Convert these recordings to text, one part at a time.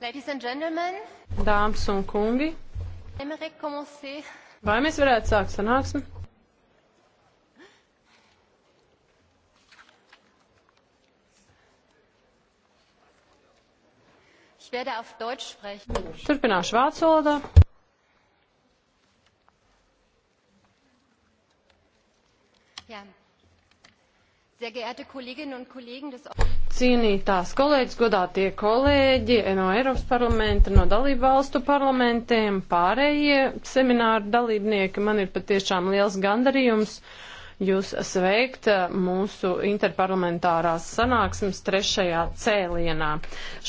Okay. Dāmas un kungi, vai mēs varētu sākt sanāksmi? Turpināšu vācu valodā. Ja. Sehr geehrte Kolleginnen und Kollegen des cienītās kolēģis, godātie kolēģi no Eiropas parlamenta, no dalību valstu parlamentiem, pārējie semināru dalībnieki. Man ir patiešām liels gandarījums. Uh, jūs sveikt mūsu interparlamentārās sanāksmes trešajā cēlienā.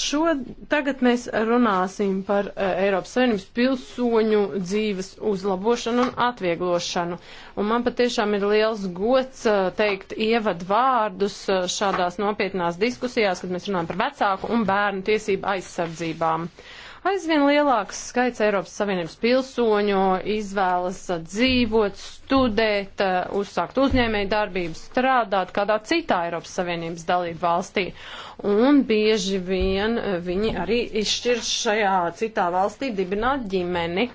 Šo tagad mēs runāsim par eh, Eiropas Savienības pilsoņu dzīves uzlabošanu un atvieglošanu. Un man patiešām ir liels gods eh, teikt ievad vārdus eh, šādās nopietnās diskusijās, kad mēs runājam par vecāku un bērnu tiesību aizsardzībām. Uh, Aizvien lielāks skaits Eiropas Savienības pilsoņu izvēlas dzīvot, studēt, uzsākt uzņēmēju darbību, strādāt kādā citā Eiropas Savienības dalību valstī. Un bieži vien viņi arī izšķir šajā citā valstī dibināt ģimeni.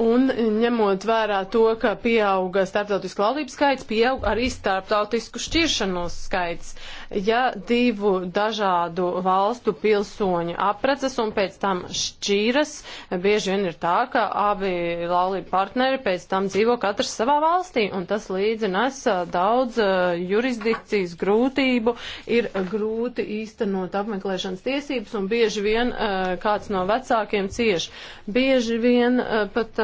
Un ņemot vērā to, ka pieauga starptautisku laulību skaits, pieauga arī starptautisku šķiršanos skaits. Uh, Ja divu dažādu valstu pilsoņi apprecas un pēc tam šķīras, bieži vien ir tā, ka abi laulību partneri pēc tam dzīvo katrs savā valstī, un tas līdzi nes daudz jurisdikcijas grūtību, ir grūti īstenot apmeklēšanas tiesības, un bieži vien kāds no vecākiem cieš. Bieži vien pat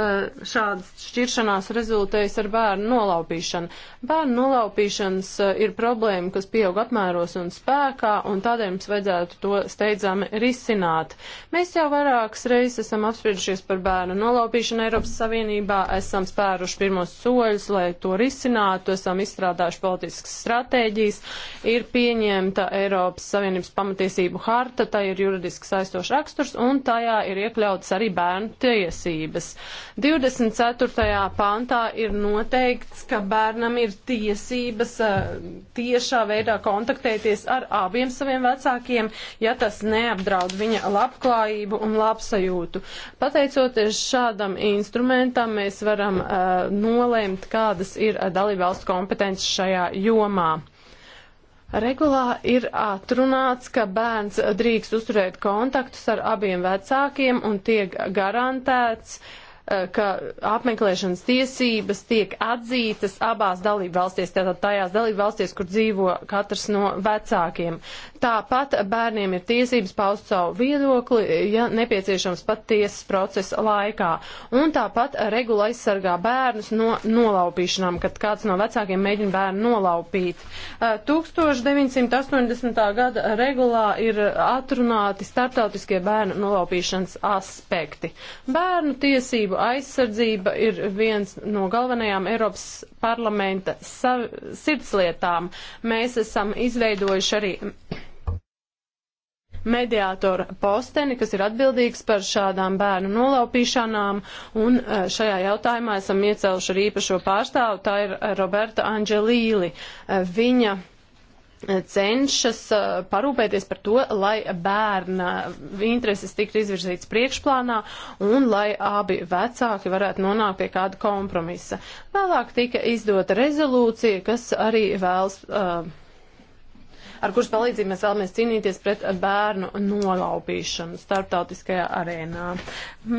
šādas šķiršanās rezultējas ar bērnu nolaupīšanu. Bērnu nolaupīšanas ir problēma, kas pieaug apmēram piemēros un spēkā, un tādēļ mums vajadzētu to steidzami risināt. Mēs jau vairākas reizes esam apspriedušies par bērnu nolaupīšanu Eiropas Savienībā, esam spēruši pirmos soļus, lai to risinātu, esam izstrādājuši politiskas stratēģijas, ir pieņemta Eiropas Savienības pamatiesību harta, tā ir juridiski saistošs raksturs, un tajā ir iekļautas arī bērnu tiesības. 24. pantā ir noteikts, ka bērnam ir tiesības eh, tiešā veidā kontaktēt kontaktēties ar abiem saviem vecākiem, ja tas neapdraud viņa labklājību un labsajūtu. Pateicoties šādam instrumentam, mēs varam uh, nolēmt, kādas ir eh, dalībvalstu kompetences šajā jomā. Regulā ir atrunāts, ka bērns drīkst uzturēt kontaktus ar abiem vecākiem un tiek garantēts uh, Eh, ka apmeklēšanas tiesības tiek atzītas abās dalību valstīs, tātad tajās dalību valstīs, kur dzīvo katrs no vecākiem. Tāpat bērniem ir tiesības paust savu viedokli, ja nepieciešams pat tiesas procesa laikā. Un tāpat regula aizsargā bērnus no nolaupīšanām, kad kāds no vecākiem mēģina bērnu nolaupīt. 1980. Eh, gada regulā ir atrunāti startautiskie bērnu nolaupīšanas aspekti. Bērnu tiesību tiesību aizsardzība ir viens no galvenajām Eiropas parlamenta sav, sirdslietām. Mēs esam izveidojuši arī mediātora posteni, kas ir atbildīgs par šādām bērnu nolaupīšanām, un eh, šajā jautājumā esam iecelši arī īpašo pārstāvu, tā ir eh, Roberta Anģelīli. Eh, viņa cenšas eh, parūpēties par to, lai bērna intereses tiktu izvirzītas priekšplānā un lai abi vecāki varētu nonākt pie kāda kompromisa. Vēlāk tika izdota rezolūcija, kas arī vēlas. Uh, ar kuras palīdzību mēs vēlamies cīnīties pret bērnu nolaupīšanu starptautiskajā arēnā.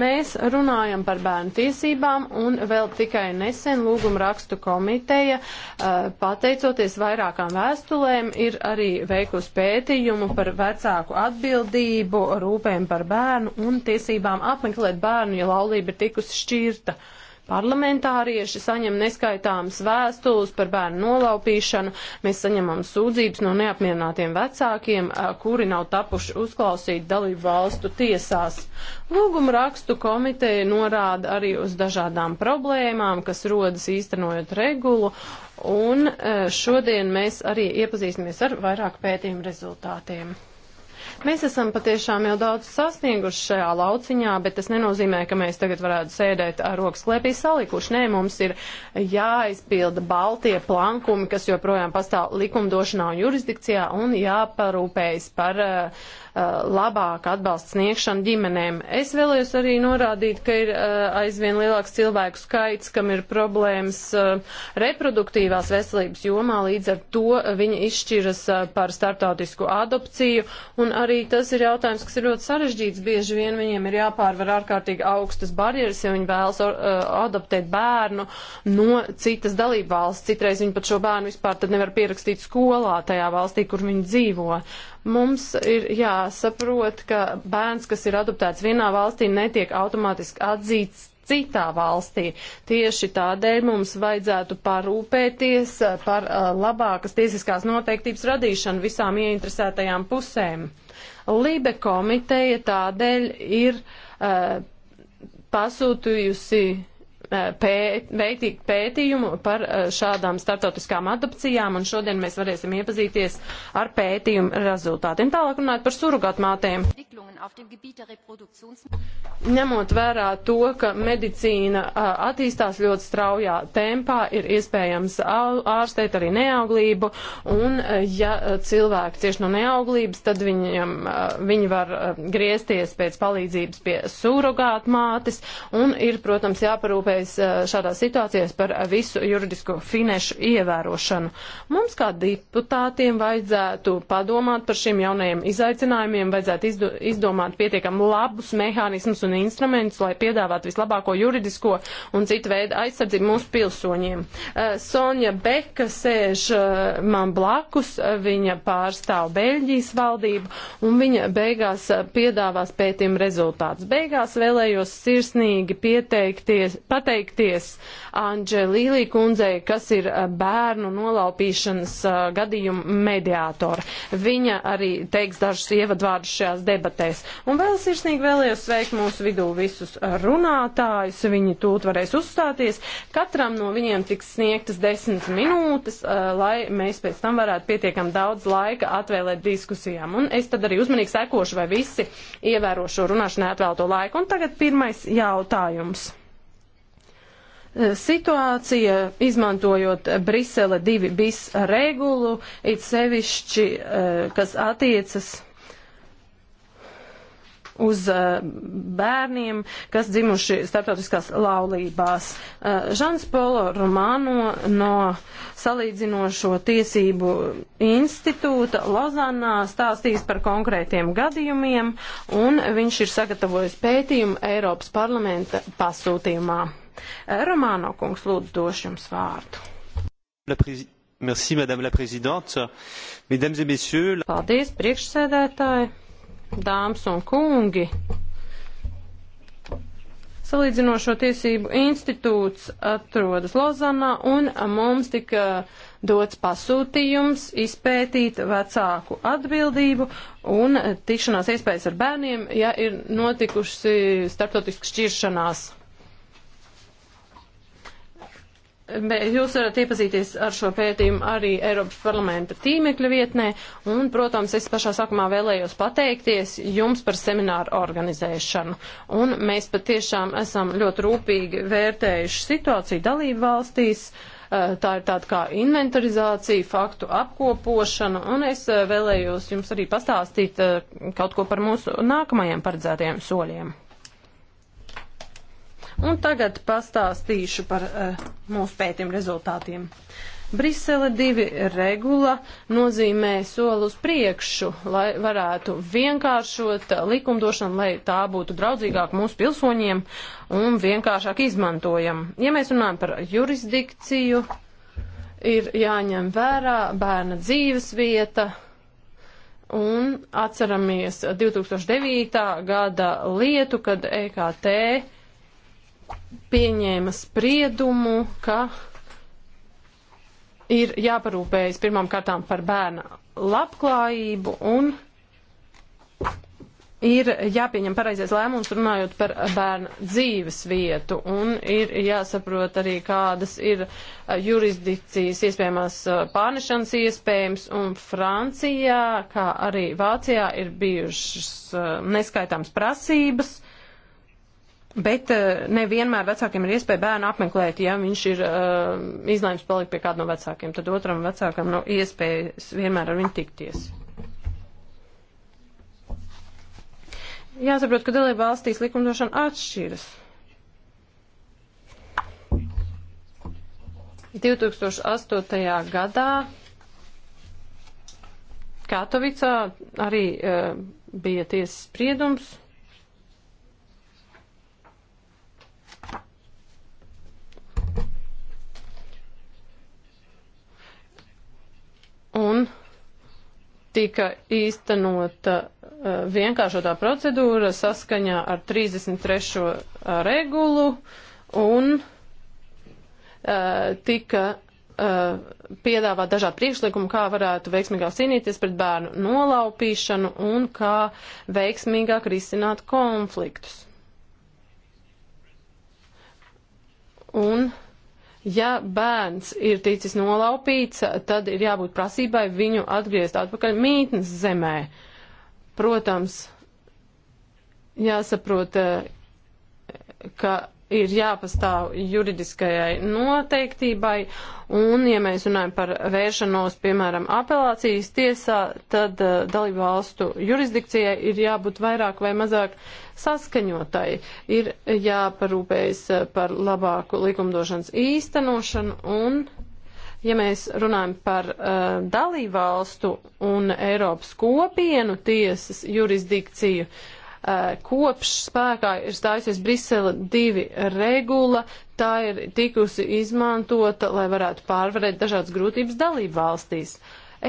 Mēs runājam par bērnu tiesībām un vēl tikai nesen lūguma rakstu komiteja, pateicoties vairākām vēstulēm, ir arī veikusi pētījumu par vecāku atbildību, rūpēm par bērnu un tiesībām apmeklēt bērnu, ja laulība ir tikusi šķirta. Uh, Parlamentārieši saņem neskaitāmas vēstules par bērnu nolaupīšanu, mēs saņemam sūdzības no neapmierinātiem vecākiem, kuri nav tapuši uzklausīt dalību valstu tiesās. Lūguma rakstu komiteja norāda arī uz dažādām problēmām, kas rodas īstenojot regulu, un šodien mēs arī iepazīsimies ar vairāk pētījumu rezultātiem. Mēs esam patiešām jau daudz sasnieguši šajā lauciņā, bet tas nenozīmē, ka mēs tagad varētu sēdēt ar rokas klēpī salikuši. Nē, mums ir jāizpilda baltie plankumi, kas joprojām pastāv likumdošanā un jurisdikcijā, un jāparūpējas par uh, eh, eh, labāku atbalstu sniegšanu ģimenēm. Es vēlējos arī norādīt, ka ir eh, aizvien lielāks cilvēku skaits, kam ir problēmas reproduktīvās veselības jomā, līdz ar to viņi izšķiras par startautisku adopciju un arī arī tas ir jautājums, kas ir ļoti sarežģīts. Bieži vien viņiem ir jāpārvar ārkārtīgi augstas barjeras, ja viņi vēlas uh, adoptēt bērnu no citas dalību valsts. Citreiz viņi pat šo bērnu vispār tad nevar pierakstīt skolā tajā valstī, kur viņi dzīvo. Mums ir jāsaprot, ka bērns, kas ir adoptēts vienā valstī, netiek automātiski atzīts citā valstī. Tieši tādēļ mums vajadzētu parūpēties par uh, labākas tiesiskās noteiktības radīšanu visām ieinteresētajām pusēm. Libe komiteja tādēļ ir uh, pasūtījusi pēt, veikti pētījumu par eh, šādām startautiskām adopcijām, un šodien mēs varēsim iepazīties ar pētījumu rezultātiem. Tālāk runājot par surugātmātēm. Ņemot vērā to, ka medicīna eh, attīstās ļoti straujā tempā, ir iespējams ārstēt arī neauglību, un eh, ja cilvēki cieši no neauglības, tad viņam, viņi var griezties pēc palīdzības pie surugātmātes, un ir, protams, jāparūpē jāparūpējas eh, šādās situācijās par visu juridisko finešu ievērošanu. Mums kā deputātiem vajadzētu padomāt par šiem jaunajiem izaicinājumiem, vajadzētu izdo, izdomāt pietiekam labus mehānismus un instrumentus, lai piedāvātu vislabāko juridisko un citu veidu aizsardzību mūsu pilsoņiem. Eh, Sonja Beka sēž eh, man blakus, viņa pārstāv Beļģijas valdību un viņa beigās piedāvās pētījumu rezultātus. Beigās vēlējos sirsnīgi pieteikties, pat pateikties Anģelīlī kundzei, kas ir eh, bērnu nolaupīšanas eh, gadījuma mediātora. Viņa arī teiks dažus ievadvārdus šajās debatēs. Un vēl sirsnīgi vēlējos sveikt mūsu vidū visus runātājus. Viņi tūlīt varēs uzstāties. Katram no viņiem tiks sniegtas desmit minūtes, eh, lai mēs pēc tam varētu pietiekam daudz laika atvēlēt diskusijām. Un es tad arī uzmanīgi sekošu, vai visi ievēro šo runāšanai atvēlto laiku. Un tagad pirmais jautājums situācija, izmantojot Brisele 2 bis regulu, it sevišķi, eh, kas attiecas uz eh, bērniem, kas dzimuši starptautiskās laulībās. Eh, Žans Polo Romano no salīdzinošo tiesību institūta Lozanā stāstīs par konkrētiem gadījumiem, un viņš ir sagatavojis pētījumu Eiropas parlamenta pasūtījumā. Eh, Romāno kungs, lūdzu, došu jums vārdu. Merci, madame la présidente. Mesdames et messieurs. Paldies, priekšsēdētāji, dāmas un kungi. Salīdzinošo tiesību institūts atrodas Lozanā un mums tika dots pasūtījums izpētīt vecāku atbildību un tikšanās iespējas ar bērniem, ja ir notikuši starptautiski šķiršanās. Jūs varat iepazīties ar šo pētījumu arī Eiropas parlamenta tīmekļa vietnē, un, protams, es pašā sākumā vēlējos pateikties jums par semināru organizēšanu. Un mēs patiešām esam ļoti rūpīgi vērtējuši situāciju dalību valstīs. Eh, tā ir tāda kā inventarizācija, faktu apkopošana, un es eh, vēlējos jums arī pastāstīt eh, kaut ko par mūsu nākamajiem paredzētajiem soļiem. Un tagad pastāstīšu par uh, mūsu pētījumu rezultātiem. Brisele 2 regula nozīmē soli uz priekšu, lai varētu vienkāršot likumdošanu, lai tā būtu draudzīgāk mūsu pilsoņiem un vienkāršāk izmantojam. Ja mēs runājam par jurisdikciju, ir jāņem vērā bērna dzīves vieta, un atceramies 2009. gada lietu, kad EKT pieņēma spriedumu, ka ir jāparūpējas pirmām kārtām par bērna labklājību un ir jāpieņem pareizais lēmums runājot par bērnu dzīves vietu un ir jāsaprot arī kādas ir jurisdikcijas iespējamās pārnešanas iespējams un Francijā, kā arī Vācijā ir bijušas neskaitāms prasības Bet eh, nevienmēr vecākiem ir iespēja bērnu apmeklēt, ja viņš ir uh, eh, izlēms palikt pie kāda no vecākiem, tad otram vecākam nav no iespējas vienmēr ar viņu tikties. Jāsaprot, ka dalība valstīs likumdošana atšķiras. 2008. gadā Katovicā arī uh, bija tiesas spriedums. un tika īstenota uh, vienkāršotā procedūra saskaņā ar 33. Uh, regulu un uh, tika piedāvāt dažādi priekšlikumi, kā varētu veiksmīgāk cīnīties pret bērnu nolaupīšanu un kā veiksmīgāk risināt konfliktus. Un uh, Ja bērns ir ticis nolaupīts, tad ir jābūt prasībai viņu atgriezt atpakaļ mītnes zemē. Protams, jāsaprot, eh, ka ir jāpastāv juridiskajai noteiktībai, un, ja mēs runājam par vēršanos, piemēram, apelācijas tiesā, tad uh, dalību valstu jurisdikcijai ir jābūt vairāk vai mazāk saskaņotai, ir jāparūpējas eh, par labāku likumdošanas īstenošanu un ja mēs runājam par uh, eh, dalībvalstu un Eiropas kopienu tiesas jurisdikciju, kopš spēkā ir stājusies Brisele 2 regula, tā ir tikusi izmantota, lai varētu pārvarēt dažādas grūtības dalību valstīs.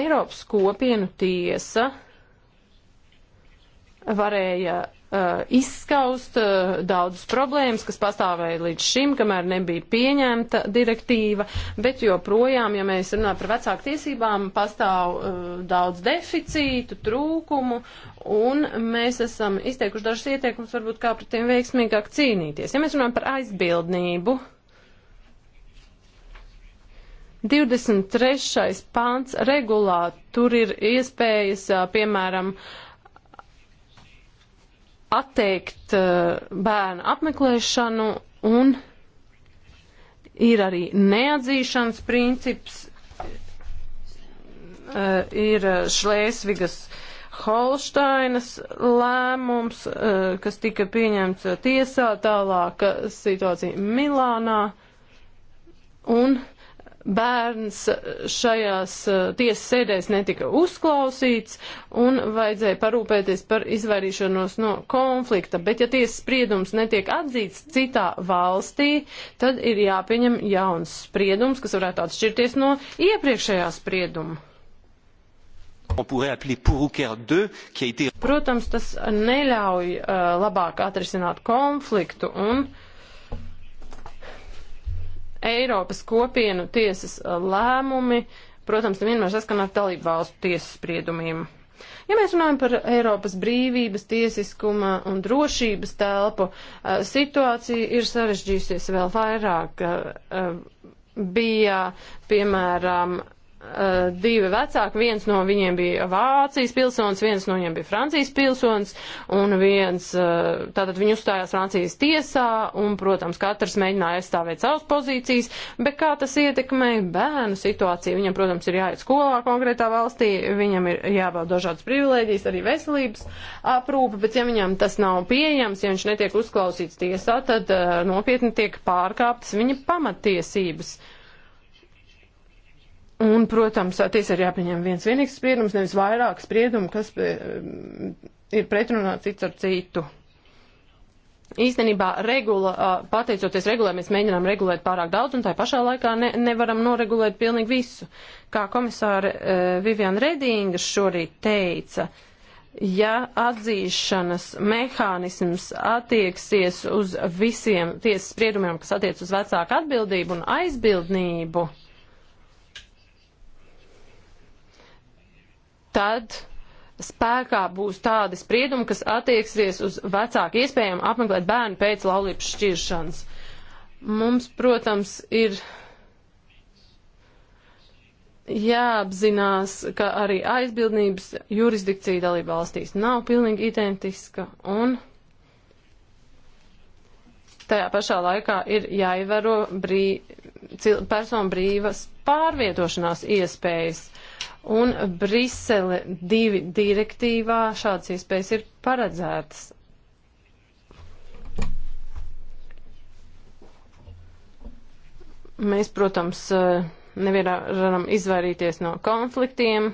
Eiropas kopienu tiesa varēja Uh, izskaust uh, daudzas problēmas, kas pastāvēja līdz šim, kamēr nebija pieņemta direktīva, bet joprojām, ja mēs runājam par vecāku tiesībām, pastāv uh, daudz deficītu, trūkumu, un mēs esam izteikuši dažas ieteikumus, varbūt kā pret tiem veiksmīgāk cīnīties. Ja mēs runājam par aizbildnību, 23. pāns regulā, tur ir iespējas, uh, piemēram, uh, atteikt eh, bērnu apmeklēšanu un ir arī neatzīšanas princips, eh, ir eh, Šlēsvigas Holštainas lēmums, kas tika pieņemts tiesā, tālāk situācija Milānā un bērns šajās eh, tiesas sēdēs netika uzklausīts un vajadzēja parūpēties par izvairīšanos no konflikta. Bet ja tiesas spriedums netiek atzīts citā valstī, tad ir jāpieņem jauns spriedums, kas varētu atšķirties no iepriekšējā sprieduma. Protams, tas neļauj uh, labāk atrisināt konfliktu un uh, Eiropas kopienu tiesas uh, lēmumi, protams, nevienmēr saskan ar dalību valstu tiesas spriedumiem. Ja mēs runājam par Eiropas brīvības, tiesiskuma un drošības telpu, uh, situācija ir sarežģījusies vēl vairāk. Uh, bija, piemēram, uh, divi vecāki, viens no viņiem bija Vācijas pilsonis, viens no viņiem bija Francijas pilsonis, un viens, uh, tātad viņi uzstājās Francijas tiesā, un, protams, katrs mēģināja aizstāvēt savas pozīcijas, bet kā tas ietekmē bērnu situāciju? Viņam, protams, ir jāiet skolā konkrētā valstī, viņam ir jābauda dažādas privilēģijas, arī veselības aprūpe, bet ja viņam tas nav pieejams, ja viņš netiek uzklausīts tiesā, tad uh, nopietni tiek pārkāptas viņa pamatiesības. Uh, Un, protams, tiesa ir jāpieņem viens vienīgs spriedums, nevis vairāk spriedumu, kas eh, ir pretrunā cits ar citu. Īstenībā, regula, pateicoties regulē, mēs mēģinām regulēt pārāk daudz un tā pašā laikā ne, nevaram noregulēt pilnīgi visu. Kā komisāra e, Viviana Redinga šorīt teica, ja atzīšanas mehānisms attieksies uz visiem tiesas spriedumiem, kas attiec uz vecāku atbildību un aizbildnību, uh, tad spēkā būs tādi spriedumi, kas attieksies uz vecāku iespējām apmeklēt bērnu pēc laulības šķiršanas. Mums, protams, ir jāapzinās, ka arī aizbildnības jurisdikcija dalība valstīs nav pilnīgi identiska un tajā pašā laikā ir jāievēro brī, personu brīvas pārvietošanās iespējas. Uh, Un Brisele divi direktīvā šāds iespējas ir paredzētas. Mēs, protams, nevaram izvairīties no konfliktiem.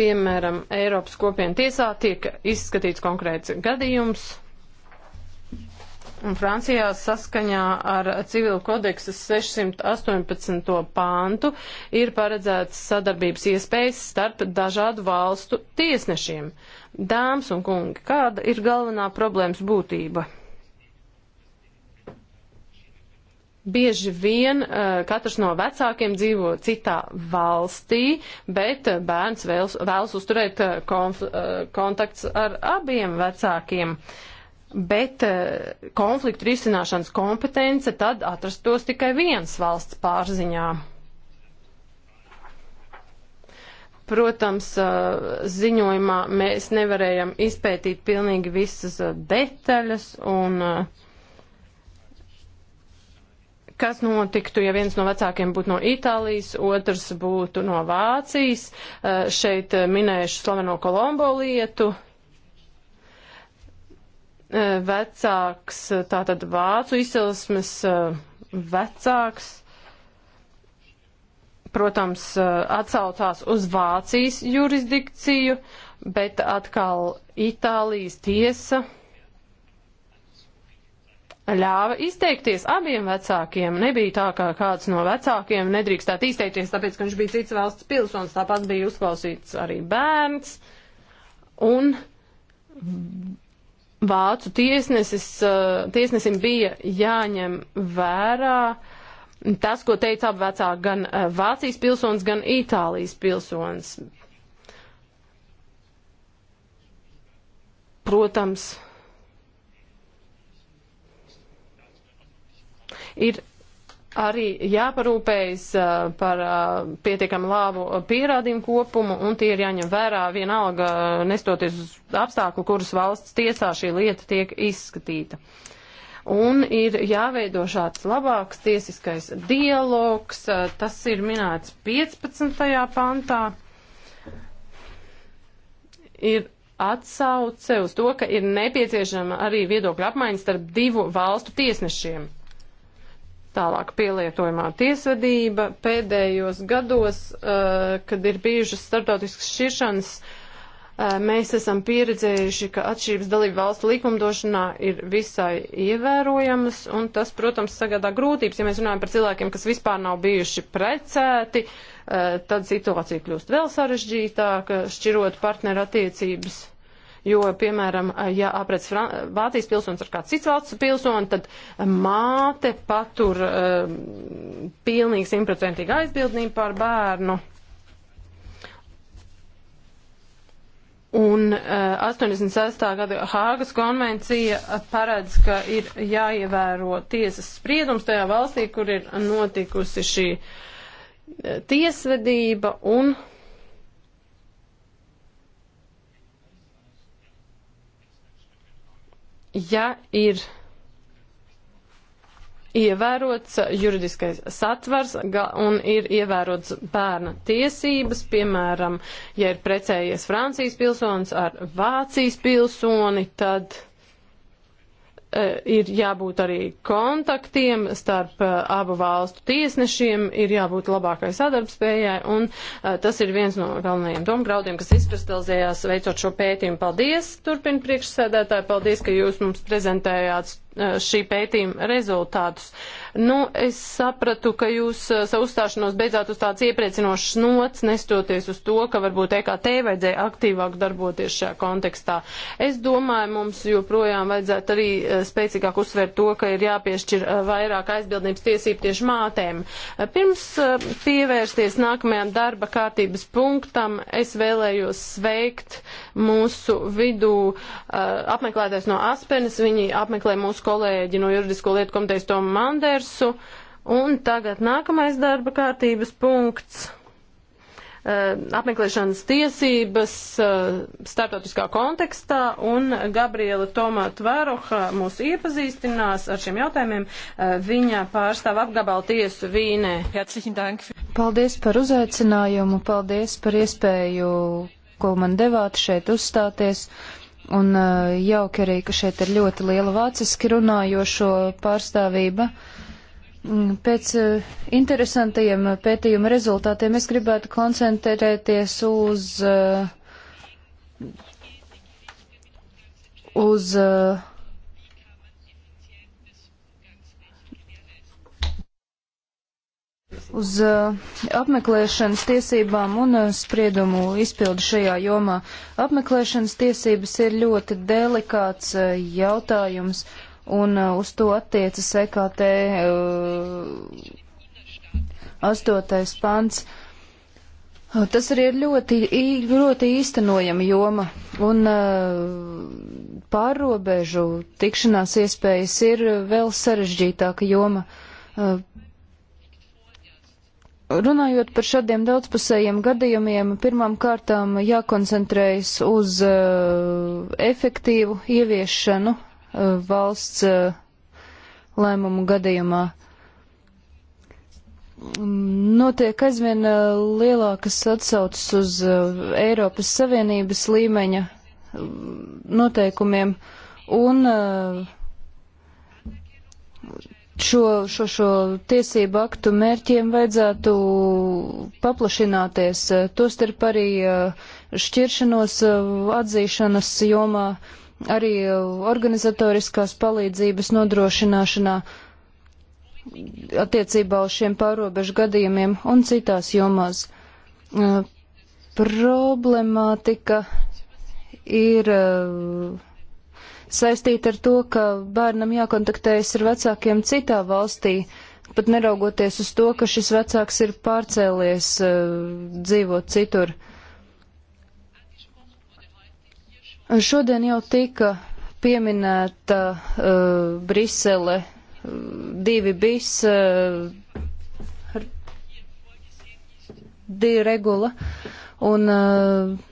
Piemēram, Eiropas kopienu tiesā tiek izskatīts konkrēts gadījums Un Francijā saskaņā ar civilu kodeksas 618. pāntu ir paredzēts sadarbības iespējas starp dažādu valstu tiesnešiem. Dāmas un kungi, kāda ir galvenā problēmas būtība? Bieži vien eh, katrs no vecākiem dzīvo citā valstī, bet eh, bērns vēlas, vēlas uzturēt eh, kontakts ar abiem vecākiem. Uh, bet eh, konfliktu risināšanas kompetence tad atrastos tikai vienas valsts pārziņā. Protams, eh, ziņojumā mēs nevarējam izpētīt pilnīgi visas eh, detaļas un kas notiktu, ja viens no vecākiem būtu no Itālijas, otrs būtu no Vācijas. Šeit minējuši slaveno Kolombo lietu, Eh, vecāks, eh, tātad vācu izcelsmes eh, vecāks, protams, atsaucās uz Vācijas jurisdikciju, bet atkal Itālijas tiesa ļāva izteikties abiem vecākiem. Nebija tā, ka kāds no vecākiem nedrīkstētu izteikties, tāpēc, ka viņš bija cits valsts pilsonis, tāpat bija uzklausīts arī bērns. Un vācu tiesnesis, eh, tiesnesim bija jāņem vērā tas, ko teica apvecā gan eh, Vācijas pilsonis, gan Itālijas pilsonis. Protams, ir arī jāparūpējas par pietiekami labu pierādījumu kopumu, un tie ir jāņem vērā vienalga, nestoties uz apstākļu, kuras valsts tiesā šī lieta tiek izskatīta. Un ir jāveido šāds labāks tiesiskais dialogs, tas ir minēts 15. pantā. Ir atsauce uz to, ka ir nepieciešama arī viedokļa apmaiņa starp divu valstu tiesnešiem. Tālāk pielietojumā tiesvedība pēdējos gados, uh, kad ir bijušas startautiskas šķiršanas, uh, mēs esam pieredzējuši, ka atšķirības dalību valstu likumdošanā ir visai ievērojamas, un tas, protams, sagādā grūtības. Ja mēs runājam par cilvēkiem, kas vispār nav bijuši precēti, uh, tad situācija kļūst vēl sarežģītāka, šķirot partneru attiecības. Jo, piemēram, ja aprec Vācijas pilsonis ar kāds cits valsts pilsoni, tad māte patur uh, pilnīgi simtprocentīgi aizbildnību par bērnu. Un uh, 86. gada Hāgas konvencija paredz, ka ir jāievēro tiesas spriedums tajā valstī, kur ir notikusi šī uh, tiesvedība un. Uh, ja ir ievērots juridiskais satvars un ir ievērots bērna tiesības, piemēram, ja ir precējies Francijas pilsonis ar Vācijas pilsoni, tad Eh, ir jābūt arī kontaktiem starp eh, abu valstu tiesnešiem, ir jābūt labākai sadarbspējai, un eh, tas ir viens no galvenajiem domgraudiem, kas izkristalizējās veicot šo pētījumu. Paldies, turpina priekšsēdētāji, paldies, ka jūs mums prezentējāt Eh, šī pētījuma rezultātus. Nu, es sapratu, ka jūs eh, savu uzstāšanos beidzāt uz tāds iepriecinošs nots, nestoties uz to, ka varbūt EKT vajadzēja aktīvāk darboties šajā kontekstā. Es domāju, mums joprojām vajadzētu arī eh, spēcīgāk uzsvērt to, ka ir jāpiešķir vairāk aizbildnības tiesību tieši mātēm. Pirms pievērsties nākamajam darba kārtības punktam, es vēlējos sveikt mūsu vidū apmeklētājs no Aspenes. Viņi apmeklē mūsu kolēģi no juridisko lietu komitejas Tomu Mandersu. Un tagad nākamais darba kārtības punkts eh, apmeklēšanas tiesības eh, starptautiskā kontekstā, un Gabriela Tomā Tvēroha mūs iepazīstinās ar šiem jautājumiem. Eh, viņa pārstāv apgabalu tiesu Vīnē. Paldies par uzaicinājumu, paldies par iespēju, ko man devāt šeit uzstāties. Uh, Un uh, jauki arī, ka šeit ir ļoti liela vāciski runājošo pārstāvība. Mm, pēc uh, interesantajiem pētījuma rezultātiem es gribētu koncentrēties uz, uh, uz uz uh, apmeklēšanas tiesībām un uh, spriedumu izpildu šajā jomā. Apmeklēšanas tiesības ir ļoti delikāts uh, jautājums, un uz to attiecas EKT 8. pants. Tas arī ir ļoti, ļoti īstenojama joma, un pārrobežu tikšanās iespējas ir vēl sarežģītāka joma Runājot par šādiem daudzpusējiem gadījumiem, pirmām kārtām jākoncentrējas uz uh, efektīvu ieviešanu uh, valsts uh, lēmumu gadījumā. Notiek aizvien uh, lielākas atsaucas uz uh, Eiropas Savienības līmeņa uh, noteikumiem un uh, šo, šo, šo tiesību aktu mērķiem vajadzētu paplašināties, eh, tostarp arī eh, šķiršanos eh, atzīšanas jomā, arī organizatoriskās palīdzības nodrošināšanā attiecībā uz šiem pārobežu gadījumiem un citās jomās. Problemātika ir uh, saistīta ar to, ka bērnam jākontaktējas ar vecākiem citā valstī, pat neraugoties uz to, ka šis vecāks ir pārcēlies uh, dzīvot citur. Šodien jau tika pieminēta uh, Brisele uh, divi bis uh, divi regula un uh,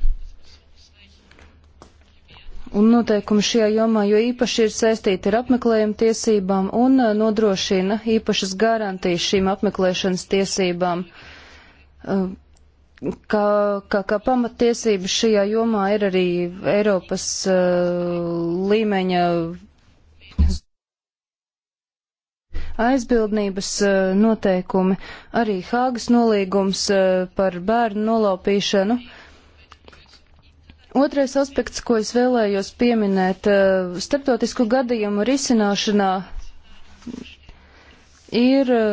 un noteikumi šajā jomā, jo īpaši ir saistīti ar apmeklējuma tiesībām un uh, nodrošina īpašas garantijas šīm apmeklēšanas tiesībām. Uh, kā, kā, kā pamatiesības šajā jomā ir arī Eiropas uh, līmeņa aizbildnības noteikumi, arī Hāgas nolīgums par bērnu nolaupīšanu. Otrais aspekts, ko es vēlējos pieminēt, eh, starptautisku gadījumu risināšanā ir eh,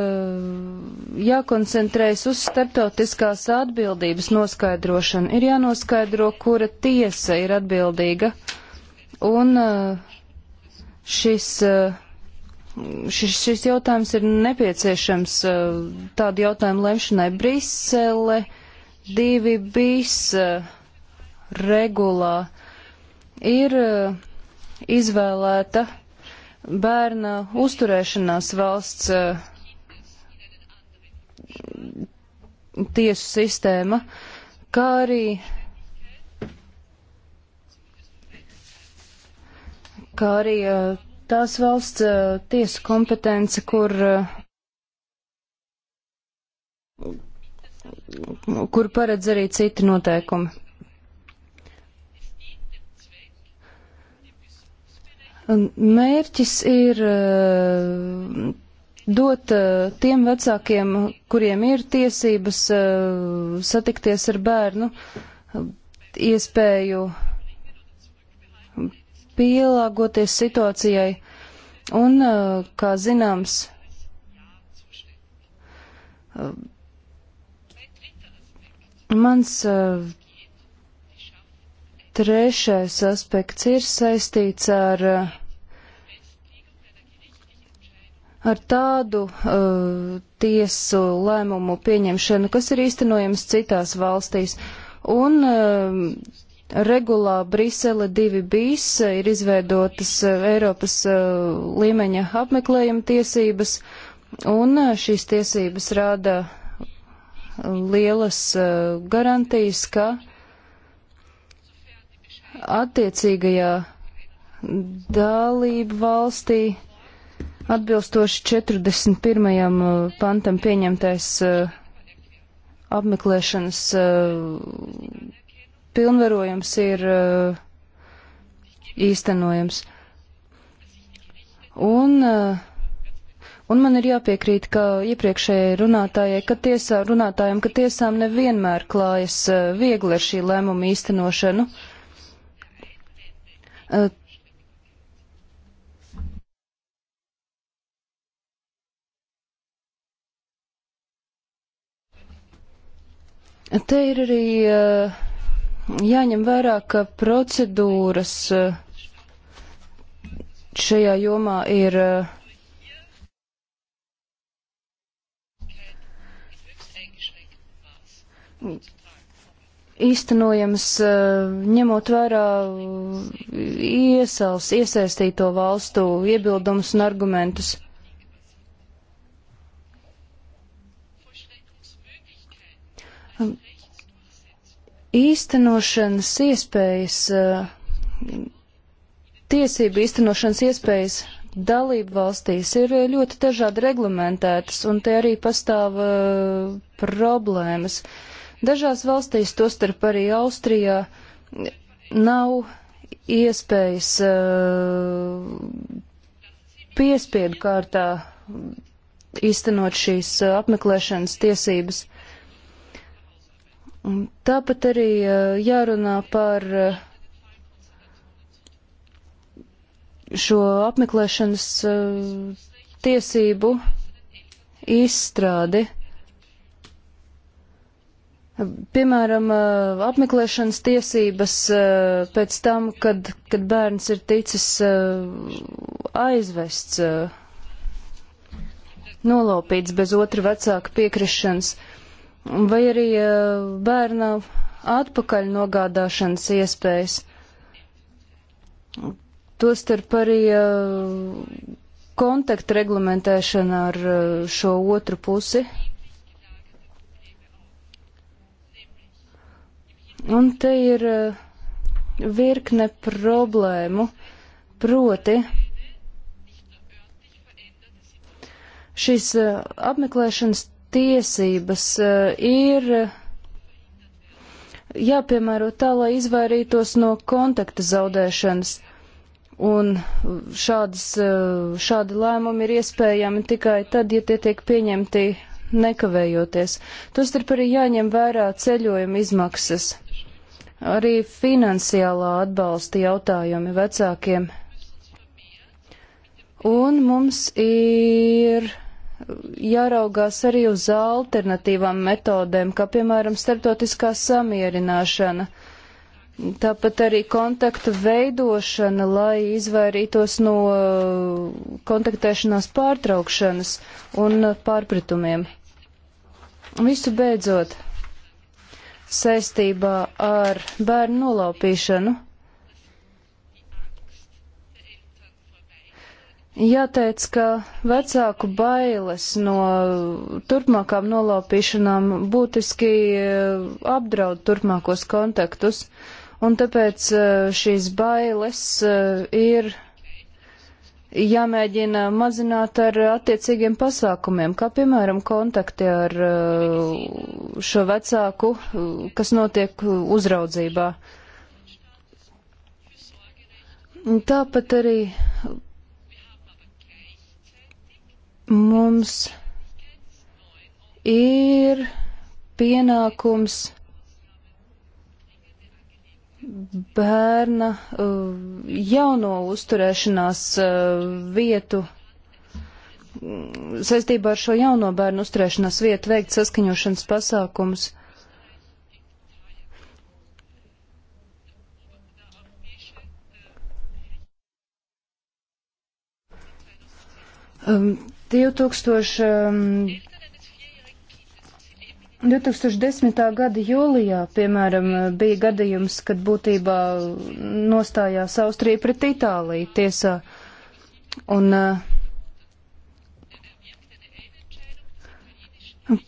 jākoncentrējas uz starptautiskās atbildības noskaidrošanu. Ir jānoskaidro, kura tiesa ir atbildīga. Un eh, šis, šis, šis jautājums ir nepieciešams tādu jautājumu lemšanai Brisele, divi bis. Uh, regulā ir eh, izvēlēta bērna uzturēšanās valsts eh, tiesu sistēma, kā arī kā arī eh, tās valsts tiesu kompetence, kur, kur paredz arī citi noteikumi. Mērķis ir eh, dot eh, tiem vecākiem, kuriem ir tiesības eh, satikties ar bērnu, iespēju pielāgoties situācijai. Un, kā zināms, mans Trešais aspekts ir saistīts ar, ar tādu uh, tiesu lēmumu pieņemšanu, kas ir īstenojams citās valstīs. Un uh, regulā Brisele 2 bis ir izveidotas uh, Eiropas uh, līmeņa apmeklējuma tiesības, un uh, šīs tiesības rāda uh, lielas uh, garantijas, ka uh, attiecīgajā dalību valstī atbilstoši 41. Uh, pantam pieņemtais uh, apmeklēšanas uh, pilnvarojums ir īstenojams. Un, un man ir jāpiekrīt, ka iepriekšējai runātājai, ka tiesā, runātājiem, ka tiesām nevienmēr klājas viegli ar šī lēmuma īstenošanu. Uh, Te ir arī jāņem vērā, ka procedūras šajā jomā ir īstenojams ņemot vērā iesals, iesaistīto valstu iebildumus un argumentus. Īstenošanas iespējas, tiesību īstenošanas iespējas dalību valstīs ir ļoti dažādi reglamentētas, un te arī pastāv problēmas. Uh, Dažās valstīs, tostarp arī Austrijā, nav iespējas eh, piespiedu kārtā īstenot šīs eh, apmeklēšanas tiesības. Tāpat arī eh, jārunā par šo apmeklēšanas tiesību izstrādi. Piemēram, apmeklēšanas tiesības pēc tam, kad, kad bērns ir ticis aizvests, nolaupīts bez otra vecāka piekrišanas, vai arī bērna atpakaļ nogādāšanas iespējas. Tostarp arī kontaktu reglamentēšana ar šo otru pusi, Un te ir eh, virkne problēmu, proti šīs eh, apmeklēšanas tiesības eh, ir jāpiemēro tā, lai izvairītos no kontakta zaudēšanas. Un šādas, šādi lēmumi ir iespējami tikai tad, ja tie tiek pieņemti nekavējoties. Tostarp arī jāņem vērā ceļojuma izmaksas. Arī finansiālā atbalsta jautājumi vecākiem. Un mums ir jāraugās arī uz alternatīvām metodēm, kā piemēram starptautiskā samierināšana. Tāpat arī kontaktu veidošana, lai izvairītos no kontaktēšanās pārtraukšanas un pārpratumiem. Visu beidzot, saistībā ar bērnu nolaupīšanu. Jāteic, ka vecāku bailes no turpmākām nolaupīšanām būtiski eh, apdraud turpmākos kontaktus, un tāpēc eh, šīs bailes eh, ir jāmēģina mazināt ar attiecīgiem pasākumiem, kā piemēram kontakti ar uh, šo vecāku, uh, kas notiek uzraudzībā. Tāpat arī mums ir pienākums bērna uh, jauno uzturēšanās uh, vietu, saistībā ar šo jauno bērnu uzturēšanās vietu veikt saskaņošanas pasākums. Um, 2009. Um, 2010. gada jūlijā, piemēram, bija gadījums, kad būtībā nostājās Austrija pret Itāliju tiesā. Un, uh,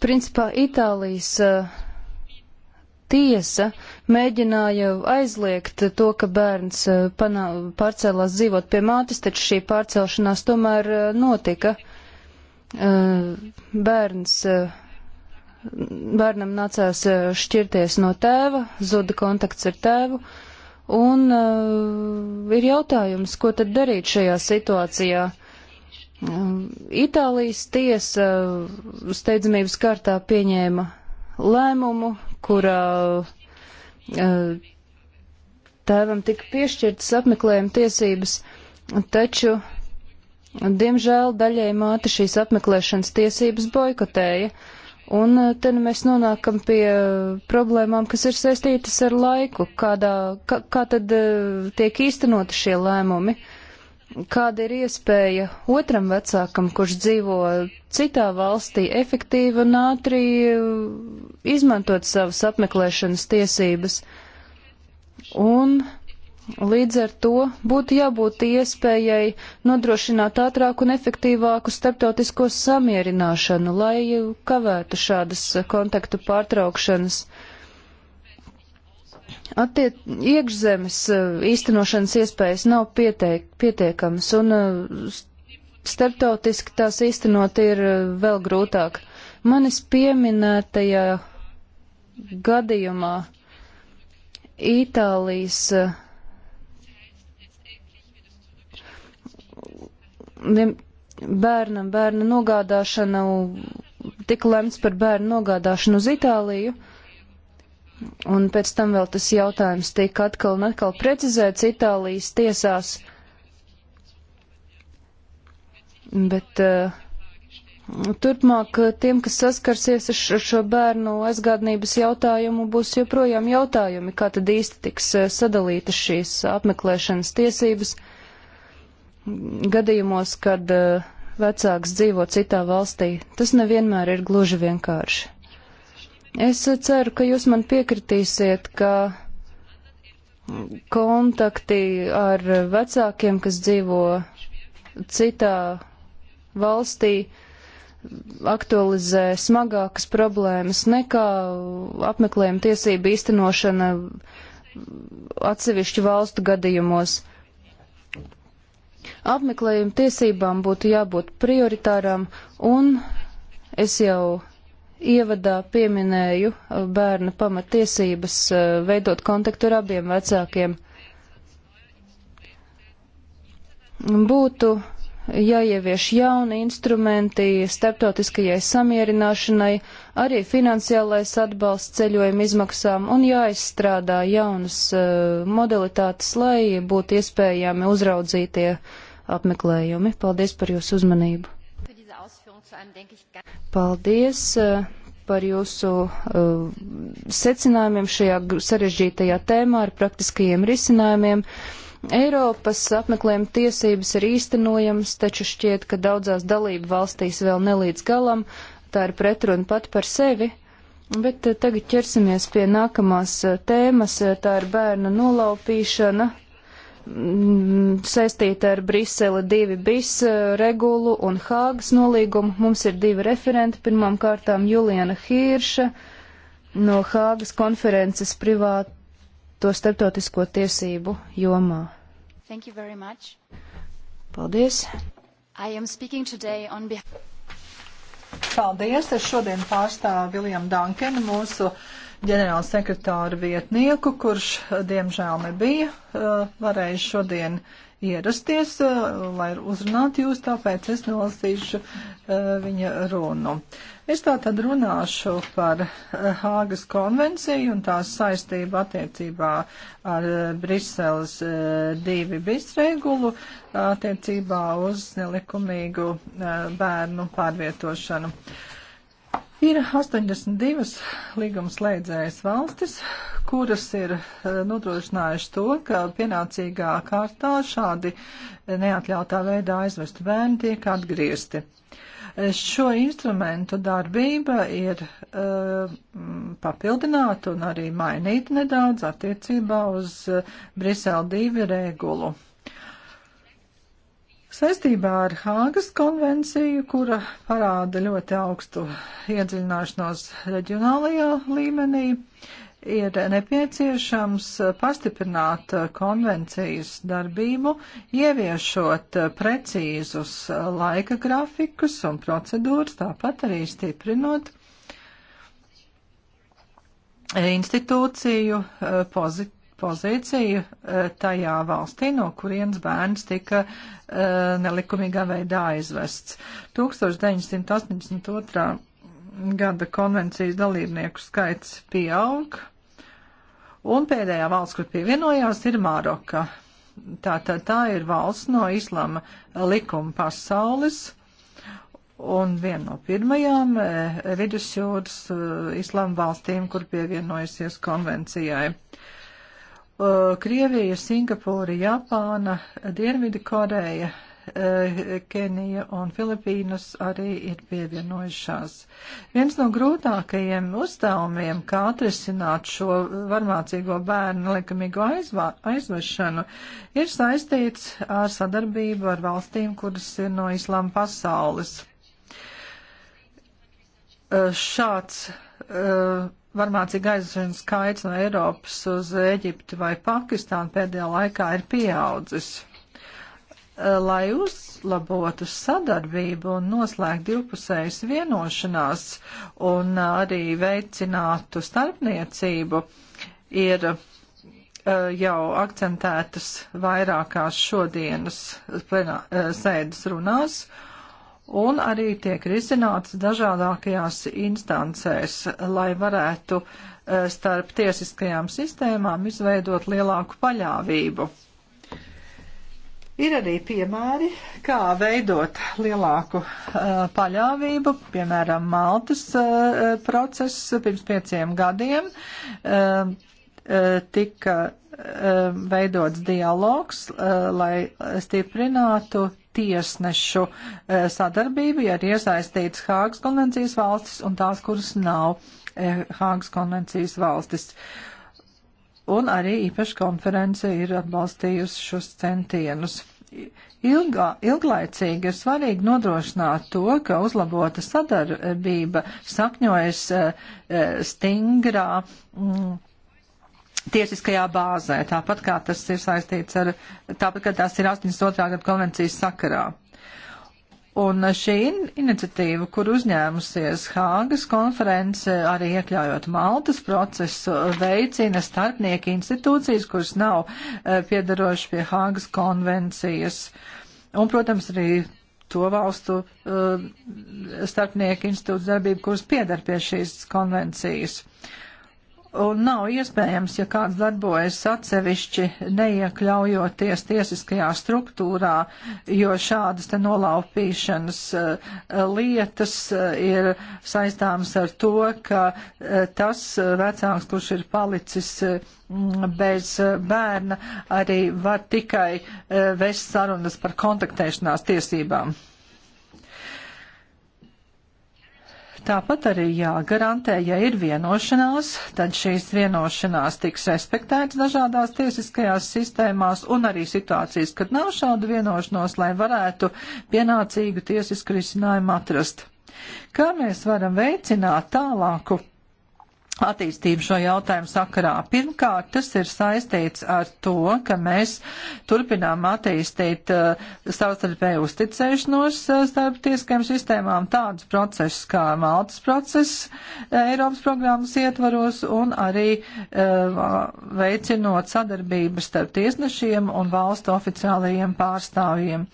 principā, Itālijas uh, tiesa mēģināja aizliegt to, ka bērns uh, panā, pārcēlās dzīvot pie mātes, taču šī pārcelšanās tomēr notika. Bērns bērnam nācās eh, šķirties no tēva, zuda kontakts ar tēvu, un uh, ir jautājums, ko tad darīt šajā situācijā. Eh, Itālijas tiesa steidzamības kārtā pieņēma lēmumu, kurā uh, tēvam tika piešķirtas apmeklējuma tiesības, taču, diemžēl, daļai māte šīs apmeklēšanas tiesības boikotēja. Uh, Un eh, te nu mēs nonākam pie eh, problēmām, kas ir saistītas ar laiku, kādā, kā, kā tad eh, tiek īstenoti šie lēmumi, kāda ir iespēja otram vecākam, kurš dzīvo citā valstī, efektīvi un ātri izmantot savas apmeklēšanas tiesības. Un Līdz ar to būtu jābūt iespējai nodrošināt ātrāku un efektīvāku starptautisko samierināšanu, lai kavētu šādas kontaktu pārtraukšanas. Attiet, iekšzemes eh, īstenošanas iespējas nav pieteik, pietiekamas, un eh, starptautiski tās īstenot ir eh, vēl grūtāk. Manis pieminētajā gadījumā Itālijas bērnam bērna nogādāšana, tika lemts par bērnu nogādāšanu uz Itāliju, un pēc tam vēl tas jautājums tika atkal un atkal precizēts Itālijas tiesās, bet uh, Turpmāk eh, tiem, kas saskarsies ar šo bērnu aizgādnības jautājumu, būs joprojām jautājumi, kā tad īsti tiks eh, sadalītas šīs apmeklēšanas tiesības. Uh, gadījumos, kad eh, vecāks dzīvo citā valstī, tas nevienmēr ir gluži vienkārši. Es eh, ceru, ka jūs man piekritīsiet, ka kontakti ar vecākiem, kas dzīvo citā valstī, aktualizē smagākas problēmas nekā apmeklējuma tiesība īstenošana atsevišķu valstu gadījumos. Uh, Apmeklējuma tiesībām būtu jābūt prioritāram, un es jau ievadā pieminēju uh, bērna pamatiesības uh, veidot kontaktu ar abiem vecākiem. Būtu jāievieš jauni instrumenti starptautiskajai samierināšanai, arī finansiālais atbalsts ceļojuma izmaksām un jāizstrādā jaunas uh, modalitātes, lai būtu iespējami uzraudzītie uh, apmeklējumi. Paldies par jūsu uzmanību. Paldies eh, par jūsu uh, secinājumiem šajā sarežģītajā tēmā ar praktiskajiem risinājumiem. Eiropas apmeklējuma tiesības ir īstenojams, taču šķiet, ka daudzās dalību valstīs vēl nelīdz galam, tā ir pretruna pat par sevi. Bet uh, tagad ķersimies pie nākamās uh, tēmas, tā ir bērna nolaupīšana saistīta ar Brisele 2 bis eh, regulu un Hāgas nolīgumu. Mums ir divi referenti. Pirmām kārtām Juliana Hīrša no Hāgas konferences privāto starptautisko tiesību jomā. Thank you very much. Paldies. I am speaking today on behalf. Paldies. Es šodien pārstāvu Viljam Dankenu, mūsu uh, ģenerāla sekretāra vietnieku, kurš diemžēl nebija eh, varējis šodien ierasties, eh, lai uzrunātu jūs, tāpēc es nolasīšu eh, viņa runu. Es tā tad runāšu par Hāgas konvenciju un tās saistību attiecībā ar Briseles divi bisregulu attiecībā uz nelikumīgu bērnu pārvietošanu. Uh, Ir 82 līgums slēdzējas valstis, kuras ir eh, nodrošinājuši to, ka pienācīgā kārtā šādi neatļautā veidā aizvest bērni tiek atgriezti. Šo instrumentu darbība ir uh, papildināta un arī mainīta nedaudz attiecībā uz eh, Brisele 2 regulu. Saistībā ar Hāgas konvenciju, kura parāda ļoti augstu iedziļināšanos reģionālajā līmenī, ir nepieciešams pastiprināt konvencijas darbību, ieviešot precīzus laika grafikus un procedūras, tāpat arī stiprinot institūciju eh, pozit pozīciju eh, tajā valstī, no kurienes bērns tika eh, nelikumīgā veidā aizvests. 1982. gada konvencijas dalībnieku skaits pieaug, un pēdējā valsts, kur pievienojās, ir Maroka. Tā, tā, tā ir valsts no islama likuma pasaules un viena no pirmajām eh, vidusjūras islāma valstīm, kur pievienojusies konvencijai. Uh, Krievija, Singapūra, Japāna, Dienvidi Koreja, uh, Kenija un Filipīnas arī ir pievienojušās. Viens no grūtākajiem uzdevumiem, kā atrisināt šo varmācīgo bērnu likumīgo aizvā, aizvešanu, ir saistīts ar sadarbību ar valstīm, kuras ir no islāma pasaules. Uh, šāds varmācīga aizvien skaits no Eiropas uz Eģipti vai Pakistānu pēdējā laikā ir pieaudzis. Eh, lai uzlabotu sadarbību un noslēgtu divpusējas vienošanās un arī veicinātu starpniecību, ir eh, jau akcentētas vairākās šodienas plenā, eh, sēdes runās. Uh, un arī tiek risināts dažādākajās instancēs, lai varētu e, starp tiesiskajām sistēmām izveidot lielāku paļāvību. Ir arī piemēri, kā veidot lielāku uh, paļāvību, piemēram, Maltas uh, process pirms pieciem gadiem uh, uh, tika uh, veidots dialogs, uh, lai stiprinātu tiesnešu e, sadarbību, ja ir iesaistīts Hāgas konvencijas valstis un tās, kuras nav e, Hāgas konvencijas valstis. Un arī īpaši konference ir atbalstījusi šos centienus. Ilgā, ilglaicīgi ir svarīgi nodrošināt to, ka uzlabota sadarbība sakņojas e, stingrā. Mm, tiesiskajā bāzē, tāpat kā tas ir saistīts ar, tāpat kā tas ir 82. gada konvencijas sakarā. Un šī in iniciatīva, kur uzņēmusies Hāgas konference, arī iekļaujot Maltas procesu, veicina starpnieki institūcijas, kuras nav uh, e, piedaroši pie Hāgas konvencijas. Un, protams, arī to valstu uh, starpnieku institūtu darbību, kuras piedar pie šīs konvencijas. Uh, Un nav iespējams, ja kāds darbojas atsevišķi, neiekļaujoties tiesiskajā struktūrā, jo šādas te nolaupīšanas uh, lietas uh, ir saistāmas ar to, ka uh, tas vecāks, kurš ir palicis mm, bez bērna, arī var tikai vest sarunas par kontaktēšanās tiesībām. Tāpat arī jāgarantē, ja ir vienošanās, tad šīs vienošanās tiks respektētas dažādās tiesiskajās sistēmās un arī situācijas, kad nav šādu vienošanos, lai varētu pienācīgu tiesisku risinājumu atrast. Kā mēs varam veicināt tālāku attīstību šo jautājumu sakarā. Pirmkārt, tas ir saistīts ar to, ka mēs turpinām attīstīt uh, savstarpēju uzticēšanos uh, starp tieskajām sistēmām tādus procesus kā Maltas process uh, Eiropas programmas ietvaros un arī uh, veicinot sadarbību starp tiesnešiem un valstu oficiālajiem pārstāvjiem.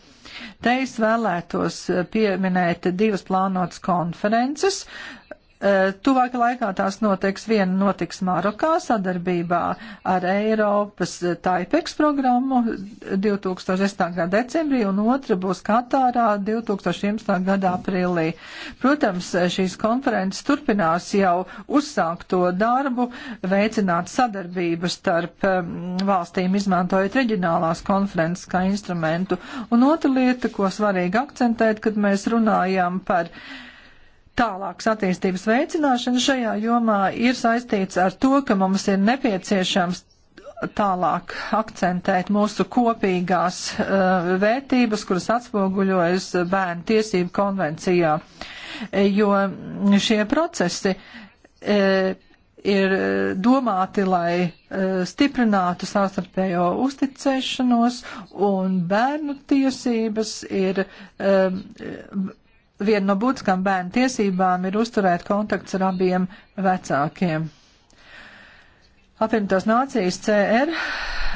Te es vēlētos uh, pieminēt divas plānotas konferences, uh, Eh, Tuvākajā laikā tās notiks viena notiks Marokā sadarbībā ar Eiropas Taipeks programmu 2008. gada decembrī un otra būs Katārā 2011. gada aprīlī. Protams, šīs konferences turpinās jau uzsākto darbu, veicināt sadarbību starp mm, valstīm, izmantojot reģionālās konferences kā instrumentu. Un otra lieta, ko svarīgi akcentēt, kad mēs runājam par uh, tālākas attīstības veicināšana šajā jomā ir saistīts ar to, ka mums ir nepieciešams tālāk akcentēt mūsu kopīgās uh, vērtības, kuras atspoguļojas bērnu tiesību konvencijā, jo šie procesi uh, ir domāti, lai uh, stiprinātu savstarpējo uzticēšanos, un bērnu tiesības ir um, viena no būtiskām bērnu tiesībām ir uzturēt kontakts ar abiem vecākiem. Apvienotās nācijas CR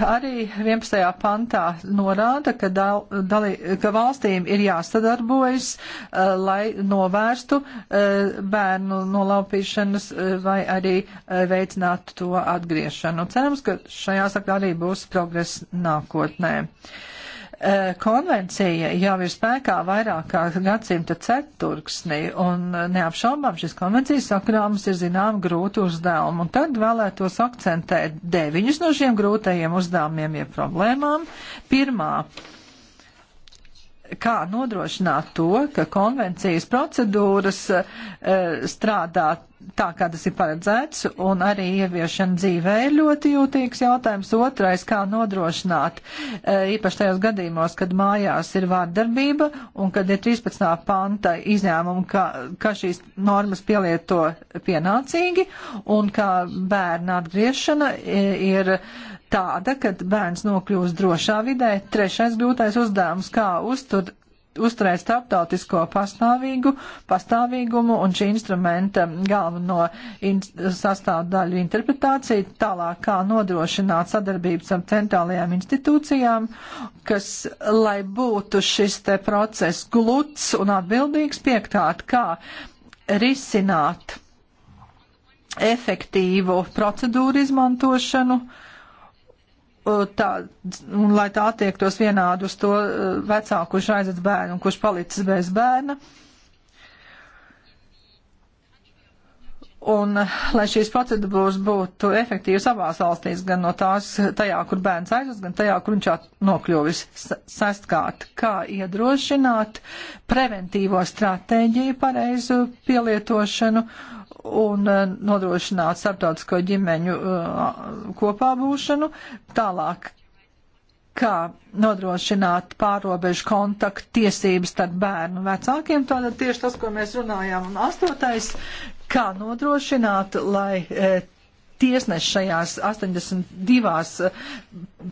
arī 11. pantā norāda, ka, dal, dalī, ka valstīm ir jāsadarbojas, uh, lai novērstu uh, bērnu nolaupīšanas uh, vai arī uh, veicinātu to atgriešanu. Cerams, ka šajā sakarā arī būs progress nākotnē. Uh, Eh, konvencija jau ir spēkā vairāk kā gadsimta ceturksnī, un eh, neapšaubām šis konvencijas sakrāms ir zinām grūti uzdevumi. Un tad vēlētos akcentēt deviņus no šiem grūtajiem uzdevumiem, jeb problēmām. Pirmā kā nodrošināt to, ka konvencijas procedūras e, strādā tā, kā tas ir paredzēts, un arī ieviešana dzīvē ir ļoti jūtīgs jautājums. Otrais, kā nodrošināt, e, īpaši tajos gadījumos, kad mājās ir vārdarbība un kad ir 13. panta izņēmumi, ka, ka šīs normas pielieto pienācīgi un ka bērna atgriešana eh, ir tāda, ka bērns nokļūst drošā vidē. Trešais grūtais uzdevums, kā uztur, uzturēt starptautisko pastāvīgu, pastāvīgumu un šī instrumenta galveno in sastāvdaļu interpretāciju, tālāk kā nodrošināt sadarbības ar centrālajām institūcijām, kas, lai būtu šis te process gluds un atbildīgs, piektāt, kā risināt efektīvu procedūru izmantošanu, uh, tā, un lai tā attiektos vienādi uz to eh, vecāku, kurš aizvedz bērnu un kurš palicis bez bērna. Un, eh, lai šīs procedūras būtu efektīvas abās valstīs, gan no tās, tajā, kur bērns aizjūtas, gan tajā, kur viņš nokļuvis. Sestkārt, kā iedrošināt preventīvo stratēģiju pareizu pielietošanu un eh, nodrošināt starptautisko ģimeņu eh, kopā būšanu, tālāk kā nodrošināt pārobežu kontaktu tiesības starp bērnu vecākiem. Tātad tieši tas, ko mēs runājām, un astotais, kā nodrošināt, lai eh, tiesneši šajās 82 eh,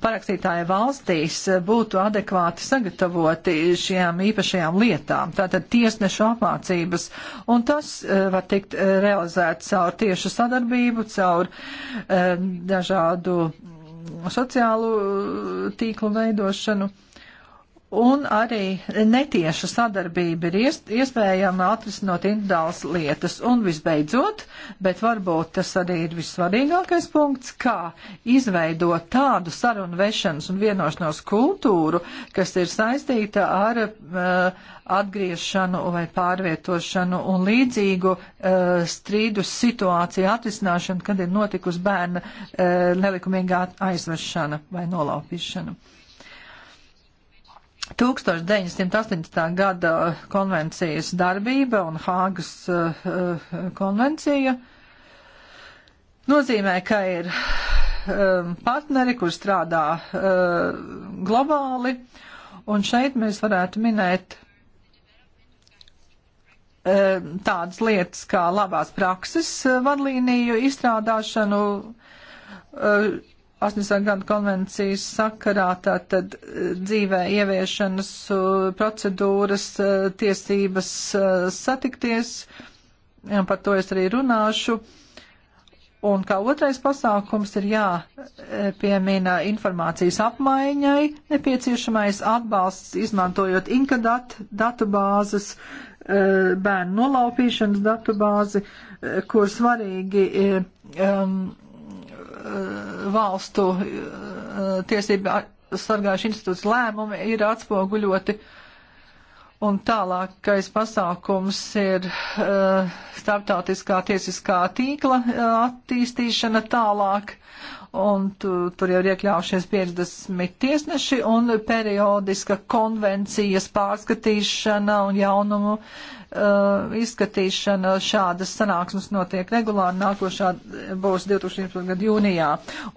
parakstītāja valstīs eh, būtu adekvāti sagatavoti šajām īpašajām lietām, tātad tiesnešu apmācības. Un tas eh, var tikt realizēts caur tiešu sadarbību, caur dažādu mm, sociālu tīklu veidošanu. Un arī netieša sadarbība ir iespējama atrisinot individuālas lietas. Un visbeidzot, bet varbūt tas arī ir vissvarīgākais punkts, kā izveidot tādu sarunu vešanas un vienošanos kultūru, kas ir saistīta ar uh, atgriešanu vai pārvietošanu un līdzīgu uh, strīdus situāciju atrisināšanu, kad ir notikusi bērna uh, nelikumīgā aizvešana vai nolaupīšana. 1980. gada eh, konvencijas darbība un Hāgas uh, konvencija nozīmē, ka ir um, partneri, kur strādā uh, globāli, un šeit mēs varētu minēt tādas lietas kā labās prakses vadlīniju izstrādāšanu, 80. gadu konvencijas sakarā tātad eh, dzīvē ieviešanas eh, procedūras, eh, tiesības satikties, par to es arī runāšu. Un kā otrais pasākums ir jāpiemina informācijas apmaiņai nepieciešamais atbalsts, izmantojot inkadat datubāzes, bērnu nolaupīšanas datubāzi, kur svarīgi um, Eh, valstu eh, tiesība sargājuši institūts lēmumi ir atspoguļoti. Un tālākais pasākums ir uh, starptautiskā tiesiskā tīkla uh, attīstīšana tālāk, un tu, tur jau ir iekļaušies 50 tiesneši, un periodiska konvencijas pārskatīšana un jaunumu uh, uh, izskatīšana šādas sanāksmes notiek regulāri, nākošā būs 2011. gada jūnijā.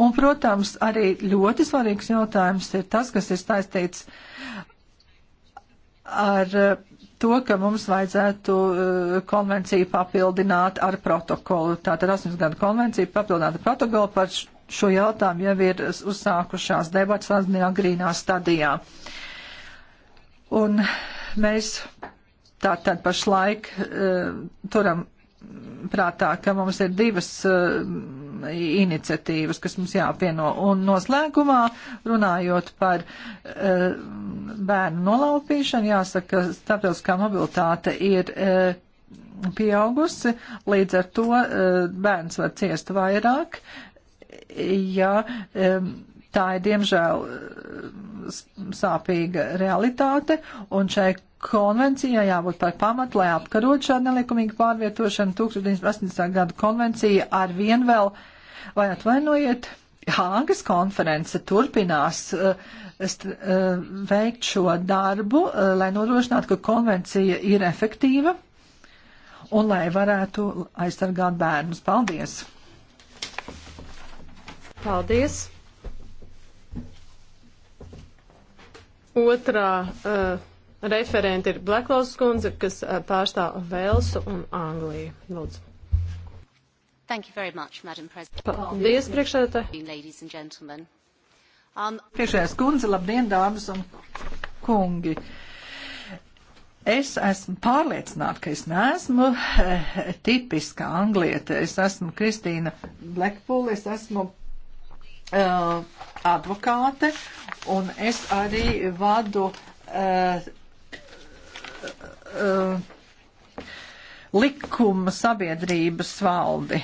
Un, protams, arī ļoti svarīgs jautājums ir tas, kas ir saistīts ar uh, to, ka mums vajadzētu uh, konvenciju papildināt ar protokolu. Tātad 8 gadu konvenciju papildināt ar protokolu par šo jautājumu jau ir uzsākušās debats agrīnā stadijā. Un mēs Tātad pašlaik e, turam prātā, ka mums ir divas uh, iniciatīvas, kas mums jāapvieno. Un noslēgumā, runājot par uh, bērnu nolaupīšanu, jāsaka, ka starptautiskā mobilitāte ir uh, pieaugusi, līdz ar to uh, bērns var ciest vairāk, ja um, Tā ir diemžēl sāpīga realitāte, un šai konvencijai jābūt par pamatu, lai apkarot šādu nelikumīgu pārvietošanu. 1980. gada konvencija ar vien vēl, vai atvainojiet, Hāgas konference turpinās uh, st, uh, veikt šo darbu, uh, lai nodrošinātu, ka konvencija ir efektīva un lai varētu aizsargāt bērnus. Paldies! Paldies! Otrā uh, referente ir Blacklaus skundze, kas uh, pārstāv Velsu un Angliju. Lūdzu. Thank you very much, Madam President. Paldies, priekšsēdētāji. Ladies and gentlemen. Um, Priekšējās kundze, labdien, dāmas un kungi. Es esmu pārliecināta, ka es neesmu eh, tipiska angliete. Es esmu Kristīna Blackpool, es esmu uh, advokāte, un es arī vadu uh, uh, likuma sabiedrības valdi.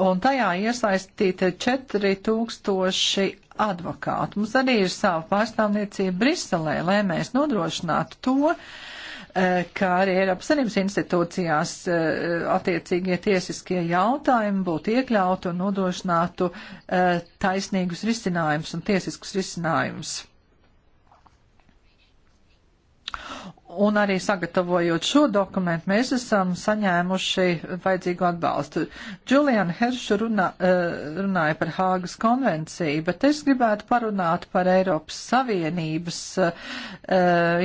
Un tajā iesaistīti 4000 advokāti. Mums arī ir sava pārstāvniecība Briselē, lai mēs nodrošinātu to, uh, Eh, kā arī Eiropas Savienības institūcijās eh, attiecīgie tiesiskie jautājumi būtu iekļauti un nodrošinātu eh, taisnīgus risinājumus un tiesiskus risinājumus. Un arī sagatavojot šo dokumentu, mēs esam saņēmuši vajadzīgo atbalstu. Juliana Herša runā, eh, runāja par Hāgas konvenciju, bet es gribētu parunāt par Eiropas Savienības uh,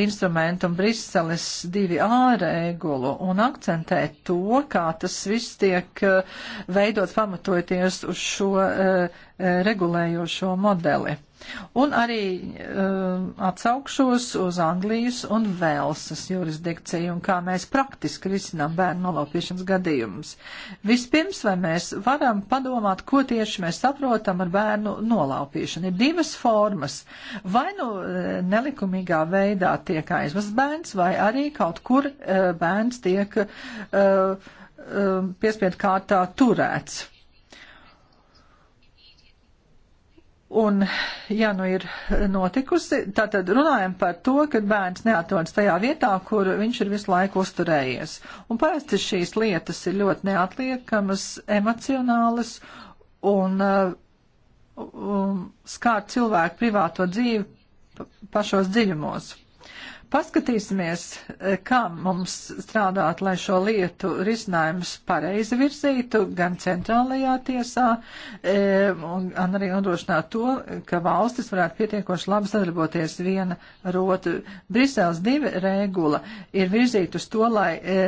instrumentu un Briseles 2A regulu un akcentēt to, kā tas viss tiek eh, veidot pamatojoties uz šo uh, regulējošo modeli. Un arī um, atsaukšos uz Anglijas un Velsas jurisdikciju un kā mēs praktiski risinām bērnu nolaupīšanas gadījumus. Vispirms, vai mēs varam padomāt, ko tieši mēs saprotam ar bērnu nolaupīšanu. Ir divas formas. Vai nu eh, nelikumīgā veidā tiek aizvests bērns, vai arī kaut kur uh, bērns tiek uh, uh, piespiedu kārtā turēts. Un, ja nu ir notikusi, tātad runājam par to, ka bērns neatrodas tajā vietā, kur viņš ir visu laiku uzturējies. Un parasti šīs lietas ir ļoti neatliekamas, emocionālas un, uh, un skār cilvēku privāto dzīvi pašos dziļumos. Paskatīsimies, kā mums strādāt, lai šo lietu risinājumus pareizi virzītu gan centrālajā tiesā, gan e, arī nodrošināt to, ka valstis varētu pietiekoši labi sadarboties viena ar otru. Brisels divi regula ir virzīt uz to, lai e,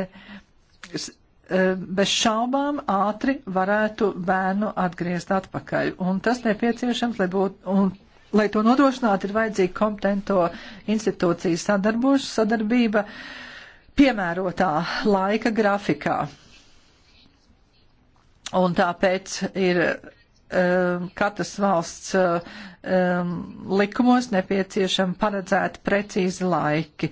e, bez šaubām ātri varētu bērnu atgriezt atpakaļ. Un tas nepieciešams, lai būtu, un Lai to nodrošinātu, ir vajadzīga kompetento institūciju sadarbošu sadarbība piemērotā laika grafikā. Un tāpēc ir um, katras valsts um, likumos nepieciešama paredzēta precīzi laiki.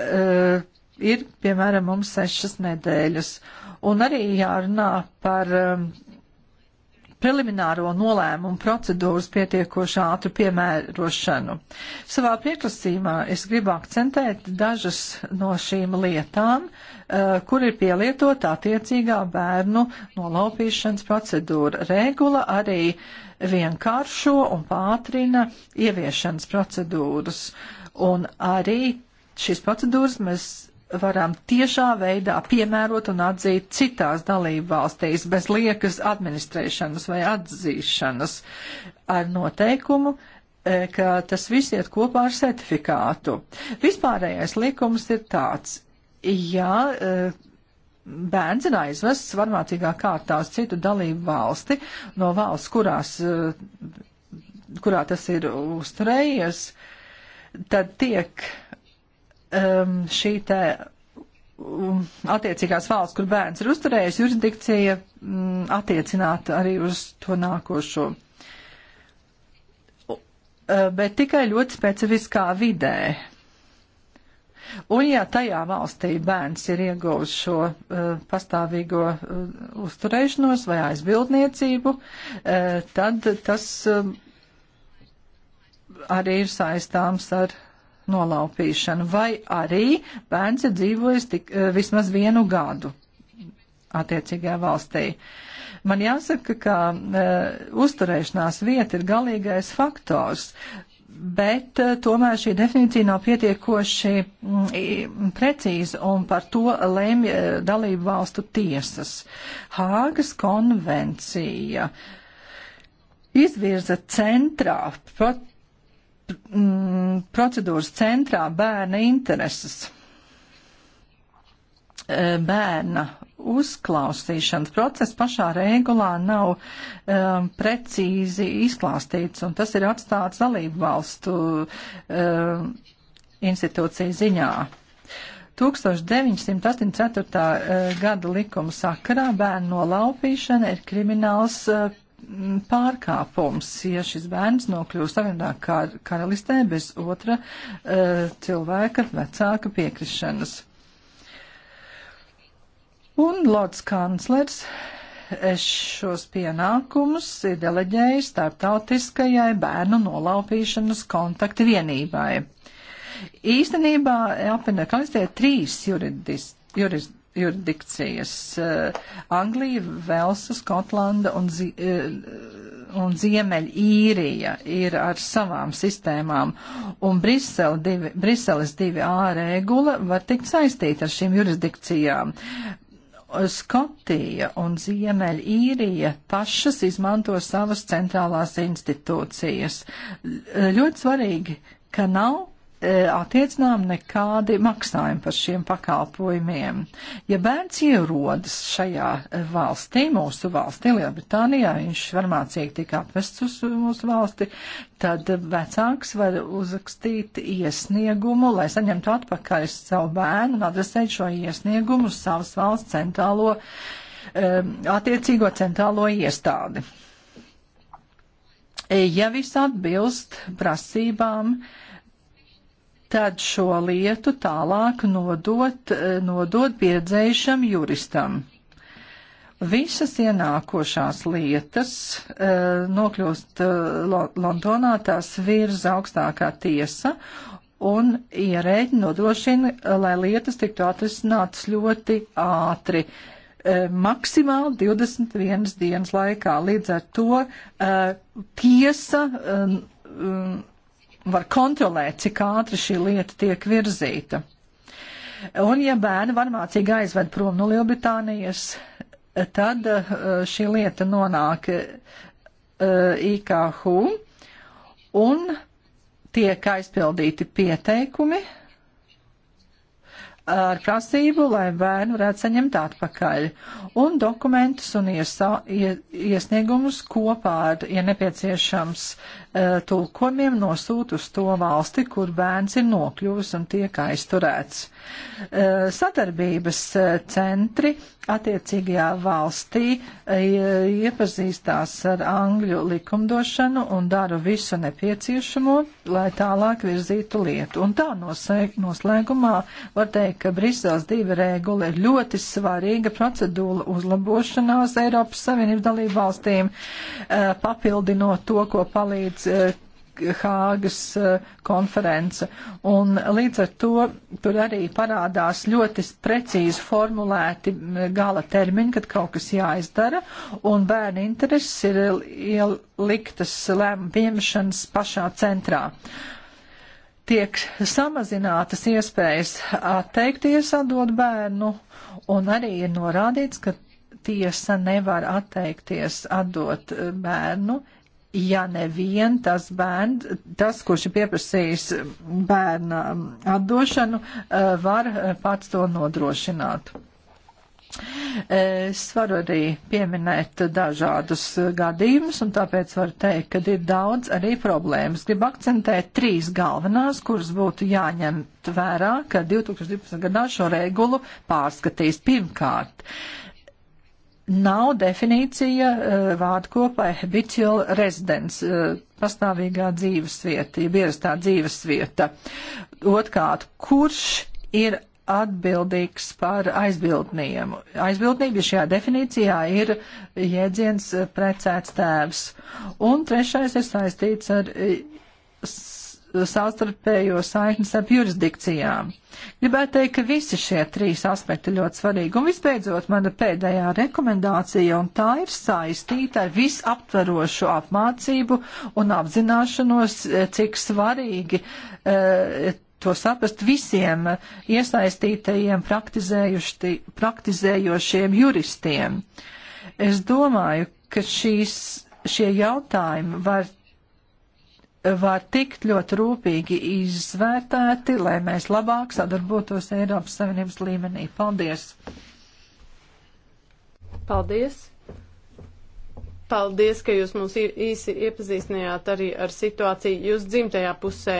Uh, ir, piemēram, mums sešas nedēļas. Un arī jārunā par um, prelimināro nolēmumu procedūras pietiekoši ātru piemērošanu. Savā prieklasīmā es gribu akcentēt dažas no šīm lietām, eh, kur ir pielietota attiecīgā bērnu nolaupīšanas procedūra. Regula arī vienkāršo un pātrina ieviešanas procedūras, un arī šīs procedūras mēs varam tiešā veidā piemērot un atzīt citās dalību valstīs bez liekas administrēšanas vai atzīšanas ar noteikumu, e, ka tas viss iet kopā ar certifikātu. Vispārējais likums ir tāds, ja e, bērns ir aizvests varmācīgā kārtā uz citu dalību valsti no valsts, kurās, e, kurā tas ir uzturējies, tad tiek um, šī te um, attiecīgās valsts, kur bērns ir uzturējis jurisdikcija, um, attiecināt arī uz to nākošo. Uh, bet tikai ļoti specifiskā vidē. Un ja tajā valstī bērns ir ieguvis šo uh, pastāvīgo uh, uzturēšanos vai aizbildniecību, uh, tad tas uh, arī ir saistāms ar uh, nolaupīšanu, vai arī bērns ir dzīvojis tik, eh, vismaz vienu gadu attiecīgajā valstī. Man jāsaka, ka e, uzturēšanās vieta ir galīgais faktors, bet e, tomēr šī definīcija nav pietiekoši m, mm, precīza un par to lēmj e, dalību valstu tiesas. Hāgas konvencija izvirza centrā pat Mm, procedūras centrā bērna intereses. E, bērna uzklausīšanas process pašā regulā nav um, precīzi izklāstīts, un tas ir atstāts dalību valstu um, institūciju ziņā. 1984. gada likuma sakarā bērnu nolaupīšana ir krimināls uh, Mm, pārkāpums, ja šis bērns nokļūst savienā kar karalistē bez otra uh, cilvēka vecāka piekrišanas. Un Lords kanclers šos pienākumus ir deleģējis starptautiskajai bērnu nolaupīšanas kontaktu vienībai. Īstenībā apvienotā karalistē trīs juridis, juris, jurisdikcijas eh, - Anglija, Velsa, Skotlanda un, zi, eh, un Ziemeļīrija ir ar savām sistēmām, un Brisele divi, Briseles 2A regula var tikt saistīta ar šīm jurisdikcijām. Skotija un Ziemeļīrija pašas izmanto savas centrālās institūcijas. Ļoti svarīgi, ka nav E, attiecinām nekādi maksājumi par šiem pakalpojumiem. Ja bērns ierodas šajā e, valstī, mūsu valstī, Lielbritānijā, viņš varmācīgi tika atvests uz mūsu valsti, tad vecāks var uzrakstīt iesniegumu, lai saņemtu atpakaļ savu bērnu un adresēt šo iesniegumu uz savas valsts centrālo, e, attiecīgo centrālo iestādi. Ja viss atbilst prasībām, uh, tad šo lietu tālāk nodot, eh, nodot pieredzējušam juristam. Visas ienākošās lietas eh, nokļūst eh, Londonā, tās virza augstākā tiesa, un ierēģi nodrošina, lai lietas tiktu atrisinātas ļoti ātri maksimāli 21 dienas laikā. Līdz ar to tiesa var kontrolēt, cik ātri šī lieta tiek virzīta. Un ja bērni varmācīgi aizved prom no Lielbritānijas, tad eh, šī lieta nonāk IKH eh, un tiek aizpildīti pieteikumi ar prasību, lai bērnu varētu saņemt atpakaļ, un dokumentus un iesa, ies, iesniegumus kopā ar, ja nepieciešams, Eh, tulkojumiem nosūt uz to valsti, kur bērns ir nokļuvis un tiek aizturēts. Eh, sadarbības eh, centri attiecīgajā valstī iepazīstās ar angļu likumdošanu un dara visu nepieciešamo, lai tālāk virzītu lietu. Un tā noslēgumā var teikt, ka Brisels divi regula ir ļoti svarīga procedūra uzlabošanās Eiropas Savienības dalību valstīm, papildinot to, ko palīdz Eh, Hāgas eh, konference. Un līdz ar to tur arī parādās ļoti precīzi formulēti eh, gala termiņi, kad kaut kas jāizdara, un bērnu intereses ir ieliktas lēmumu pieņemšanas pašā centrā. Tiek samazinātas iespējas atteikties atdot bērnu, un arī ir norādīts, ka tiesa nevar atteikties atdot bērnu, ja nevien tas bērns, tas, kurš ir pieprasījis bērna atdošanu, eh, var pats to nodrošināt. Es varu arī pieminēt dažādus gadījumus, un tāpēc varu teikt, ka ir daudz arī problēmas. Gribu akcentēt trīs galvenās, kuras būtu jāņem vērā, ka 2012. gadā šo regulu pārskatīs pirmkārt. Uh, nav definīcija eh, vārdkopai habitual residence, eh, pastāvīgā dzīvesvieta, jeb ierastā dzīvesvieta. Otkārt, kurš ir atbildīgs par aizbildniem. Aizbildnība šajā definīcijā ir jēdziens eh, precēts tēvs. Un trešais ir saistīts ar savstarpējo saikni starp jurisdikcijām. Gribētu teikt, ka visi šie trīs aspekti ļoti svarīgi. Un visbeidzot, mana pēdējā rekomendācija, un tā ir saistīta ar visaptverošu apmācību un apzināšanos, eh, cik svarīgi e, to saprast visiem iesaistītajiem praktizējošiem juristiem. Es domāju, ka šīs, šie jautājumi var var tikt ļoti rūpīgi izvērtēti, lai mēs labāk sadarbotos Eiropas Savienības līmenī. Paldies! Paldies! Paldies, ka jūs mūs īsi iepazīstinājāt arī ar situāciju jūs dzimtajā pusē.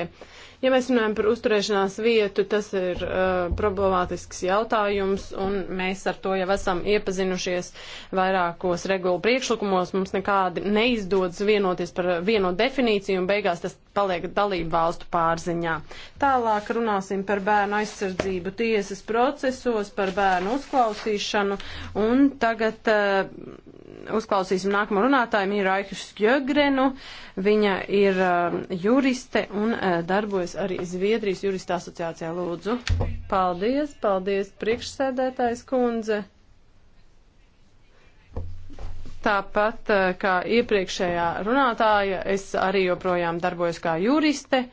Ja mēs runājam par uzturēšanās vietu, tas ir uh, problemātisks jautājums, un mēs ar to jau esam iepazinušies vairākos regulu priekšlikumos. Mums nekādi neizdodas vienoties par vieno definīciju, un beigās tas paliek dalību valstu pārziņā. Tālāk runāsim par bērnu aizsardzību tiesas procesos, par bērnu uzklausīšanu, un tagad. Uh, uzklausīsim nākamo runātāju, viņa ir Aikas Kjögrenu, viņa ir uh, juriste un uh, darbojas arī Zviedrijas jurista asociācijā. Lūdzu, paldies, paldies priekšsēdētājs kundze. Tāpat uh, kā iepriekšējā runātāja, es arī joprojām darbojos kā juriste.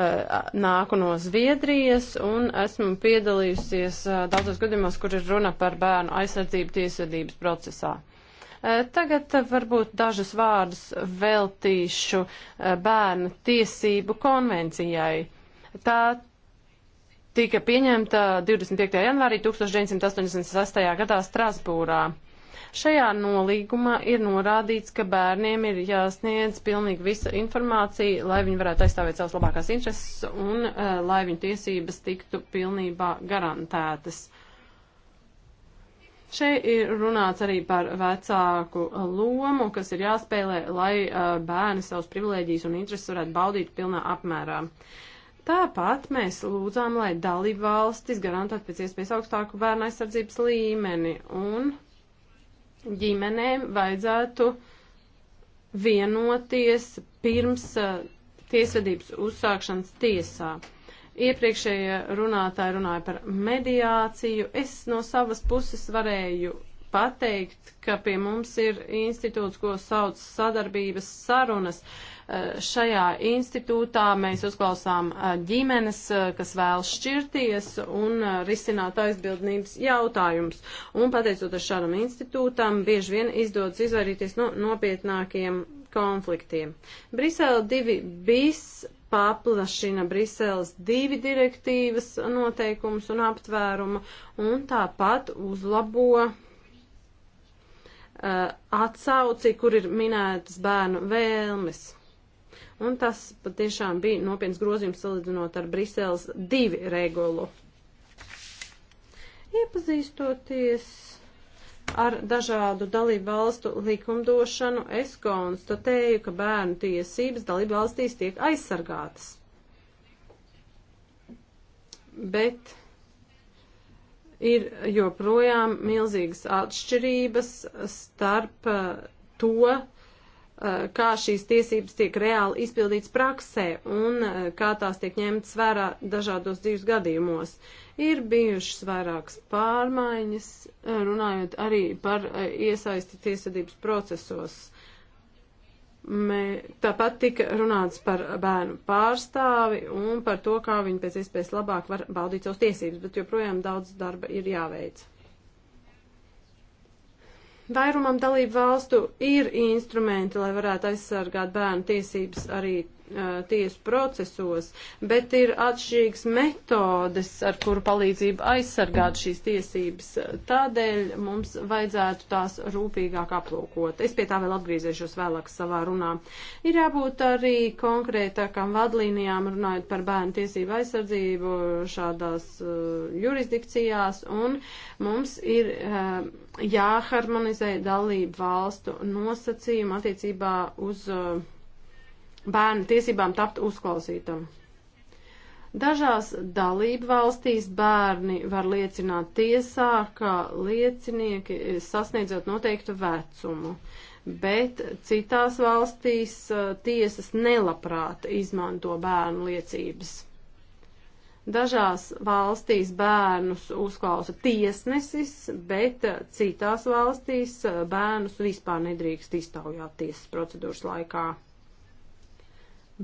Uh, nāku no Zviedrijas un esmu piedalījusies uh, daudzos gadījumos, kur ir runa par bērnu aizsardzību tiesvedības procesā. Eh, tagad eh, varbūt dažus vārdus veltīšu eh, bērnu tiesību konvencijai. Tā tika pieņemta 25. janvārī 1986. gadā Strasbūrā. Šajā nolīgumā ir norādīts, ka bērniem ir jāsniedz pilnīgi visa informācija, lai viņi varētu aizstāvēt savas labākās intereses un uh, lai viņu tiesības tiktu pilnībā garantētas. Uh, Šeit ir runāts arī par vecāku uh, lomu, kas ir jāspēlē, lai uh, bērni savus privilēģijas un intereses varētu baudīt pilnā apmērā. Tāpat mēs lūdzām, lai dalību valstis garantētu pēc iespējas augstāku bērnu aizsardzības līmeni un ģimenēm vajadzētu vienoties pirms uh, tiesvedības uzsākšanas tiesā. Iepriekšējie runātāji runāja par mediāciju. Es no savas puses varēju pateikt, ka pie mums ir institūts, ko sauc sadarbības sarunas. Eh, šajā institūtā mēs uzklausām eh, ģimenes, eh, kas vēl šķirties un risināt aizbildnības jautājumus. Un pateicoties šādam institūtam, bieži vien izdodas izvairīties no nopietnākiem konfliktiem. Brisele 2 bis paplašina Briseles divi direktīvas noteikumus un aptvērumu un tāpat uzlabo uh, atsauci, kur ir minētas bērnu vēlmes. Un tas patiešām bija nopietns grozījums salīdzinot ar Briseles divi regulu. Iepazīstoties ar dažādu dalību valstu likumdošanu, es konstatēju, ka bērnu tiesības dalību valstīs tiek aizsargātas. Bet ir joprojām milzīgas atšķirības starp eh, to, Eh, kā šīs tiesības tiek reāli izpildīts praksē un eh, kā tās tiek ņemtas vērā dažādos dzīves gadījumos. Ir bijušas vairākas pārmaiņas, eh, runājot arī par iesaisti tiesvedības procesos. Mē, tāpat tika runāts par bērnu pārstāvi un par to, kā viņi pēc iespējas labāk var baudīt savus tiesības, bet joprojām daudz darba ir jāveic. Vairumam dalību valstu ir instrumenti, lai varētu aizsargāt bērnu tiesības arī tiesu procesos, bet ir atšķirīgas metodes, ar kuru palīdzību aizsargāt šīs tiesības. Tādēļ mums vajadzētu tās rūpīgāk aplūkot. Es pie tā vēl atgriezīšos vēlāk savā runā. Ir jābūt arī konkrētākām vadlīnijām runājot par bērnu tiesību aizsardzību šādās uh, jurisdikcijās, un mums ir uh, jāharmonizē dalību valstu nosacījumu attiecībā uz uh, bērnu tiesībām tapt uzklausītam. Dažās dalību valstīs bērni var liecināt tiesā, kā liecinieki sasniedzot noteiktu vecumu, bet citās valstīs eh, tiesas nelabprāt izmanto bērnu liecības. Dažās valstīs bērnus uzklausa tiesnesis, bet eh, citās valstīs eh, bērnus vispār nedrīkst iztaujāt tiesas procedūras laikā.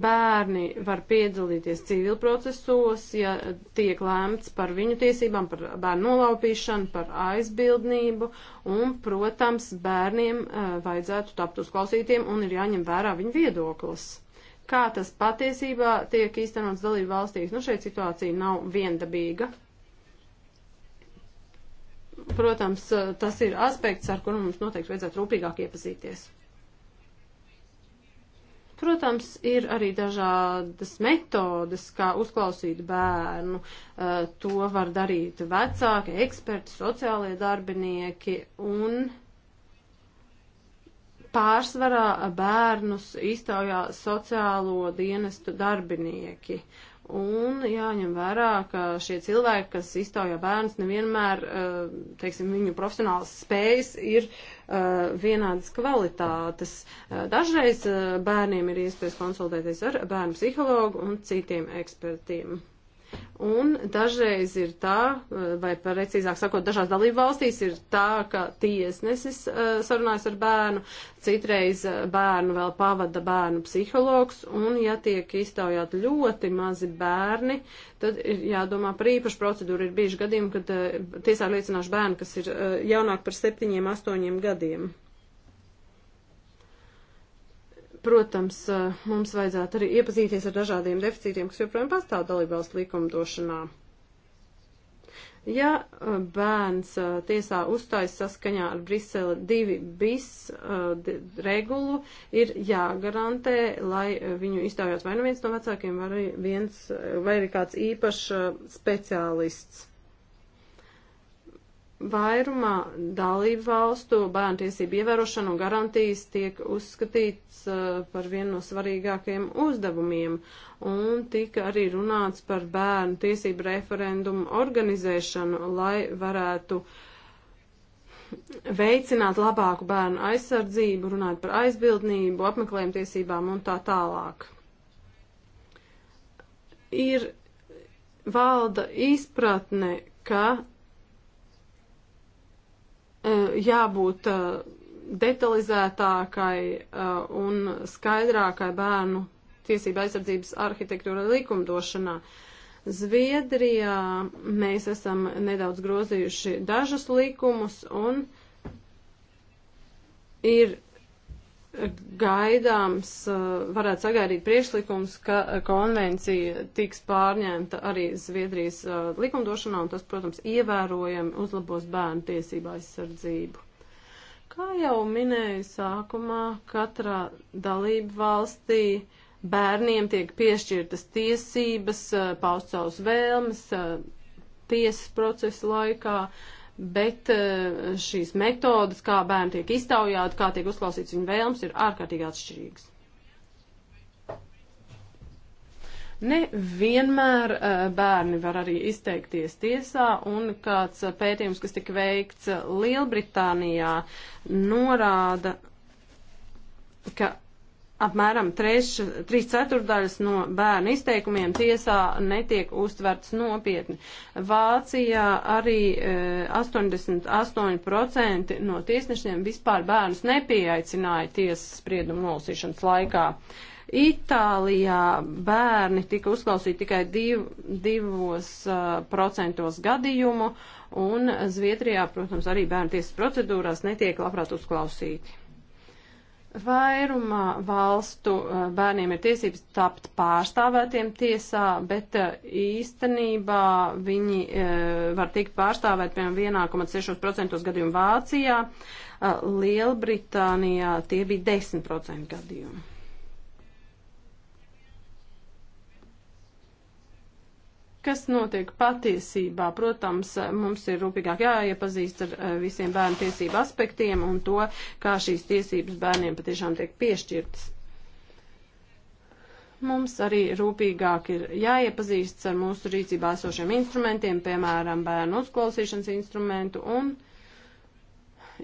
Bērni var piedalīties civilprocesos, ja tiek lēmts par viņu tiesībām, par bērnu nolaupīšanu, par aizbildnību, un, protams, bērniem eh, vajadzētu tapt uzklausītiem un ir jāņem vērā viņu viedoklis. Kā tas patiesībā tiek īstenots dalību valstīs, nu šeit situācija nav viendabīga. Protams, eh, tas ir aspekts, ar kuru mums noteikti vajadzētu rūpīgāk iepazīties. Protams, ir arī dažādas metodes, kā uzklausīt bērnu. Eh, to var darīt vecāki, eksperti, sociālie darbinieki un pārsvarā bērnus iztaujā sociālo dienestu darbinieki. Un jāņem vērā, ka šie cilvēki, kas iztaujā bērns, nevienmēr, eh, teiksim, viņu profesionālas spējas ir uh, Uh, vienādas kvalitātes. Uh, dažreiz uh, bērniem ir iespējas konsultēties ar bērnu psihologu un citiem ekspertiem. Un dažreiz ir tā, eh, vai precīzāk sakot, dažās dalību valstīs ir tā, ka tiesnesis eh, sarunājas ar bērnu, citreiz eh, bērnu vēl pavada bērnu psihologs, un ja tiek iztaujāti ļoti mazi bērni, tad ir jādomā par īpašu procedūru. Ir bijuši gadījumi, kad tiesā liecināšu bērnu, kas ir jaunāk par septiņiem, astoņiem gadiem. Protams, eh, mums vajadzētu arī iepazīties ar dažādiem deficītiem, kas joprojām pastāv dalībvalsts likumdošanā. Ja eh, bērns eh, tiesā uzstājas saskaņā ar Brisele 2 bis regulu, ir jāgarantē, lai viņu iztaujās vai nu viens no vecākiem, vai arī, viens, vai arī kāds īpašs speciālists. Vairumā dalību valstu bērntiesību ievērošana un garantijas tiek uzskatīts uh, par vienu no svarīgākajiem uzdevumiem, un tika arī runāts par bērnu tiesību referendumu organizēšanu, lai varētu veicināt labāku bērnu aizsardzību, runāt par aizbildnību, apmeklējumu tiesībām un tā tālāk. Ir valda izpratne, ka Eh, jābūt eh, detalizētākai eh, un skaidrākai bērnu tiesība aizsardzības arhitektūra likumdošanā. Zviedrijā mēs esam nedaudz grozījuši dažus likumus un ir gaidāms, eh, varētu sagaidīt priekšlikums, ka eh, konvencija tiks pārņemta arī Zviedrijas eh, likumdošanā, un tas, protams, ievērojami uzlabos bērnu tiesību aizsardzību. Kā jau minēju sākumā, katrā dalību valstī bērniem tiek piešķirtas tiesības paust savus vēlmes tiesas procesa laikā, uh, bet eh, šīs metodas, kā bērni tiek iztaujāti, kā tiek uzklausīts viņu vēlms, ir ārkārtīgi atšķirīgas. Ne vienmēr eh, bērni var arī izteikties tiesā, un kāds eh, pētījums, kas tika veikts Lielbritānijā, norāda, ka apmēram 3,4 no bērnu izteikumiem tiesā netiek uztverts nopietni. Vācijā arī e, 88% no tiesnešiem vispār bērnus nepieaicināja tiesas spriedumu nolasīšanas laikā. Itālijā bērni tika uzklausīti tikai div, divos uh, procentos gadījumu, un Zviedrijā, protams, arī bērnu tiesas procedūrās netiek labprāt uzklausīti. Vairumā valstu eh, bērniem ir tiesības tapt pārstāvētiem tiesā, bet eh, īstenībā viņi eh, var tikt pārstāvēt, piemēram, 1,6% gadījumu Vācijā, Lielbritānijā tie bija 10% gadījumu. Kas notiek patiesībā? Protams, mums ir rūpīgāk jāiepazīst ar eh, visiem bērnu tiesību aspektiem un to, kā šīs tiesības bērniem patiešām tiek piešķirtas. Mums arī rūpīgāk ir jāiepazīstas ar mūsu rīcībā esošiem instrumentiem, piemēram, bērnu uzklausīšanas instrumentu un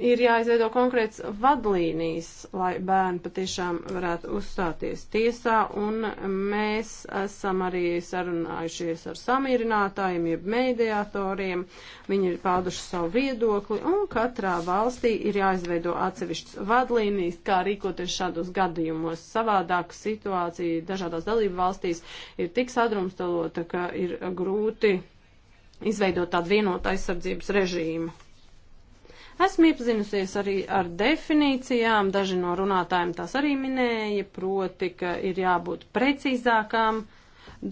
ir jāizveido konkrēts vadlīnijas, lai bērni patiešām varētu uzstāties tiesā, un mēs esam arī sarunājušies ar samierinātājiem, jeb mediatoriem, viņi ir pauduši savu viedokli, un katrā valstī ir jāizveido atsevišķas vadlīnijas, kā rīkoties šādos gadījumos. Savādāk situācija dažādās dalību valstīs ir tik sadrumstalota, ka ir grūti izveidot tādu vienotu aizsardzības režīmu. Esmu iepazinusies arī ar definīcijām, daži no runātājiem tās arī minēja, proti, ka ir jābūt precīzākām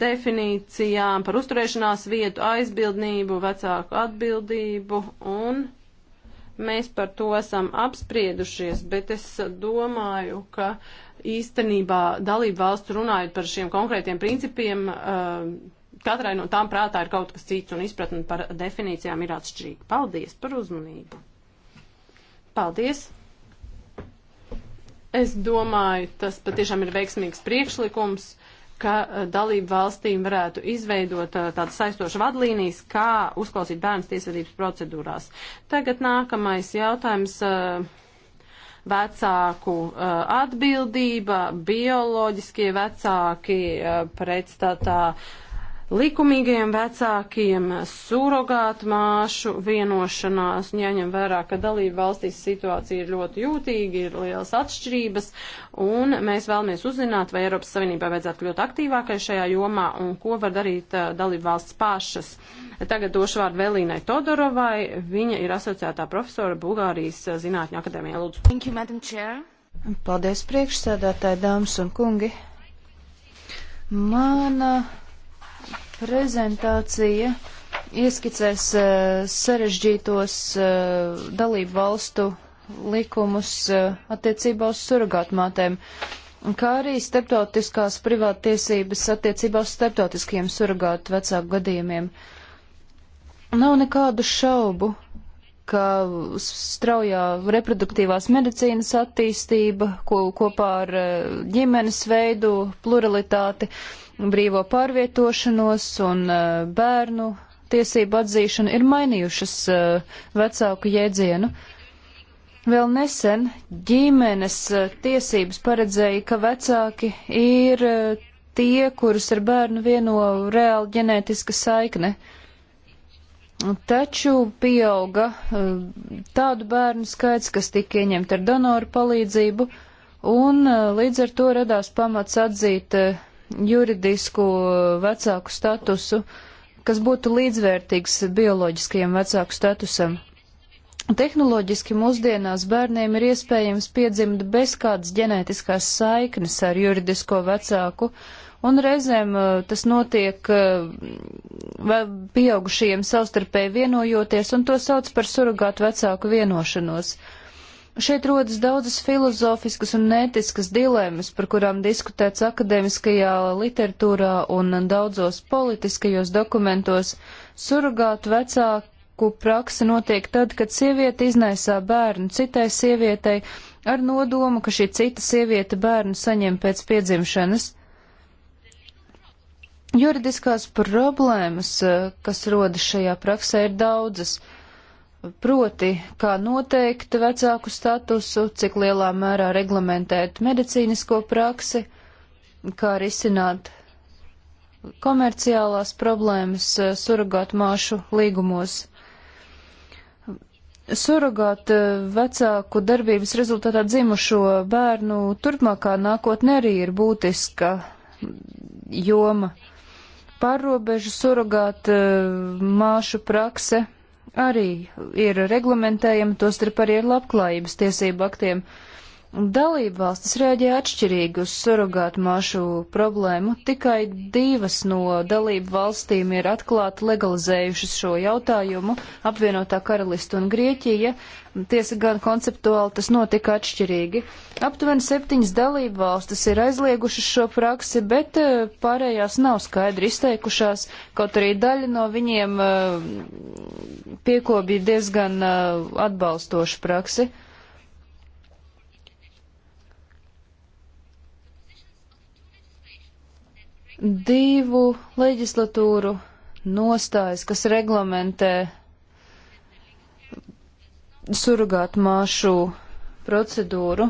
definīcijām par uzturēšanās vietu, aizbildnību, vecāku atbildību un mēs par to esam apspriedušies, bet es domāju, ka īstenībā dalību valstu runājot par šiem konkrētiem principiem, eh, katrai no tām prātā ir kaut kas cits un izpratni par definīcijām ir atšķirīga. Paldies par uzmanību! Paldies! Es domāju, tas patiešām ir veiksmīgs priekšlikums, ka eh, dalību valstīm varētu izveidot eh, tādas saistošas vadlīnijas, kā uzklausīt bērnu tiesvedības procedūrās. Tagad nākamais jautājums. Eh, vecāku atbildība, bioloģiskie vecāki pretstatā. Tā likumīgajiem vecākiem, surogātu māšu vienošanās, ņēņem vērā, ka dalību valstīs situācija ir ļoti jūtīga, ir lielas atšķirības, un mēs vēlamies uzzināt, vai Eiropas Savienībā vajadzētu kļūt aktīvākai šajā jomā un ko var darīt eh, dalību valsts pašas. Tagad došu vārdu Velīnai Todorovai, viņa ir asociētā profesora Bulgārijas eh, Zinātņu akadēmijā. Lūdzu. Thank you, Madam Chair. Paldies priekšsēdētāji, dāmas un kungi. Mana prezentācija ieskicēs uh, sarežģītos uh, dalību valstu likumus uh, attiecībā uz surrogātmātēm, kā arī starptautiskās privātiesības attiecībā uz starptautiskajiem surrogātu vecāku gadījumiem. Nav nekādu šaubu, ka straujā reproduktīvās medicīnas attīstība ko, kopā ar ģimenes veidu pluralitāti brīvo pārvietošanos un uh, bērnu tiesību atzīšanu ir mainījušas uh, vecāku jēdzienu. Vēl nesen ģimenes uh, tiesības paredzēja, ka vecāki ir tie, kurus ar bērnu vieno reāli ģenētiska saikne. Taču pieauga tādu bērnu skaits, kas tika ieņemti ar donoru palīdzību, un līdz ar to radās pamats atzīt juridisku vecāku statusu, kas būtu līdzvērtīgs bioloģiskajam vecāku statusam. Tehnoloģiski mūsdienās bērniem ir iespējams piedzimt bez kādas ģenētiskās saiknes ar juridisko vecāku, un reizēm eh, tas notiek eh, pieaugušajiem savstarpēji vienojoties, un to sauc par surugātu vecāku vienošanos. Šeit rodas daudzas filozofiskas un netiskas dilemmas, par kurām diskutēts akadēmiskajā literatūrā un daudzos politiskajos dokumentos. Surgātu vecāku praksa notiek tad, kad sieviete iznaisā bērnu citai sievietei ar nodomu, ka šī cita sieviete bērnu saņem pēc piedzimšanas. Juridiskās problēmas, eh, kas rodas šajā praksē, ir daudzas proti, kā noteikt vecāku statusu, cik lielā mērā reglamentēt medicīnisko praksi, kā risināt komerciālās problēmas eh, surrogātmāšu līgumos. Surrogāt eh, vecāku darbības rezultātā dzimušo bērnu turpmākā nākotnē arī ir būtiska joma. Pārrobežu surrogāt eh, māšu prakse arī ir reglamentējami, tostarp arī ar labklājības tiesību aktiem. Uh, Dalība valstis rēģēja atšķirīgi uz surogātu mašu problēmu. Tikai divas no dalību valstīm ir atklāti legalizējušas šo jautājumu - apvienotā karalista un Grieķija. Tiesa gan konceptuāli tas notika atšķirīgi. Aptuveni septiņas dalību valstis ir aizliegušas šo praksi, bet eh, pārējās nav skaidri izteikušās, kaut arī daļa no viņiem eh, piekopīja diezgan eh, atbalstošu praksi. divu leģislatūru nostājas, kas reglamentē surugātu māšu procedūru.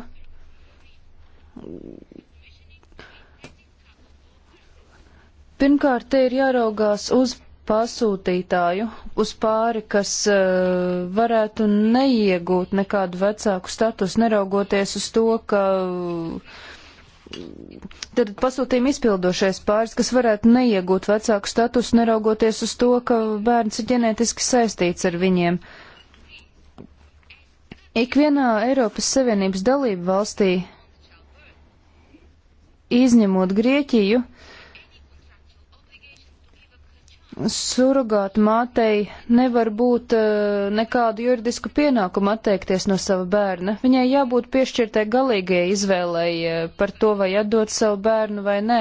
Pirmkārt, te ir jāraugās uz pasūtītāju, uz pāri, kas uh, varētu neiegūt nekādu vecāku statusu, neraugoties uz to, ka uh, tad pasūtījuma izpildošais pāris, kas varētu neiegūt vecāku statusu, neraugoties uz to, ka bērns ir ģenētiski saistīts ar viņiem. Ikvienā Eiropas Savienības dalību valstī, izņemot Grieķiju, surrogāt mātei nevar būt eh, nekādu juridisku pienākumu atteikties no sava bērna. Viņai jābūt piešķirtai galīgajai izvēlei eh, par to, vai atdot savu bērnu vai nē.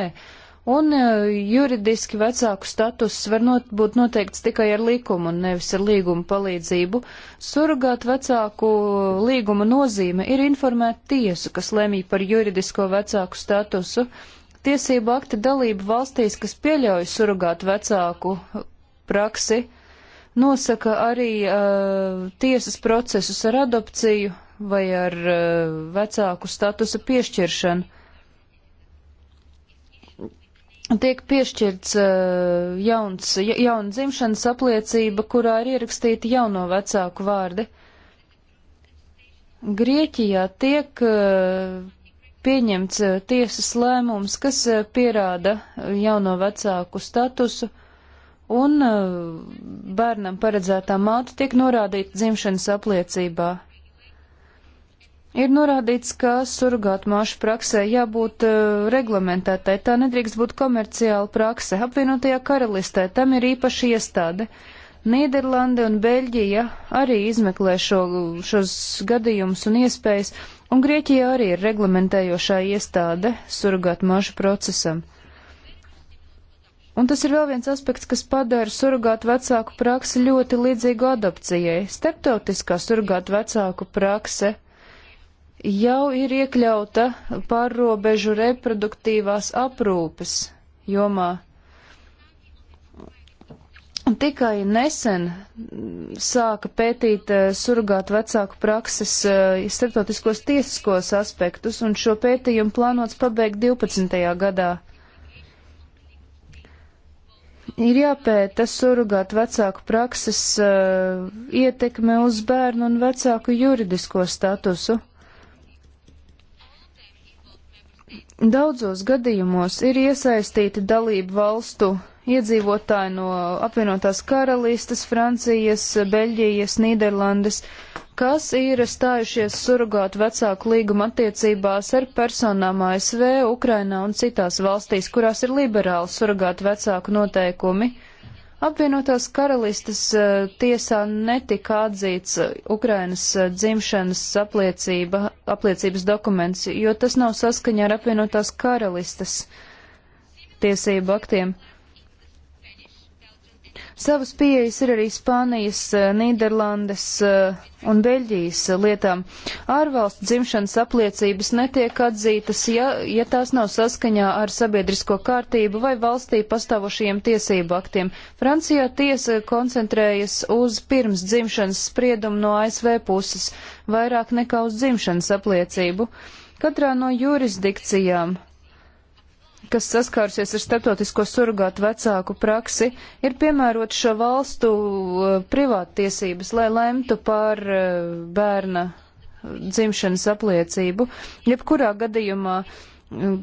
Un eh, juridiski vecāku status var not, būt noteikts tikai ar līkumu un nevis ar līguma palīdzību. Surrogāt vecāku līguma nozīme ir informēt tiesu, kas lemj par juridisko vecāku statusu. Uh, tiesību akti dalību valstīs, kas pieļauj surugāt vecāku praksi, nosaka arī uh, tiesas procesus ar adopciju vai ar uh, vecāku statusa piešķiršanu. Tiek piešķirts uh, jauns, ja, jauna dzimšanas apliecība, kurā ir ierakstīti jauno vecāku vārdi. Grieķijā tiek uh, pieņemts eh, tiesas lēmums, kas eh, pierāda eh, jauno vecāku statusu, un bērnam paredzētā māte tiek norādīta dzimšanas apliecībā. Ir norādīts, ka surgātmāšu praksē jābūt uh, reglamentētai, tā nedrīkst būt komerciāla prakse. Apvienotajā karalistē tam ir īpaši iestāde. Nīderlande un Beļģija arī izmeklē šo, šos gadījumus un iespējas, Un Grieķija arī ir reglamentējošā iestāde surgāt mažu procesam. Un tas ir vēl viens aspekts, kas padara surgātu vecāku praksi ļoti līdzīgu adopcijai. Starptautiskā surgātu vecāku prakse jau ir iekļauta pārrobežu reproduktīvās aprūpes jomā. Tikai nesen mm, sāka pētīt eh, surgāt vecāku prakses eh, starptautiskos tiesiskos aspektus, un šo pētījumu plānots pabeigt 12. gadā. Ir jāpēta surgāt vecāku prakses eh, ietekme uz bērnu un vecāku juridisko statusu. Daudzos gadījumos ir iesaistīti dalību valstu iedzīvotāji no apvienotās karalistes, Francijas, Beļģijas, Nīderlandes, kas ir stājušies surgāt vecāku līguma attiecībās ar personām ASV, Ukrainā un citās valstīs, kurās ir liberāli surgāt vecāku noteikumi. Apvienotās karalistes uh, tiesā netika atzīts eh, Ukrainas uh, dzimšanas apliecība, apliecības dokuments, jo tas nav saskaņā ar apvienotās karalistes tiesību aktiem. Savas pieejas ir arī Spānijas, eh, Nīderlandes eh, un Beļģijas eh, lietām. Ārvalstu dzimšanas apliecības netiek atzītas, ja, ja tās nav saskaņā ar sabiedrisko kārtību vai valstī pastāvošajiem tiesību aktiem. Francijā tiesa koncentrējas uz pirms dzimšanas spriedumu no ASV puses, vairāk nekā uz dzimšanas apliecību. Katrā no jurisdikcijām kas saskārusies ar starptautisko surgātu vecāku praksi, ir piemērot šo valstu uh, privātiesības, lai lemtu par uh, bērna dzimšanas apliecību. Jebkurā gadījumā mm,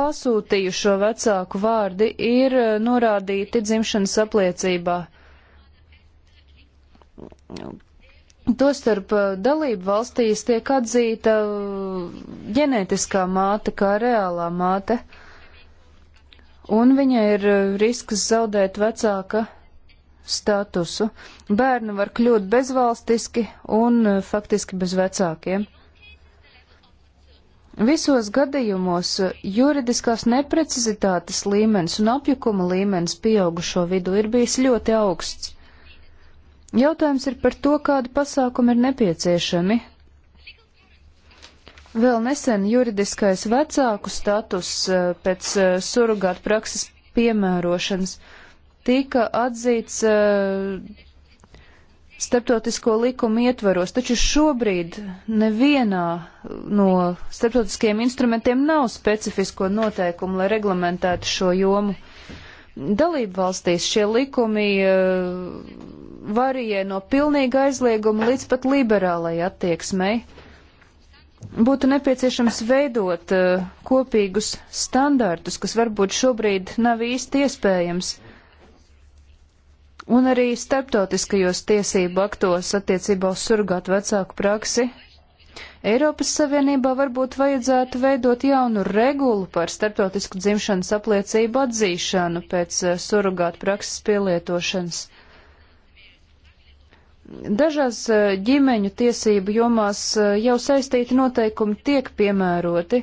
pasūtījušo vecāku vārdi ir uh, norādīti dzimšanas apliecībā. Tostarp uh, dalību valstīs tiek atzīta uh, ģenētiskā māte kā reālā māte, un viņai ir uh, risks zaudēt vecāka statusu. Bērni var kļūt bezvalstiski un faktiski bez vecākiem. Visos gadījumos juridiskās neprecizitātes līmenis un apjukuma līmenis pieaugušo vidu ir bijis ļoti augsts. Jautājums ir par to, kādi pasākumi ir nepieciešami. Vēl nesen juridiskais vecāku status eh, pēc eh, surugāta prakses piemērošanas tika atzīts eh, starptautisko likumu ietvaros, taču šobrīd nevienā no starptautiskajiem instrumentiem nav specifisko noteikumu, lai reglamentētu šo jomu dalību valstīs šie likumi uh, varīja no pilnīga aizlieguma līdz pat liberālai attieksmei. Būtu nepieciešams veidot uh, kopīgus standartus, kas varbūt šobrīd nav īsti iespējams, un arī starptautiskajos tiesību aktos attiecībā uz surgātu vecāku praksi. Eiropas Savienībā varbūt vajadzētu veidot jaunu regulu par starptautisku dzimšanas apliecību atzīšanu pēc eh, surrogātu prakses pielietošanas. Dažās e, ģimeņu tiesību jomās e, jau saistīti noteikumi tiek piemēroti,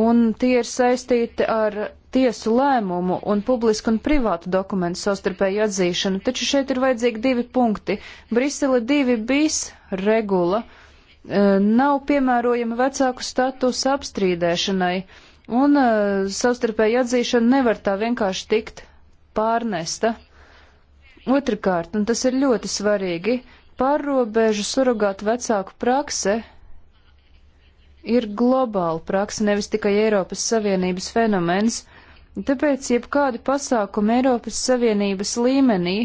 un tie ir saistīti ar tiesu lēmumu un publisku un privātu dokumentu savstarpēju atzīšanu, taču šeit ir vajadzīgi divi punkti. Brisele 2 bis regula e, nav piemērojama vecāku statusu apstrīdēšanai, un savstarpēju atzīšana nevar tā vienkārši tikt pārnesta. Otrakārt, un tas ir ļoti svarīgi, pārrobežu surrogātu vecāku prakse ir globāla prakse, nevis tikai Eiropas Savienības fenomens, tāpēc jebkādi pasākumi Eiropas Savienības līmenī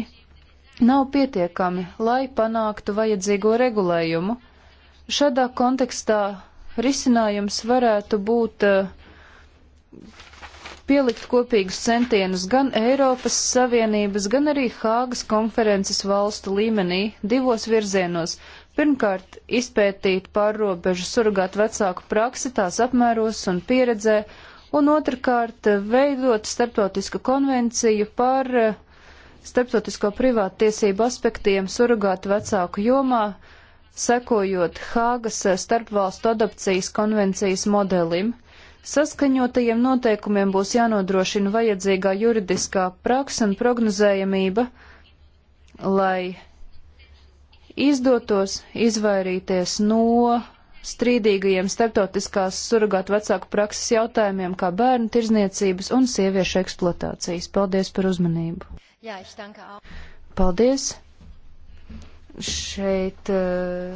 nav pietiekami, lai panāktu vajadzīgo regulējumu. Šādā kontekstā risinājums varētu būt uh, pielikt kopīgus centienus gan Eiropas Savienības, gan arī Hāgas konferences valstu līmenī divos virzienos. Pirmkārt, izpētīt pārrobežu surgāt vecāku praksi tās apmēros un pieredzē, un otrkārt, veidot starptautisku konvenciju par eh, starptautisko privātu tiesību aspektiem surgāt vecāku jomā, sekojot Hāgas eh, starpvalstu adopcijas konvencijas modelim. Saskaņotajiem noteikumiem būs jānodrošina vajadzīgā juridiskā praksa un prognozējamība, lai izdotos izvairīties no strīdīgajiem starptautiskās surgāt vecāku prakses jautājumiem, kā bērnu tirzniecības un sieviešu eksploatācijas. Paldies par uzmanību. Jā, Paldies. Šeit uh,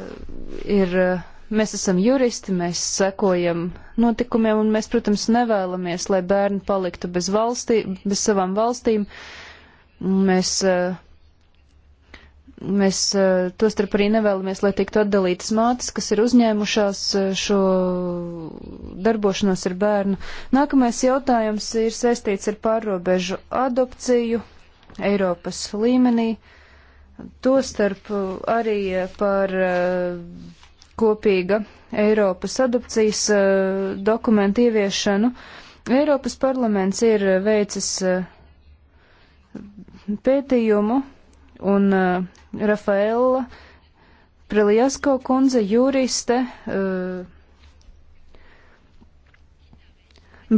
ir. Uh, Mēs esam juristi, mēs sekojam notikumiem, un mēs, protams, nevēlamies, lai bērni paliktu bez, valstī, bez savām valstīm. Mēs, eh, mēs eh, tostarp arī nevēlamies, lai tiktu atdalītas mātes, kas ir uzņēmušās eh, šo darbošanos ar bērnu. Nākamais jautājums ir saistīts ar pārobežu adopciju Eiropas līmenī. Tostarp arī par kopīga Eiropas adopcijas uh, dokumentu ieviešanu. Eiropas parlaments ir uh, veicis uh, pētījumu un Rafaela Preliasko kundze, juriste,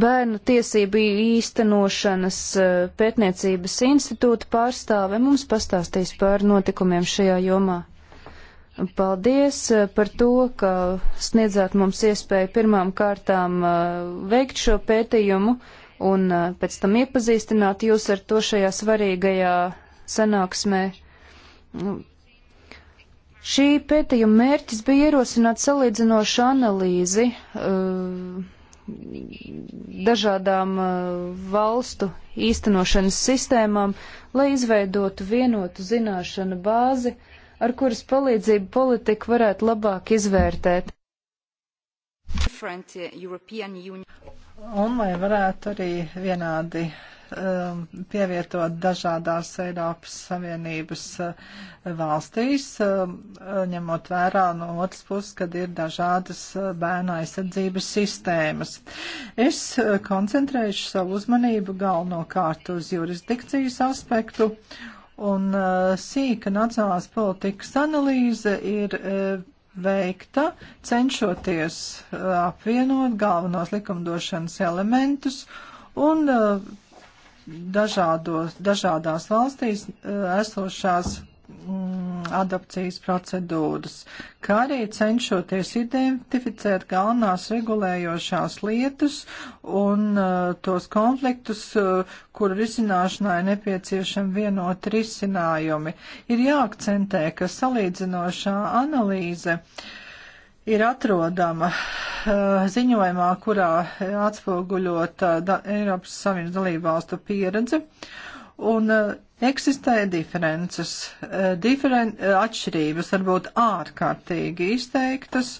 bērnu tiesību īstenošanas pētniecības institūta pārstāve mums pastāstīs par notikumiem šajā jomā. Paldies eh, par to, ka sniedzāt mums iespēju pirmām kārtām eh, veikt šo pētījumu un eh, pēc tam iepazīstināt jūs ar to šajā svarīgajā sanāksmē. Šī pētījuma mērķis bija ierosināt salīdzinošu analīzi dažādām valstu īstenošanas sistēmām, lai izveidotu vienotu zināšanu bāzi, uh, ar kuras palīdzību politiku varētu labāk izvērtēt. Uh, Un lai varētu arī vienādi um, pievietot dažādās Eiropas Savienības uh, valstīs, um, ņemot vērā no otras puses, kad ir dažādas uh, bērna aizsardzības sistēmas. Es uh, koncentrēšu savu uzmanību galvenokārt uz jurisdikcijas aspektu un uh, sīka nacionālās politikas analīze ir uh, veikta, cenšoties uh, apvienot galvenos likumdošanas elementus un dažādos, dažādās valstīs esošās Mm, adapcijas procedūras, kā arī cenšoties identificēt galvenās regulējošās lietas un uh, tos konfliktus, uh, kuru risināšanai nepieciešami vienot risinājumi. Ir jāakcentē, ka salīdzinošā analīze ir atrodama uh, ziņojumā, kurā atspoguļot uh, Eiropas Savienības dalībvalstu pieredze. Un uh, Eksistē diferences, eh, diferen, eh, atšķirības varbūt ārkārtīgi izteiktas,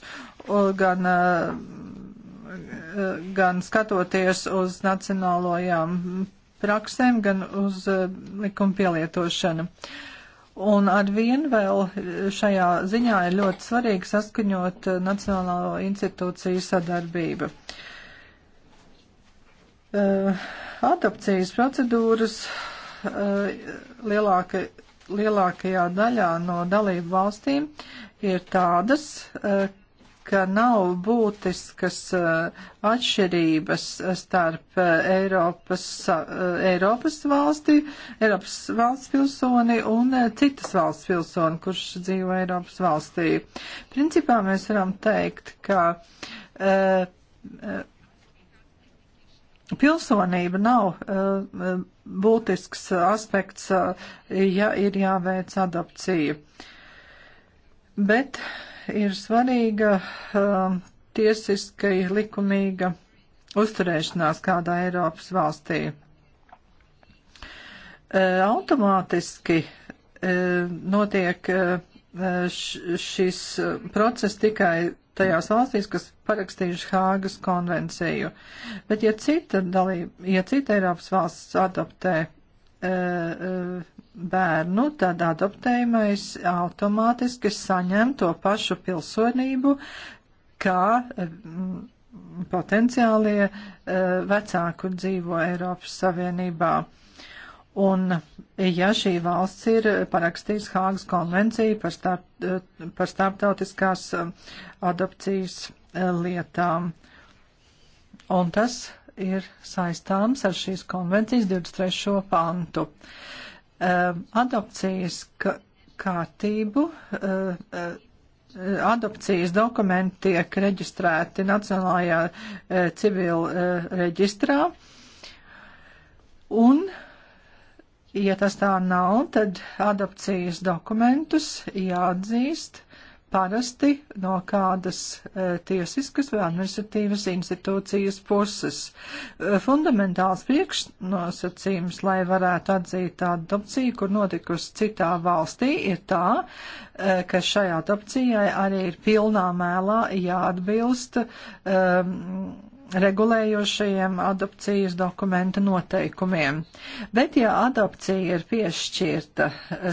gan, eh, gan skatoties uz nacionālajām praksēm, gan uz likuma pielietošanu. Un ar vien vēl šajā ziņā ir ļoti svarīgi saskaņot Nacionālo institūciju sadarbību. Adopcijas procedūras uh, Eh, lielāka, lielākajā daļā no dalību valstīm ir tādas, eh, ka nav būtiskas eh, atšķirības starp Eiropas, Eiropas valsti, Eiropas valsts pilsoni un citas valsts pilsoni, kurš dzīvo Eiropas valstī. Principā mēs varam teikt, ka Pilsonība nav uh, būtisks aspekts, uh, ja ir jāveic adopcija. Bet ir svarīga uh, tiesiskai likumīga uzturēšanās kādā Eiropas valstī. Uh, automātiski uh, notiek uh, š, šis process tikai tajās valstīs, kas parakstījuši Hāgas konvenciju. Bet ja cita dalība, ja cita Eiropas valsts adoptē e, e, bērnu, tad adoptējumais automātiski saņem to pašu pilsonību, kā e, m, potenciālie e, vecāku dzīvo Eiropas Savienībā. E, Un, ja šī valsts ir parakstījusi Hāgas konvenciju par, starp, par starptautiskās eh, adopcijas eh, lietām, un tas ir saistāms ar šīs konvencijas 23. pantu. Eh, adopcijas kārtību adopcijas dokumenti tiek reģistrēti Nacionālajā civila reģistrā. Un Ja tas tā nav, tad adopcijas dokumentus jāatzīst parasti no kādas e, tiesiskas vai administratīvas institūcijas puses. E, fundamentāls priekšnosacījums, lai varētu atzīt adopciju, kur notikusi citā valstī, ir tā, e, ka šajā adopcijai arī ir pilnā mēlā jāatbilst. Um, regulējošajiem adopcijas dokumenta noteikumiem. Bet, ja adopcija ir piešķirta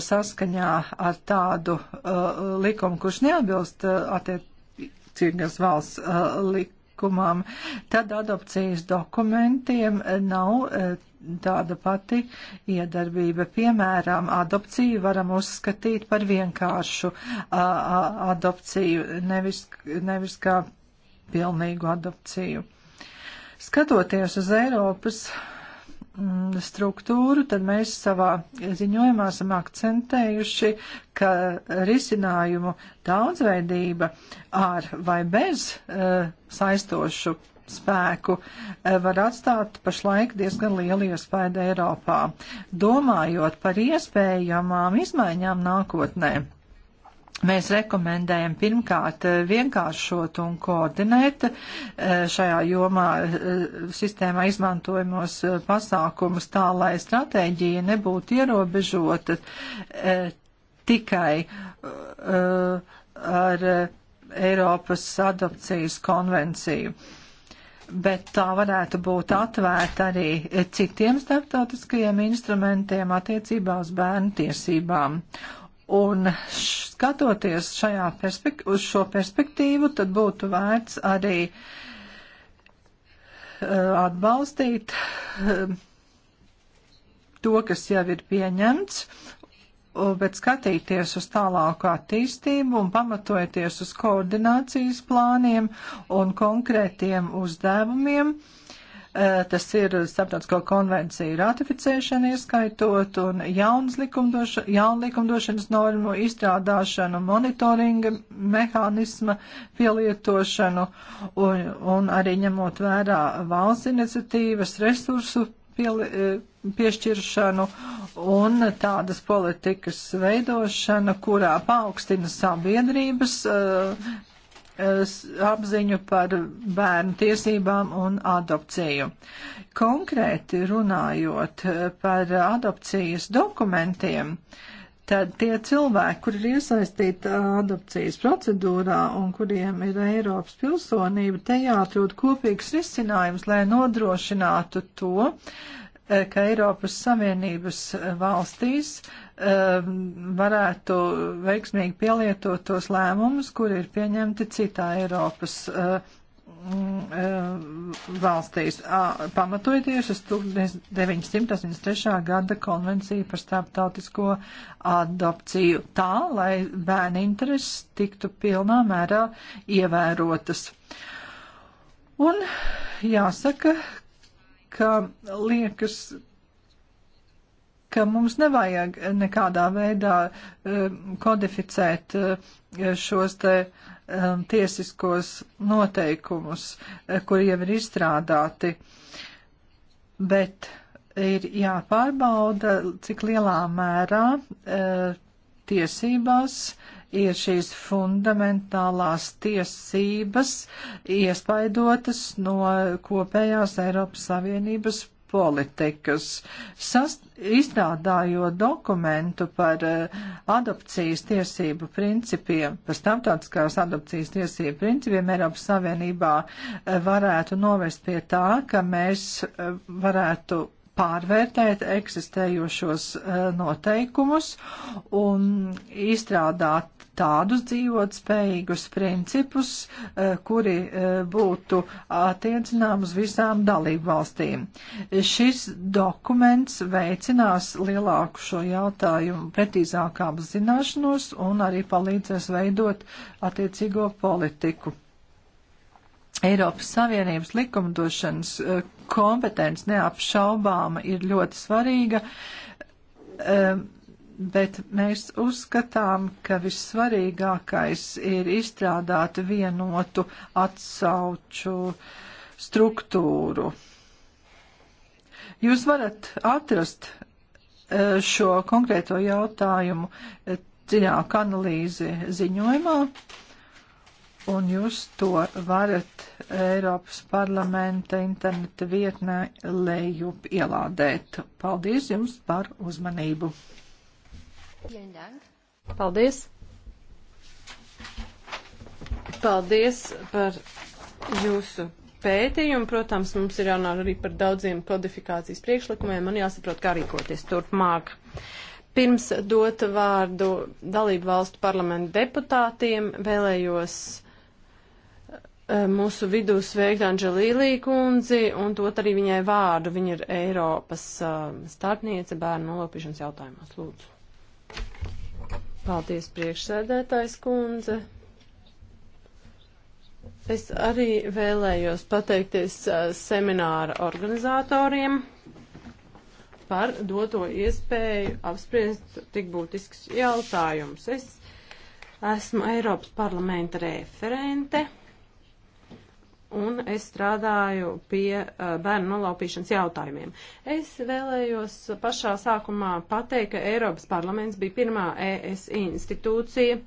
saskaņā ar tādu uh, likumu, kurš neatbilst uh, attiecīgas valsts uh, likumam, tad adopcijas dokumentiem nav. Uh, Tāda pati iedarbība, piemēram, adopciju varam uzskatīt par vienkāršu a, uh, a, uh, adopciju, nevis, nevis kā pilnīgu adopciju. Skatoties uz Eiropas mm, struktūru, tad mēs savā ziņojumā esam akcentējuši, ka risinājumu daudzveidība ar vai bez uh, saistošu spēku eh, var atstāt pašlaik diezgan lielu iespēju Eiropā, domājot par iespējamām izmaiņām nākotnē. Mēs rekomendējam pirmkārt eh, vienkāršot un koordinēt eh, šajā jomā eh, sistēmā izmantojamos pasākumus tā, lai stratēģija nebūtu ierobežota tikai ar Eiropas adopcijas konvenciju bet tā varētu būt atvērta arī citiem starptautiskajiem instrumentiem attiecībā uz bērnu tiesībām. Un skatoties šajā perspek uz šo perspektīvu, tad būtu vērts arī uh, atbalstīt uh, to, kas jau ir pieņemts, uh, bet skatīties uz tālāku attīstību un pamatojoties uz koordinācijas plāniem un konkrētiem uzdevumiem. Uh, Tas ir starptautisko konvenciju ratificēšana ieskaitot un jaunas likumdoša, jaun likumdošanas normu izstrādāšanu, monitoringa mehānisma pielietošanu un, un arī ņemot vērā valsts iniciatīvas resursu pielietošanu piešķiršanu un tādas politikas veidošana, kurā paaugstina sabiedrības uh, apziņu par bērnu tiesībām un adopciju. Konkrēti runājot eh, par adopcijas dokumentiem, tad tie cilvēki, kur ir iesaistīti adopcijas procedūrā un kuriem ir Eiropas pilsonība, te jāatrod kopīgs risinājums, lai nodrošinātu to, eh, ka Eiropas Savienības valstīs uh, Um, varētu veiksmīgi pielietot tos lēmumus, kur ir pieņemti citā Eiropas uh, mm, uh, valstīs, pamatojoties uz 1983. gada konvenciju par starptautisko adopciju, tā, lai bērnu intereses tiktu pilnā mērā ievērotas. Un jāsaka, ka liekas, ka mums nevajag nekādā veidā eh, kodificēt eh, šos te eh, tiesiskos noteikumus, kur jau ir izstrādāti, bet ir jāpārbauda, cik lielā mērā tiesībās ir šīs fundamentālās tiesības iespaidotas no kopējās Eiropas Savienības politikas. Sast, izstrādājot dokumentu par uh, adopcijas tiesību principiem, par starptautiskās adopcijas tiesību principiem Eiropas Savienībā uh, varētu novest pie tā, ka mēs uh, varētu pārvērtēt eksistējošos noteikumus un izstrādāt tādus dzīvot spējīgus principus, eh, kuri eh, būtu attiecinām uz visām dalību valstīm. Šis dokuments veicinās lielāku šo jautājumu pretīzākā apzināšanos un arī palīdzēs veidot attiecīgo politiku. Eiropas Savienības likumdošanas eh, kompetence neapšaubāma ir ļoti svarīga. Um, bet mēs uzskatām, ka vissvarīgākais ir izstrādāt vienotu atsauču struktūru. Jūs varat atrast e, šo konkrēto jautājumu e, dziļāku analīzi ziņojumā, un jūs to varat Eiropas parlamenta interneta vietnē lejup ielādēt. Paldies jums par uzmanību! Paldies! Paldies par jūsu pētījumu. Protams, mums ir jārunā arī par daudziem kodifikācijas priekšlikumiem. Man jāsaprot, kā rīkoties turpmāk. Pirms dot vārdu dalību valstu parlamentu deputātiem, vēlējos eh, mūsu vidū sveikt Anģelīlī kundzi un dot arī viņai vārdu. Viņa ir Eiropas uh, starpniece bērnu nolaupīšanas jautājumos. Lūdzu. Paldies, priekšsēdētājs kundze. Es arī vēlējos pateikties semināra organizatoriem par doto iespēju apspriest tik būtisks jautājums. Es esmu Eiropas parlamenta referente un es strādāju pie uh, bērnu nolaupīšanas jautājumiem. Es vēlējos pašā sākumā pateikt, ka Eiropas parlaments bija pirmā ES institūcija,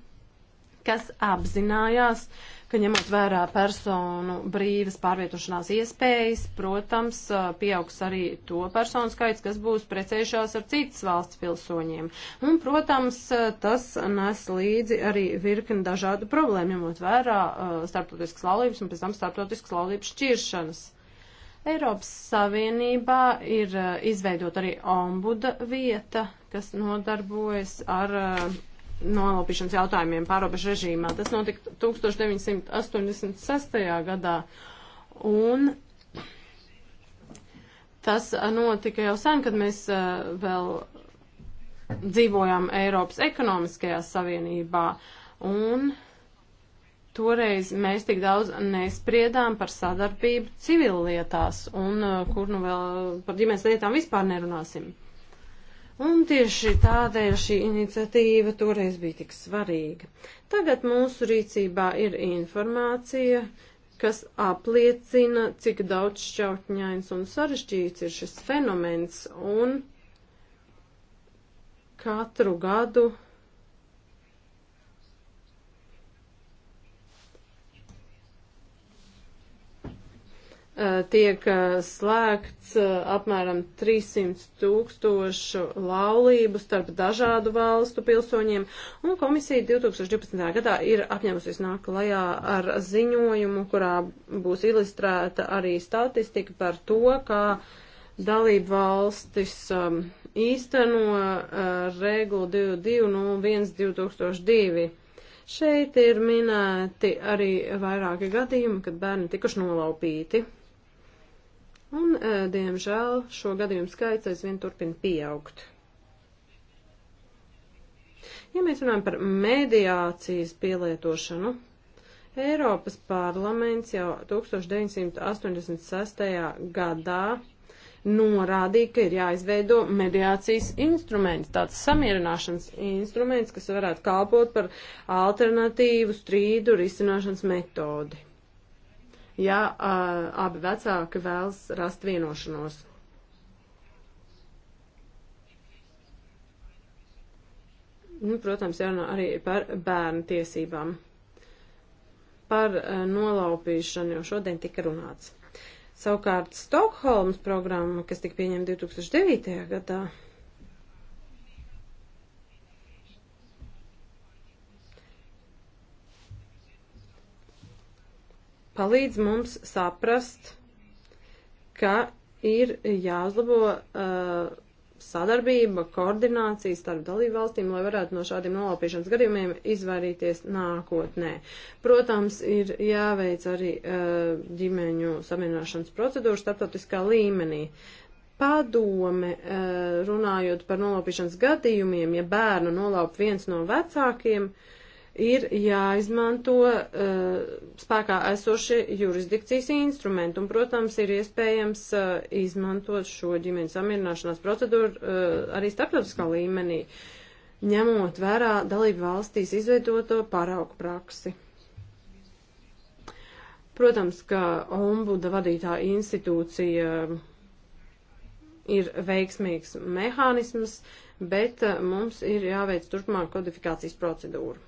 kas apzinājās uh, ka ņemot vērā personu brīvas pārvietošanās iespējas, protams, pieaugs arī to personu skaits, kas būs precējušās ar citas valsts pilsoņiem. Un, protams, tas nes līdzi arī virkni dažādu problēmu, ņemot vērā starptautiskas laulības un pēc tam starptautiskas laulības šķiršanas. Eiropas Savienībā ir izveidot arī ombuda vieta, kas nodarbojas ar uh, nolaupīšanas jautājumiem pārobežu režīmā. Tas notika 1986. gadā. Un tas notika jau sen, kad mēs vēl dzīvojām Eiropas ekonomiskajā savienībā. Un toreiz mēs tik daudz nespriedām par sadarbību civillietās un kur nu vēl par ģimenes lietām vispār nerunāsim. Un tieši tādēļ šī iniciatīva toreiz bija tik svarīga. Tagad mūsu rīcībā ir informācija, kas apliecina, cik daudz šķautņains un sarežģīts ir šis fenomens, un katru gadu tiek slēgts apmēram 300 tūkstošu laulību starp dažādu valstu pilsoņiem, un komisija 2012. gadā ir apņēmusies nākt klajā ar ziņojumu, kurā būs ilustrēta arī statistika par to, kā dalību valstis um, īsteno uh, regulu 2201-2002. Šeit ir minēti arī vairāki gadījumi, kad bērni tikuši nolaupīti. Un, diemžēl, šo gadījumu skaits aizvien turpina pieaugt. Ja mēs runājam par mediācijas pielietošanu, Eiropas parlaments jau 1986. gadā norādīja, ka ir jāizveido mediācijas instruments, tāds samierināšanas instruments, kas varētu kalpot par alternatīvu strīdu risināšanas metodi ja abi vecāki vēlas rast vienošanos. Nu, protams, jārunā arī par bērnu tiesībām, par uh, nolaupīšanu, jo šodien tika runāts. Savukārt Stokholmas programma, kas tika pieņemta 2009. gadā, palīdz mums saprast, ka ir jāuzlabo uh, sadarbība, koordinācija starp dalībvalstīm, lai varētu no šādiem nolaupīšanas gadījumiem izvairīties nākotnē. Protams, ir jāveic arī uh, ģimeņu samierināšanas procedūra starptautiskā līmenī. Padome, uh, runājot par nolaupīšanas gadījumiem, ja bērnu nolaup viens no vecākiem, uh, ir jāizmanto uh, spēkā esošie jurisdikcijas instrumenti, un, protams, ir iespējams uh, izmantot šo ģimenes samierināšanās procedūru uh, arī starptautiskā līmenī, ņemot vērā dalību valstīs izveidoto pārauku praksi. Protams, ka ombuda vadītā institūcija ir veiksmīgs mehānisms, bet mums ir jāveic turpmāk kodifikācijas procedūra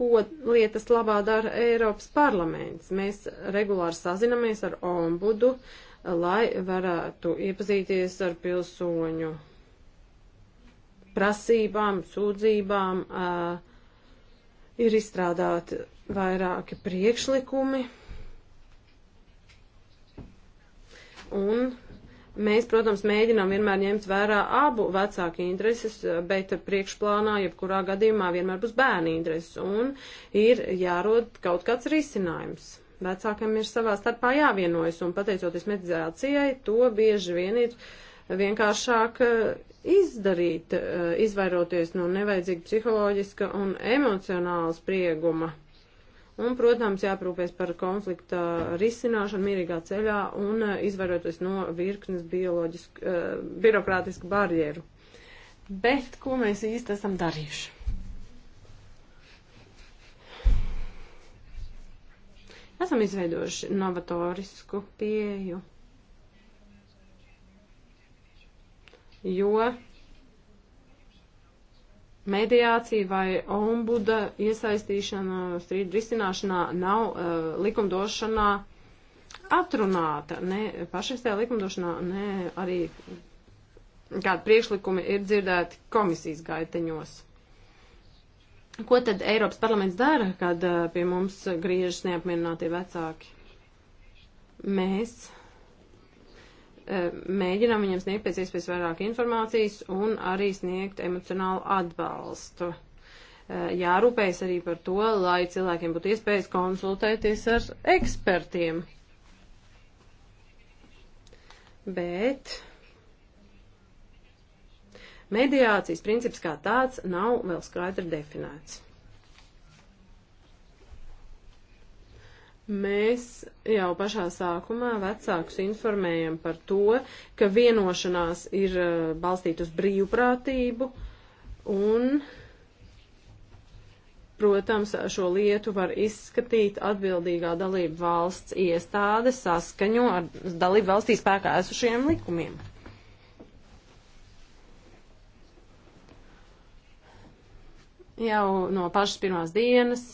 ko lietas labā dara Eiropas parlaments. Mēs regulāri sazinamies ar ombudu, lai varētu iepazīties ar pilsoņu prasībām, sūdzībām. Uh, ir izstrādāti vairāki priekšlikumi. Un Mēs, protams, mēģinām vienmēr ņemt vērā abu vecāku intereses, bet priekšplānā jebkurā gadījumā vienmēr būs bērni intereses un ir jārod kaut kāds risinājums. Vecākam ir savā starpā jāvienojas un pateicoties medizācijai, to bieži vien ir vienkāršāk eh, izdarīt, eh, izvairoties no nevajadzīga psiholoģiska un emocionāla sprieguma. Un, protams, jāprūpēs par konflikta risināšanu mierīgā ceļā un eh, izvairoties no virknes bioloģisku, uh, eh, birokrātisku barjeru. Bet ko mēs īsti esam darījuši? Esam izveidojuši novatorisku pieju, jo mediācija vai ombuda iesaistīšana strīdu risināšanā nav uh, likumdošanā atrunāta. Ne, pašreizējā likumdošanā ne, arī kādi priekšlikumi ir dzirdēti komisijas gaiteņos. Ko tad Eiropas parlaments dara, kad uh, pie mums griežas neapmierinātie vecāki? Mēs Eh, mēģinām viņiem sniegt pēc iespējas vairāk informācijas un arī sniegt emocionālu atbalstu. Eh, jārūpējas arī par to, lai cilvēkiem būtu iespējas konsultēties ar ekspertiem. Bet mediācijas princips kā tāds nav vēl skaidri definēts. Mēs jau pašā sākumā vecākus informējam par to, ka vienošanās ir uh, balstīta uz brīvprātību un, protams, šo lietu var izskatīt atbildīgā dalība valsts iestāde saskaņo ar dalību valstī spēkā esušiem likumiem. Jau no pašas pirmās dienas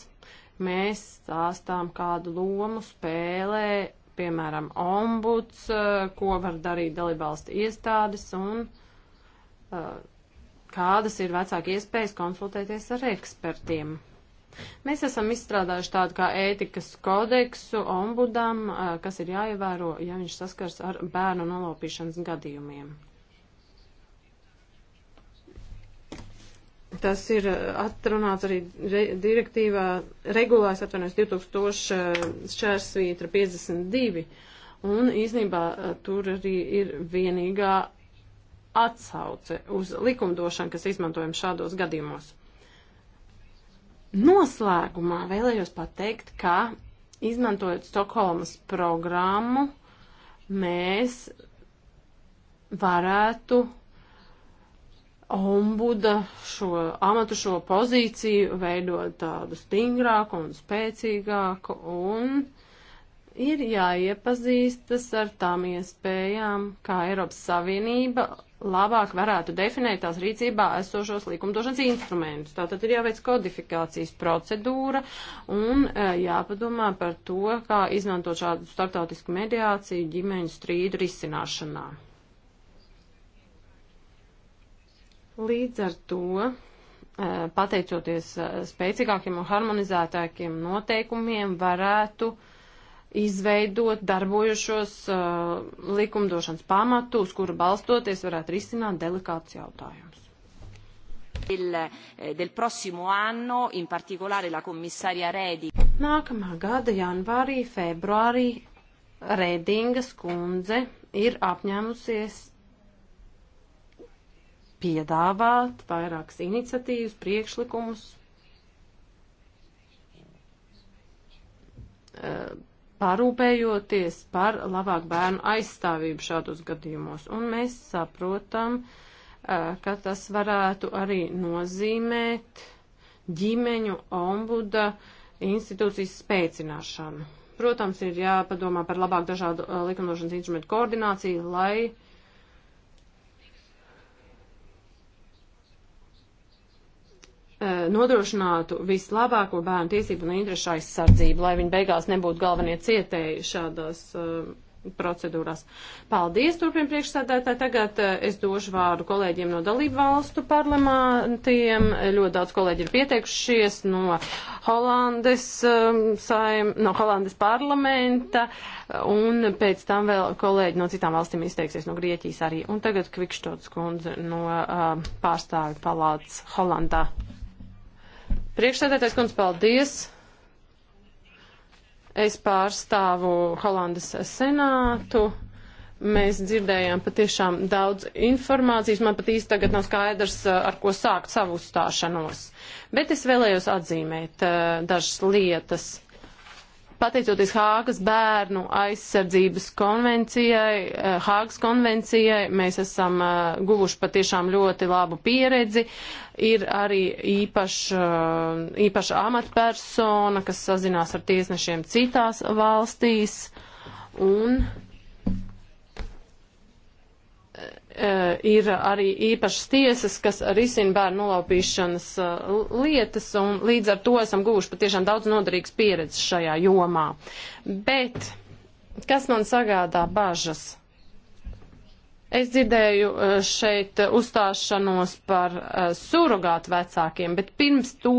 Mēs stāstām, kādu lomu spēlē, piemēram, ombuds, eh, ko var darīt dalībvalstu iestādes un eh, kādas ir vecāki iespējas konsultēties ar ekspertiem. Mēs esam izstrādājuši tādu kā ētikas kodeksu ombudam, eh, kas ir jāievēro, ja viņš saskars ar bērnu nolaupīšanas gadījumiem. Tas ir eh, atrunāts arī re, direktīvā, regulās atvainojas 2000 eh, šķērsvītra 52, un īsnībā eh, tur arī ir vienīgā atsauce uz likumdošanu, kas izmantojam šādos gadījumos. Noslēgumā vēlējos pateikt, ka izmantojot Stokholmas programmu, mēs varētu ombuda šo amatu, šo pozīciju veidot tādu stingrāku un spēcīgāku un ir jāiepazīstas ar tām iespējām, kā Eiropas Savienība labāk varētu definēt tās rīcībā esošos likumdošanas instrumentus. Tātad ir jāveic kodifikācijas procedūra un e, jāpadomā par to, kā izmantot šādu startautisku mediāciju ģimeņu strīdu risināšanā. Līdz ar to, eh, pateicoties eh, spēcīgākiem un harmonizētākiem noteikumiem, varētu izveidot darbojušos eh, likumdošanas pamatu, uz kura balstoties varētu risināt delikāts jautājums. Del, del prossimo anno, in particolare la commissaria Reding. Nākamā gada janvārī, februārī Redingas kundze ir apņēmusies piedāvāt vairākas iniciatīvas, priekšlikumus, eh, parūpējoties par labāku bērnu aizstāvību šādos gadījumos. Un mēs saprotam, eh, ka tas varētu arī nozīmēt ģimeņu ombuda institūcijas spēcināšanu. Protams, ir jāpadomā par labāk dažādu eh, likumdošanas instrumentu koordināciju, lai uh, E, nodrošinātu vislabāko bērnu tiesību un interešu aizsardzību, lai viņi beigās nebūtu galvenie cietēji šādās uh, procedūrās. Paldies, turpin priekšsādātāji. Tagad uh, es došu vārdu kolēģiem no dalību valstu parlamentiem. Ļoti daudz kolēģi ir pieteikušies no Holandes, um, saim, no Holandes parlamenta, un pēc tam vēl kolēģi no citām valstīm izteiksies no Grieķijas arī. Un tagad Kvikštots kundze no uh, pārstāvju palātas Holandā. Priekšsēdētais kundze, paldies! Es pārstāvu Holandas senātu mēs dzirdējām patiešām daudz informācijas. Man pat īsti tagad nav skaidrs, ar ko sākt savu uzstāšanos. Bet es vēlējos atzīmēt uh, dažas lietas. Pateicoties Hāgas bērnu aizsardzības konvencijai, eh, Hāgas konvencijai, mēs esam eh, guvuši patiešām ļoti labu pieredzi. Ir arī īpaš, eh, īpaša amatpersona, kas sazinās ar tiesnešiem citās valstīs. Un Eh, ir arī īpašas tiesas, kas risina bērnu nolaupīšanas eh, lietas, un līdz ar to esam guvuši patiešām daudz noderīgas pieredzes šajā jomā. Bet kas man sagādā bažas? Es dzirdēju eh, šeit uzstāšanos par surogātu vecākiem, bet pirms to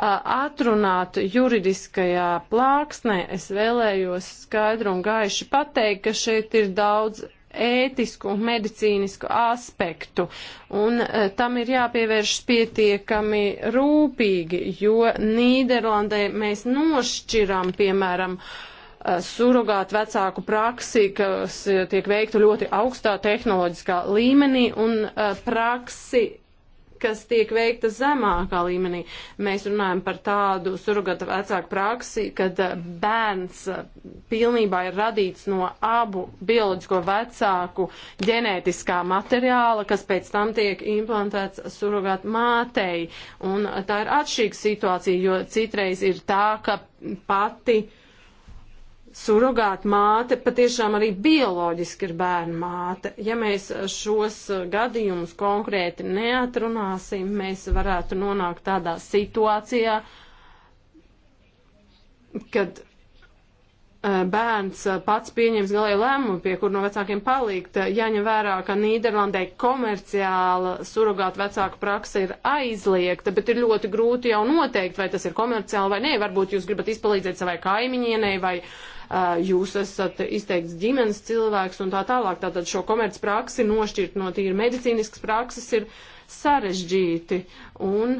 atrunāt juridiskajā plāksnē es vēlējos skaidru un gaiši pateikt, ka šeit ir daudz ētisku un medicīnisku aspektu, un uh, tam ir jāpievērš pietiekami rūpīgi, jo Nīderlandē mēs nošķiram, piemēram, uh, e, surogāt vecāku praksi, kas uh, tiek veikta ļoti augstā tehnoloģiskā līmenī, un e, praksi kas tiek veikta zemākā līmenī. Mēs runājam par tādu surrogata vecāku praksi, kad eh, bērns eh, pilnībā ir radīts no abu bioloģisko vecāku ģenētiskā materiāla, kas pēc tam tiek implantēts surrogata mātei. Un eh, tā ir atšķirīga situācija, jo citreiz ir tā, ka pati uh, surrogāt māte patiešām arī bioloģiski ir bērnu māte. Ja mēs šos gadījumus konkrēti neatrunāsim, mēs varētu nonākt tādā situācijā, kad e, bērns pats pieņems galēju lēmumu, pie kur no vecākiem palikt. Jāņem vērā, ka Nīderlandē komerciāla surrogāta vecāka praksa ir aizliegta, bet ir ļoti grūti jau noteikt, vai tas ir komerciāli vai nē. Varbūt jūs gribat izpalīdzēt savai kaimiņienei vai uh, jūs esat izteikts ģimenes cilvēks un tā tālāk. Tātad šo komerc praksi nošķirt no tīri medicīniskas prakses ir sarežģīti. Un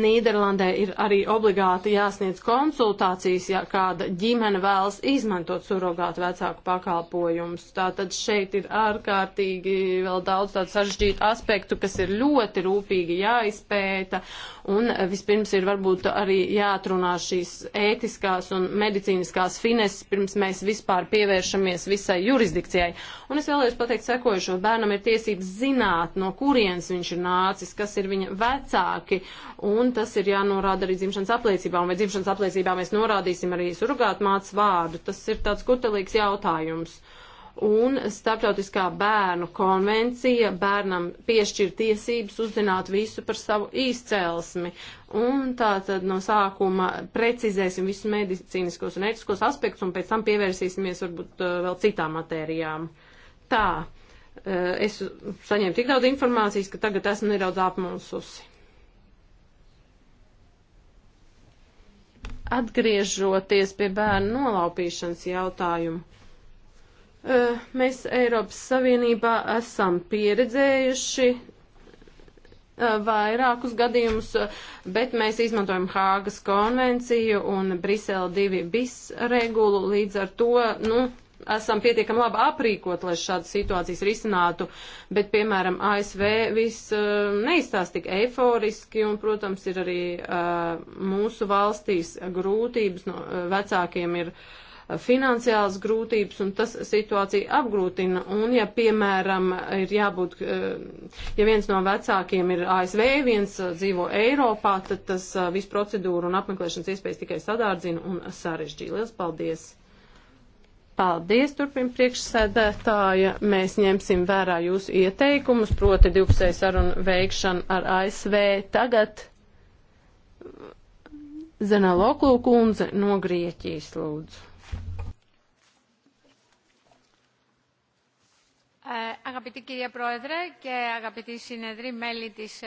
Nīderlandē ir arī obligāti jāsniedz konsultācijas, ja kāda ģimene vēlas izmantot surrogātu vecāku pakalpojumus. Tātad šeit ir ārkārtīgi vēl daudz tādu sažģītu aspektu, kas ir ļoti rūpīgi jāizpēta, un vispirms ir varbūt arī jāatrunā šīs ētiskās un medicīniskās fineses, pirms mēs vispār pievēršamies visai jurisdikcijai. Un es vēlējos pateikt sekojušo, bērnam ir tiesības zināt, no kurienes viņš ir nācis, kas ir viņa vecāki. Un un tas ir jānorāda arī dzimšanas apliecībā, un vai dzimšanas apliecībā mēs norādīsim arī surgātmāts vārdu, tas ir tāds kutelīgs jautājums. Un starptautiskā bērnu konvencija bērnam piešķir tiesības uzzināt visu par savu izcelsmi. Un tā tad no sākuma precizēsim visus medicīniskos un etiskos aspektus, un pēc tam pievērsīsimies varbūt uh, vēl citām matērijām. Tā, uh, es saņēmu tik daudz informācijas, ka tagad esmu nedaudz apmulsusi. Atgriežoties pie bērnu nolaupīšanas jautājumu, mēs Eiropas Savienībā esam pieredzējuši vairākus gadījumus, bet mēs izmantojam Hāgas konvenciju un Brisele 2 bis regulu, līdz ar to, nu, esam pietiekami labi aprīkot, lai šādas situācijas risinātu, bet, piemēram, ASV viss uh, neizstās tik eiforiski, un, protams, ir arī uh, mūsu valstīs grūtības, no, eh, vecākiem ir finansiāls grūtības, un tas situācija apgrūtina. Un, ja, piemēram, ir jābūt, uh, ja viens no vecākiem ir ASV, viens dzīvo Eiropā, tad tas visu procedūru un apmeklēšanas iespējas tikai sadārdzina un sarežģīja. Liels paldies! Paldies, turpin priekšsēdētāja. Mēs ņemsim vērā jūsu ieteikumus, proti divpusēju sarunu veikšanu ar ASV. Tagad Zena Loklu kundze no Grieķijas lūdzu. Αγαπητή κυρία Πρόεδρε και αγαπητοί συνεδροί μέλη της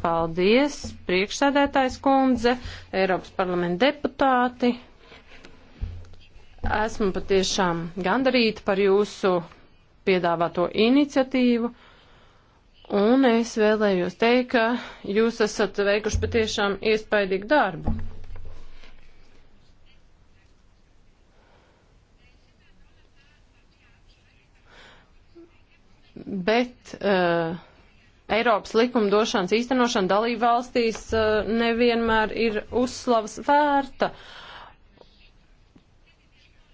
Παλδίες, priekšsēdētājs kundze, Eiropas parlamenta deputāti, Esmu patiešām gandarīta par jūsu piedāvāto iniciatīvu. Un es vēlējos teikt, ka jūs esat veikuši patiešām iespaidīgu darbu. Bet uh, Eiropas likumdošanas īstenošana dalību valstīs uh, nevienmēr ir uzslavas vērta. Uh,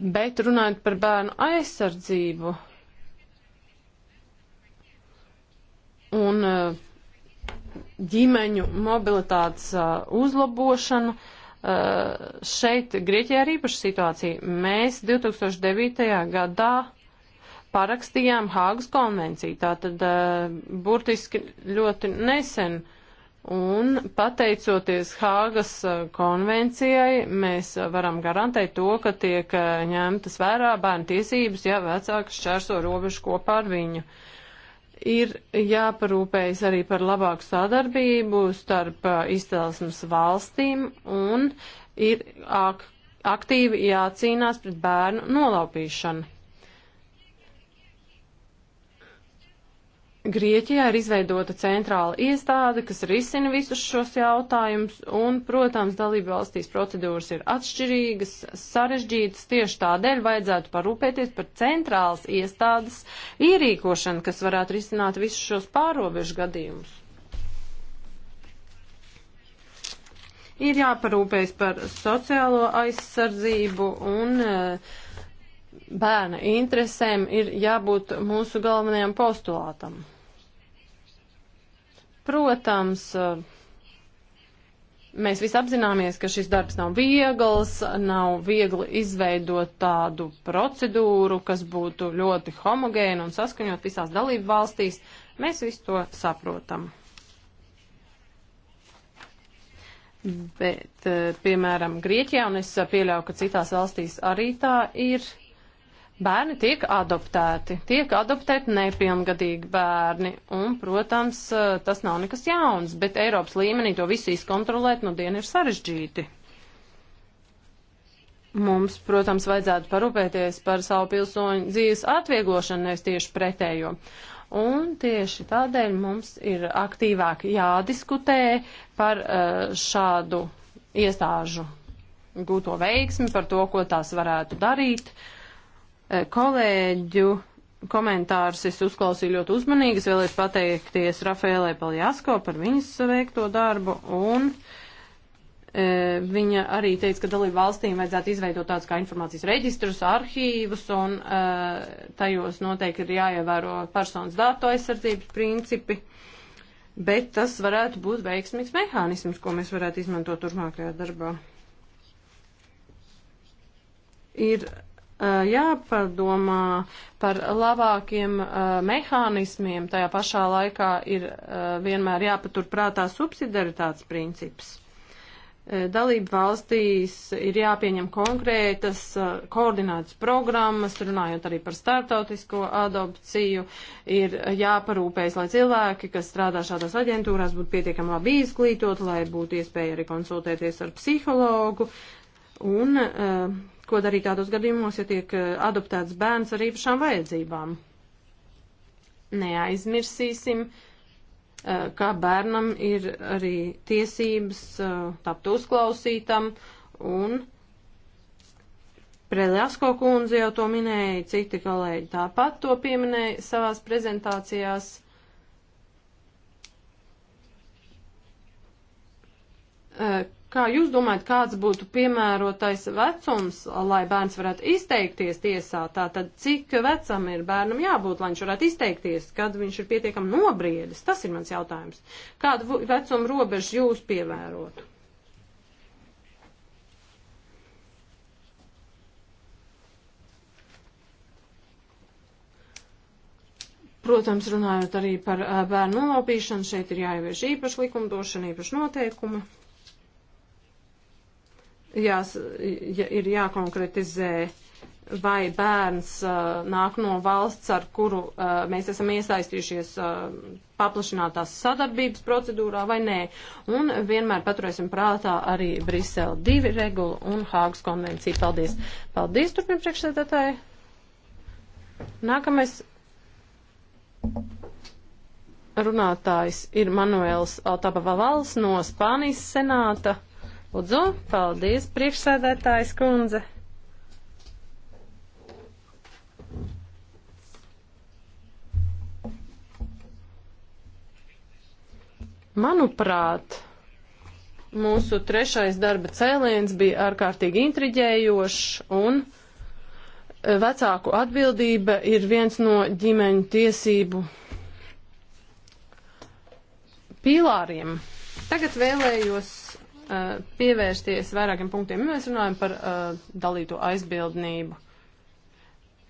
Bet runājot par bērnu aizsardzību un eh, ģimeņu mobilitātes eh, uzlabošanu, eh, šeit Grieķijā ir īpaša situācija. Mēs 2009. gadā parakstījām Hāgas konvenciju, tātad burtiski ļoti nesen. Uh, Un pateicoties Hāgas eh, konvencijai, mēs eh, varam garantēt to, ka tiek eh, ņemtas vērā bērnu tiesības, ja vecāks šķērso robežu kopā ar viņu. Ir jāparūpējas arī par labāku sadarbību starp izcelsmes valstīm un ir ak aktīvi jācīnās pret bērnu nolaupīšanu. Grieķijā ir izveidota centrāla iestāde, kas risina visus šos jautājumus, un, protams, dalību valstīs procedūras ir atšķirīgas, sarežģītas, tieši tādēļ vajadzētu parūpēties par centrālas iestādes ierīkošanu, kas varētu risināt visus šos pārobežu gadījumus. Ir jāparūpējas par sociālo aizsardzību un uh, bērna interesēm ir jābūt mūsu galvenajam postulātam. Protams, eh, mēs visi apzināmies, ka šis darbs nav viegls, nav viegli izveidot tādu procedūru, kas būtu ļoti homogēna un saskaņot visās dalību valstīs. Mēs visu to saprotam. Bet, eh, piemēram, Grieķijā, un es pieļauju, ka citās valstīs arī tā ir bērni tiek adoptēti, tiek adoptēti nepilngadīgi bērni, un, protams, tas nav nekas jauns, bet Eiropas līmenī to visu izkontrolēt nu no dienu ir sarežģīti. Mums, protams, vajadzētu parūpēties par savu pilsoņu dzīves atvieglošanu, nevis tieši pretējo. Un tieši tādēļ mums ir aktīvāk jādiskutē par eh, šādu iestāžu gūto veiksmi, par to, ko tās varētu darīt. Uh, Eh, kolēģu komentārus es uzklausīju ļoti uzmanīgi. Es vēlēšu pateikties Rafaelai Paljasko par viņas veikto darbu un eh, Viņa arī teica, ka dalību valstīm vajadzētu izveidot tādus kā informācijas reģistrus, arhīvus, un eh, tajos noteikti ir jāievēro personas datu aizsardzības principi, bet tas varētu būt veiksmīgs mehānisms, ko mēs varētu izmantot turpmākajā darbā. Ir Eh, jāpadomā par labākiem eh, mehānismiem. Tajā pašā laikā ir eh, vienmēr jāpaturprātā subsidaritātes princips. Dalību valstīs ir jāpieņem konkrētas koordinētas programmas, runājot arī par startautisko adopciju, ir jāparūpējas, lai cilvēki, kas strādā šādās aģentūrās, būtu pietiekami labi izglītot, lai būtu iespēja arī konsultēties ar psihologu, un Ko darīt tādos gadījumos, ja tiek eh, adoptēts bērns ar īpašām vajadzībām? Neaizmirsīsim, eh, ka bērnam ir arī tiesības eh, tapt uzklausītam un Preliasko kundze jau to minēja, citi kolēģi tāpat to pieminēja savās prezentācijās. Kā jūs domājat, kāds būtu piemērotais vecums, lai bērns varētu izteikties tiesā? Tātad, cik vecam ir bērnam jābūt, lai viņš varētu izteikties, kad viņš ir pietiekami nobriedis? Tas ir mans jautājums. Kādu vecumu robežu jūs pievērotu? Protams, runājot arī par eh, bērnu nolaupīšanu, šeit ir jāievieš īpaša likumdošana, īpaša noteikuma jās, ja, ir jākonkretizē, vai bērns uh, nāk no valsts, ar kuru uh, mēs esam iesaistījušies uh, paplašinātās sadarbības procedūrā vai nē. Un vienmēr paturēsim prātā arī Brisele 2 regulu un Hāgas konvenciju. Paldies! Paldies turpin priekšsēdētāji! Nākamais runātājs ir Manuels Altaba Vavals no Spānijas senāta. Lūdzu, paldies, priekšsēdētājs kundze. Manuprāt, mūsu trešais darba cēliens bija ārkārtīgi intriģējošs un e, vecāku atbildība ir viens no ģimeņu tiesību pīlāriem. Tagad vēlējos Uh, pievērsties vairākiem punktiem. Mēs runājam par uh, dalīto aizbildnību.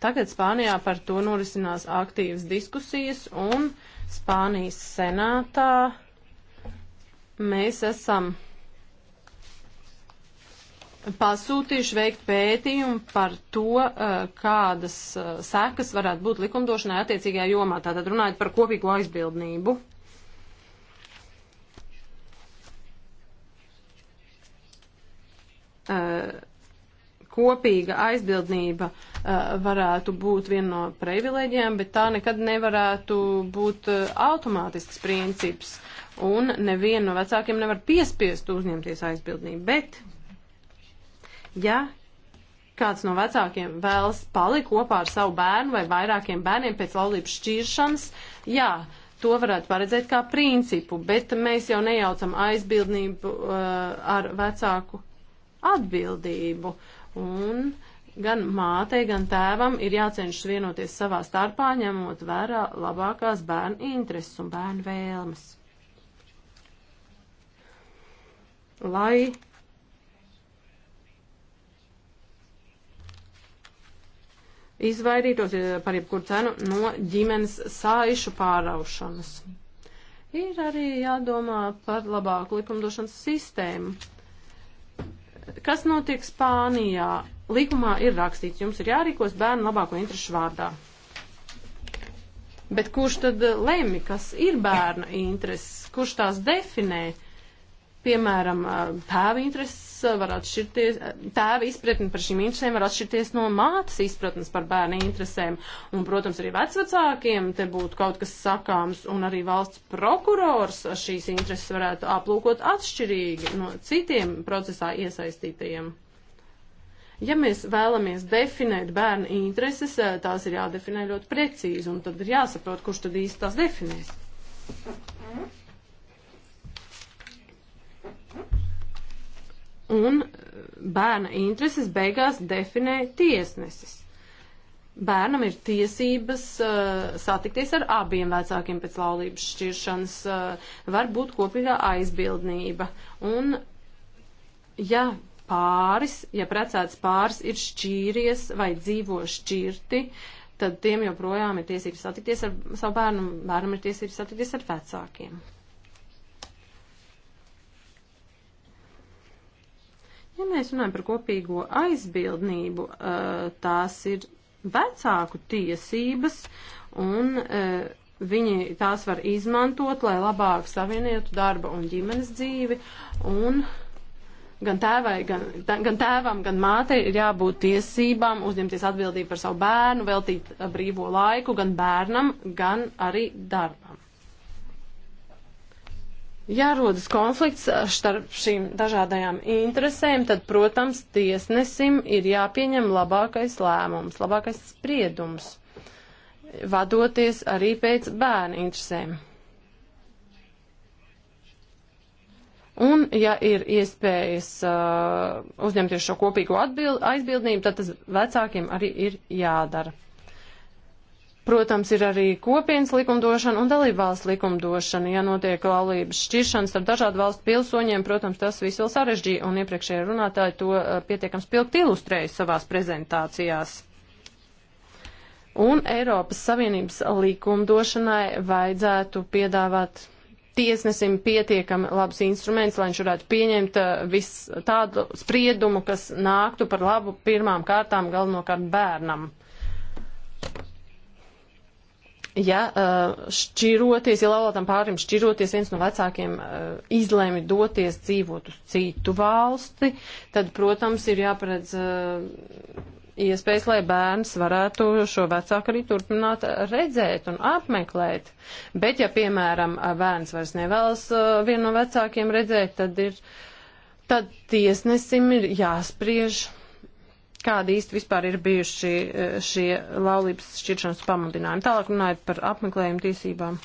Tagad Spānijā par to norisinās aktīvas diskusijas, un Spānijas senātā mēs esam pasūtījuši veikt pētījumu par to, uh, kādas uh, sekas varētu būt likumdošanai attiecīgajā jomā. Tātad runājot par kopīgo aizbildnību. Eh, kopīga aizbildnība uh, eh, varētu būt viena no privileģijām, bet tā nekad nevarētu būt uh, automātisks princips, un nevienu no vecākiem nevar piespiest uzņemties aizbildnību. Bet, ja kāds no vecākiem vēlas palikt kopā ar savu bērnu vai vairākiem bērniem pēc laulības šķiršanas, jā, to varētu paredzēt kā principu, bet mēs jau nejaucam aizbildnību uh, ar vecāku atbildību. Un gan mātei, gan tēvam ir jācenšas vienoties savā starpā, ņemot vērā labākās bērnu intereses un bērnu vēlmes. Lai izvairītos eh, par jebkuru cenu no ģimenes saišu pāraušanas. Ir arī jādomā par labāku likumdošanas sistēmu. Kas notiek Spānijā? Likumā ir rakstīts, jums ir jārīkos bērnu labāko interesu vārdā. Bet kurš tad lemj, kas ir bērna intereses, kurš tās definē? Piemēram, tēva intereses var atšķirties, tēva izpratne par šīm interesēm var atšķirties no mātes izpratnes par bērnu interesēm. Un, protams, arī vecvecākiem te būtu kaut kas sakāms, un arī valsts prokurors šīs intereses varētu aplūkot atšķirīgi no citiem procesā iesaistītajiem. Ja mēs vēlamies definēt bērnu intereses, eh, tās ir jādefinē ļoti precīzi, un tad ir jāsaprot, kurš tad īsti tās definēs. Mm -hmm. un bērna intereses beigās definē tiesnesis. Bērnam ir tiesības uh, satikties ar abiem vecākiem pēc laulības šķiršanas, uh, var būt kopīgā aizbildnība. Un, ja pāris, ja precēts pāris ir šķīries vai dzīvo šķirti, tad tiem joprojām ir tiesības satikties ar savu bērnu, bērnam ir tiesības satikties ar vecākiem. Ja mēs runājam par kopīgo aizbildnību, eh, tās ir vecāku tiesības un eh, viņi tās var izmantot, lai labāk savienotu darba un ģimenes dzīvi un gan, tēvai, gan, gan tēvam, gan mātei ir jābūt tiesībām uzņemties atbildību par savu bērnu, veltīt brīvo laiku gan bērnam, gan arī dar, Ja rodas konflikts starp šīm dažādajām interesēm, tad, protams, tiesnesim ir jāpieņem labākais lēmums, labākais spriedums, vadoties arī pēc bērnu interesēm. Un, ja ir iespējas uh, uzņemties šo kopīgo atbild, aizbildnību, tad tas vecākiem arī ir jādara. Protams, ir arī kopienas likumdošana un dalībvalsts likumdošana. Ja notiek laulības šķiršanas starp dažādu valstu pilsoņiem, protams, tas viss vēl sarežģīja, un iepriekšējie runātāji to eh, pietiekams pilgti ilustrēja savās prezentācijās. Un Eiropas Savienības likumdošanai vajadzētu piedāvāt tiesnesim pietiekami labs instruments, lai viņš varētu pieņemt eh, vis tādu spriedumu, kas nāktu par labu pirmām kārtām galvenokārt bērnam ja uh, šķiroties, ja laulātam pārim šķiroties, viens no vecākiem uh, izlēmi doties dzīvot uz citu valsti, tad, protams, ir jāparedz uh, iespējas, lai bērns varētu šo vecāku arī turpināt redzēt un apmeklēt. Bet, ja, piemēram, bērns vairs nevēlas vienu no vecākiem redzēt, tad ir, tad tiesnesim ir jāspriež kādi īsti vispār ir bijuši eh, šie laulības šķiršanas pamudinājumi. Tālāk runājot par apmeklējumu tiesībām.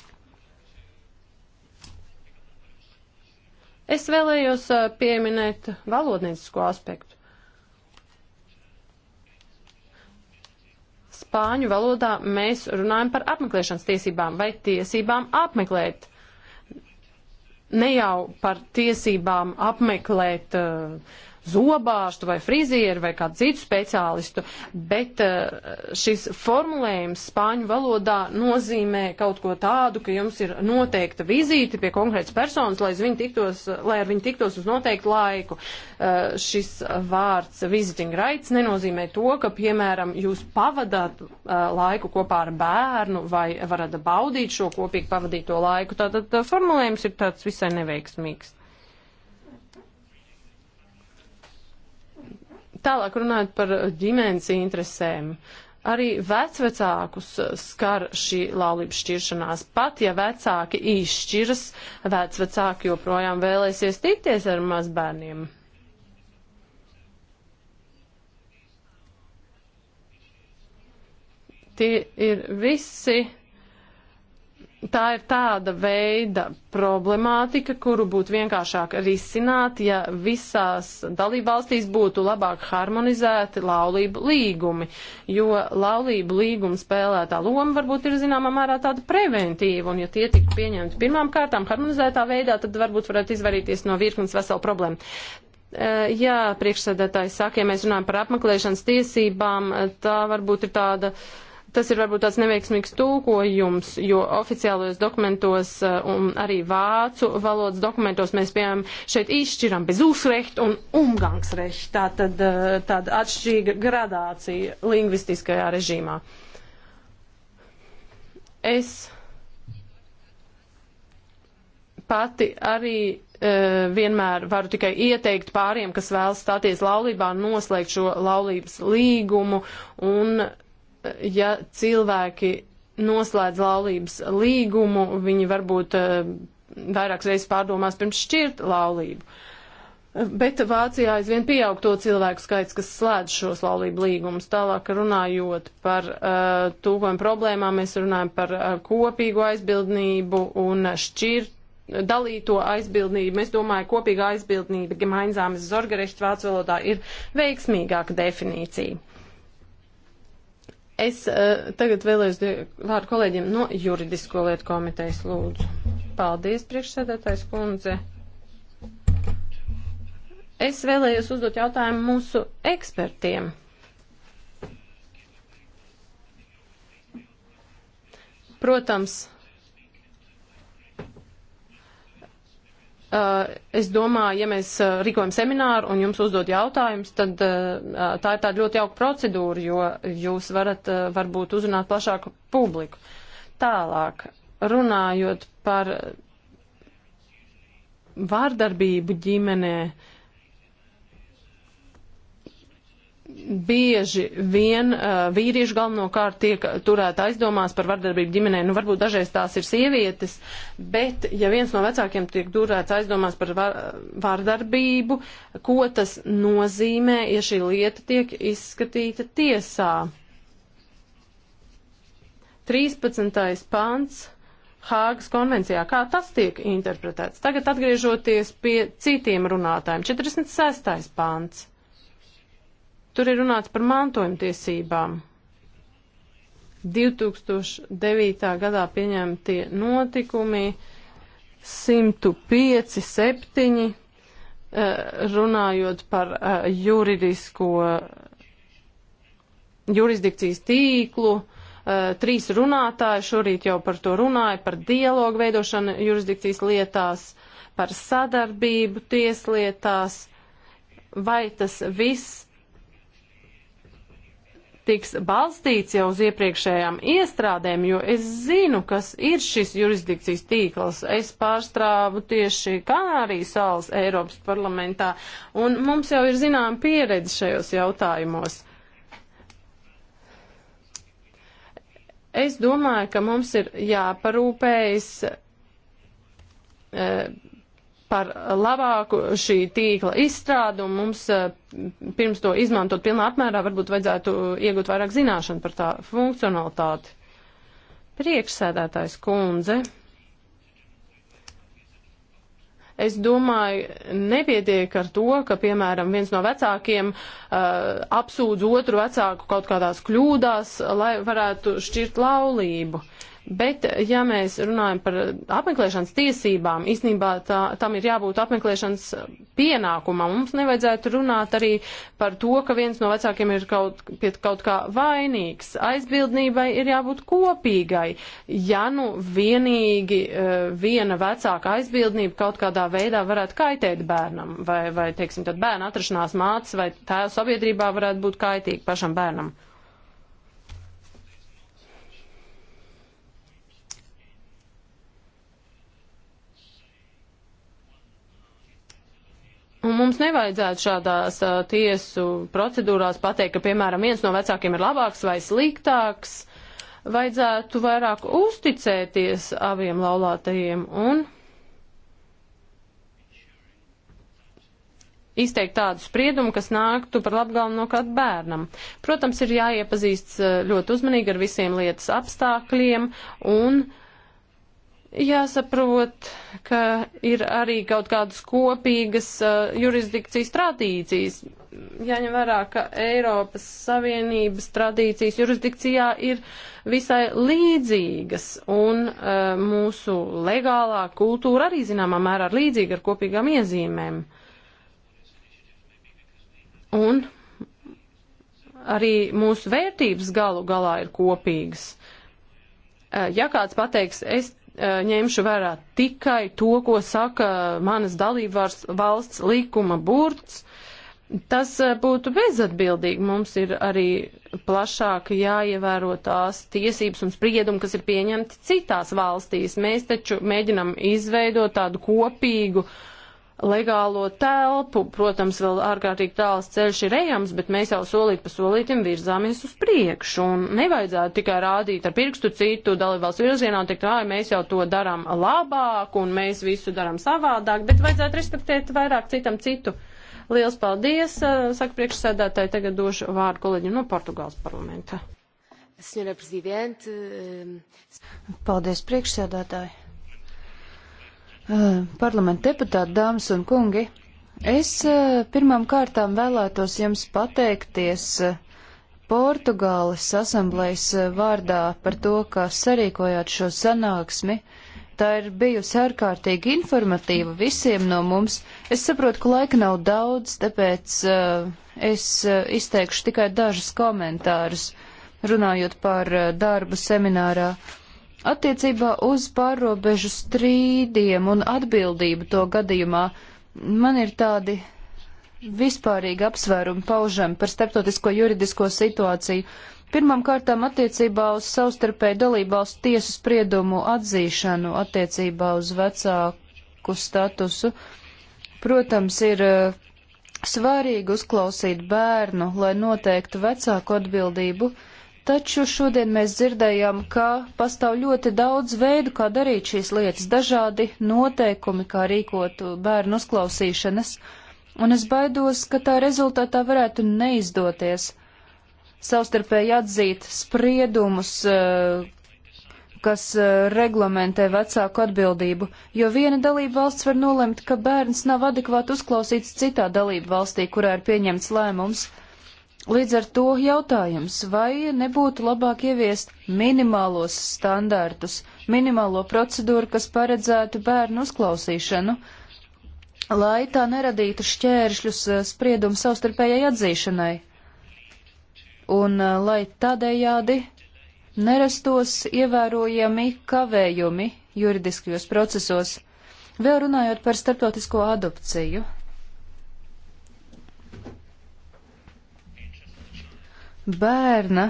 Es vēlējos eh, pieminēt valodniecisko aspektu. Spāņu valodā mēs runājam par apmeklēšanas tiesībām vai tiesībām apmeklēt. Ne jau par tiesībām apmeklēt uh, zobārstu vai frizieru vai kādu citu speciālistu, bet eh, šis formulējums spāņu valodā nozīmē kaut ko tādu, ka jums ir noteikta vizīte pie konkrētas personas, lai, viņu tiktos, lai ar viņu tiktos uz noteiktu laiku. Eh, šis vārds visiting rights nenozīmē to, ka, piemēram, jūs pavadāt eh, laiku kopā ar bērnu vai varat baudīt šo kopīgi pavadīto laiku. Tātad formulējums ir tāds visai neveiksmīgs. Tālāk runājot par ģimenes interesēm. Arī vecvecākus skar šī laulības šķiršanās. Pat ja vecāki izšķiras, vecvecāki joprojām vēlēsies tikties ar mazbērniem. Tie ir visi tā ir tāda veida problemātika, kuru būtu vienkāršāk risināt, ja visās dalībvalstīs būtu labāk harmonizēti laulību līgumi, jo laulību līguma spēlētā loma varbūt ir zināmā mērā tāda preventīva, un ja tie tika pieņemti pirmām kārtām harmonizētā veidā, tad varbūt varētu izvairīties no virknes veselu problēmu. E, jā, priekšsēdētājs saka, ja mēs runājam par apmeklēšanas tiesībām, tā varbūt ir tāda uh, Tas ir varbūt tāds neveiksmīgs tūkojums, jo oficiālajos dokumentos eh, un arī vācu valodas dokumentos mēs, piemēram, šeit izšķiram bez uzrecht un umgangsrecht. Tā tad eh, tāda atšķirīga gradācija lingvistiskajā režīmā. Es pati arī e, vienmēr varu tikai ieteikt pāriem, kas vēlas stāties laulībā, noslēgt šo laulības līgumu un ja cilvēki noslēdz laulības līgumu, viņi varbūt eh, vairākas reizes pārdomās pirms šķirt laulību. Bet Vācijā aizvien pieaug to cilvēku skaits, kas slēdz šos laulību līgumus. Tālāk runājot par uh, eh, tūkojumu problēmām, mēs runājam par uh, kopīgu aizbildnību un šķirt dalīto aizbildnību. Es domāju, kopīga aizbildnība, gemeinsames zorgerecht vācu valodā ir veiksmīgāka definīcija. Es uh, tagad vēlējos vārdu kolēģiem no juridisko lietu komitejas lūdzu. Paldies, priekšsēdētājs kundze. Es vēlējos uzdot jautājumu mūsu ekspertiem. Protams, Eh, es domāju, ja mēs eh, rīkojam semināru un jums uzdod jautājumus, tad eh, tā ir tāda ļoti jauka procedūra, jo jūs varat varbūt uzrunāt plašāku publiku. Tālāk, runājot par vārdarbību ģimenē, uh, bieži vien uh, vīrieši galvenokārt tiek turēti aizdomās par vardarbību ģimenē. Nu, varbūt dažreiz tās ir sievietes, bet ja viens no vecākiem tiek turēts aizdomās par var, vardarbību, ko tas nozīmē, ja šī lieta tiek izskatīta tiesā? 13. pants. Hāgas konvencijā, kā tas tiek interpretēts. Tagad atgriežoties pie citiem runātājiem, 46. pāns. Tur ir runāts par mantojumtiesībām. 2009. gadā pieņemtie notikumi 105, 7, eh, runājot par eh, juridisko jurisdikcijas tīklu. Eh, trīs runātāji šorīt jau par to runāja, par dialogu veidošanu jurisdikcijas lietās, par sadarbību tieslietās. Vai tas viss tiks balstīts jau uz iepriekšējām iestrādēm, jo es zinu, kas ir šis jurisdikcijas tīkls. Es pārstrāvu tieši Kanārijas salas Eiropas parlamentā, un mums jau ir zinām pieredze šajos jautājumos. Es domāju, ka mums ir jāparūpējas. E, par labāku šī tīkla izstrādu un mums eh, pirms to izmantot pilnā apmērā varbūt vajadzētu iegūt vairāk zināšanu par tā funkcionalitāti. Priekšsēdētājs kundze. Es domāju, nepietiek ar to, ka, piemēram, viens no vecākiem uh, apsūdz otru vecāku kaut kādās kļūdās, lai varētu šķirt laulību. Uh, Bet, ja mēs runājam par apmeklēšanas tiesībām, īstenībā tā, tam ir jābūt apmeklēšanas pienākumam. Mums nevajadzētu runāt arī par to, ka viens no vecākiem ir kaut, kaut kā vainīgs. Aizbildnībai ir jābūt kopīgai. Ja nu vienīgi uh, viena vecāka aizbildnība kaut kādā veidā varētu kaitēt bērnam, vai, vai teiksim, tad bērna atrašanās mātes vai tēva sabiedrībā varētu būt kaitīgi pašam bērnam. Un mums nevajadzētu šādās uh, tiesu procedūrās pateikt, ka, piemēram, viens no vecākiem ir labāks vai sliktāks. Vajadzētu vairāk uzticēties abiem laulātajiem un izteikt tādu spriedumu, kas nāktu par labgalmu no kāda bērnam. Protams, ir jāiepazīst ļoti uzmanīgi ar visiem lietas apstākļiem un uh, Jāsaprot, ka ir arī kaut kādas kopīgas uh, jurisdikcijas tradīcijas. Jāņem vērā, ka Eiropas Savienības tradīcijas jurisdikcijā ir visai līdzīgas, un uh, mūsu legālā kultūra arī zināmā mērā ir līdzīga ar kopīgām iezīmēm. Un arī mūsu vērtības galu galā ir kopīgas. Uh, ja kāds pateiks, es Eh, ņemšu vērā tikai to, ko saka manas dalībvārds valsts likuma burts. Tas eh, būtu bezatbildīgi. Mums ir arī plašāk jāievēro tās tiesības un spriedumi, kas ir pieņemti citās valstīs. Mēs taču mēģinam izveidot tādu kopīgu uh, legālo telpu. Protams, vēl ārkārtīgi tāls ceļš ir ejams, bet mēs jau solīt pa solītim virzāmies uz priekšu. Un nevajadzētu tikai rādīt ar pirkstu citu dalībvalstu virzienā un teikt, ah, mēs jau to darām labāk un mēs visu darām savādāk, bet vajadzētu respektēt vairāk citam citu. Liels paldies, saka priekšsēdētāji, tagad došu vārdu kolēģim no Portugāles parlamenta. Paldies, priekšsēdētāji. Ah, parlamenta deputāti, dāmas un kungi, es ah, pirmām kārtām vēlētos jums pateikties ah, Portugāles asamblējas vārdā par to, ka sarīkojāt šo sanāksmi. Tā ir bijusi ārkārtīgi informatīva visiem no mums. Es saprotu, ka laika nav daudz, tāpēc es izteikšu tikai dažus komentārus, runājot par darbu seminārā. Attiecībā uz pārobežu strīdiem un atbildību to gadījumā man ir tādi vispārīgi apsvērumi paužami par starptautisko juridisko situāciju. Pirmām kārtām attiecībā uz savstarpēju dalībvalstu tiesu spriedumu atzīšanu attiecībā uz vecāku statusu. Protams, ir eh, svarīgi uzklausīt bērnu, lai noteiktu vecāku atbildību. Uh, Taču šodien mēs dzirdējām, ka pastāv ļoti daudz veidu, kā darīt šīs lietas, dažādi noteikumi, kā rīkot bērnu uzklausīšanas, un es baidos, ka tā rezultātā varētu neizdoties savstarpēji atzīt spriedumus, eh, kas eh, reglamentē vecāku atbildību, jo viena dalība valsts var nolemt, ka bērns nav adekvāti uzklausīts citā dalība valstī, kurā ir pieņemts lēmums. Līdz ar to jautājums, vai nebūtu labāk ieviest minimālos standārtus, minimālo procedūru, kas paredzētu bērnu uzklausīšanu, lai tā neradītu šķēršļus eh, spriedumu savstarpējai atzīšanai, un eh, lai tādējādi nerastos ievērojami kavējumi juridiskajos procesos. Vēl runājot par starptautisko adopciju. bērna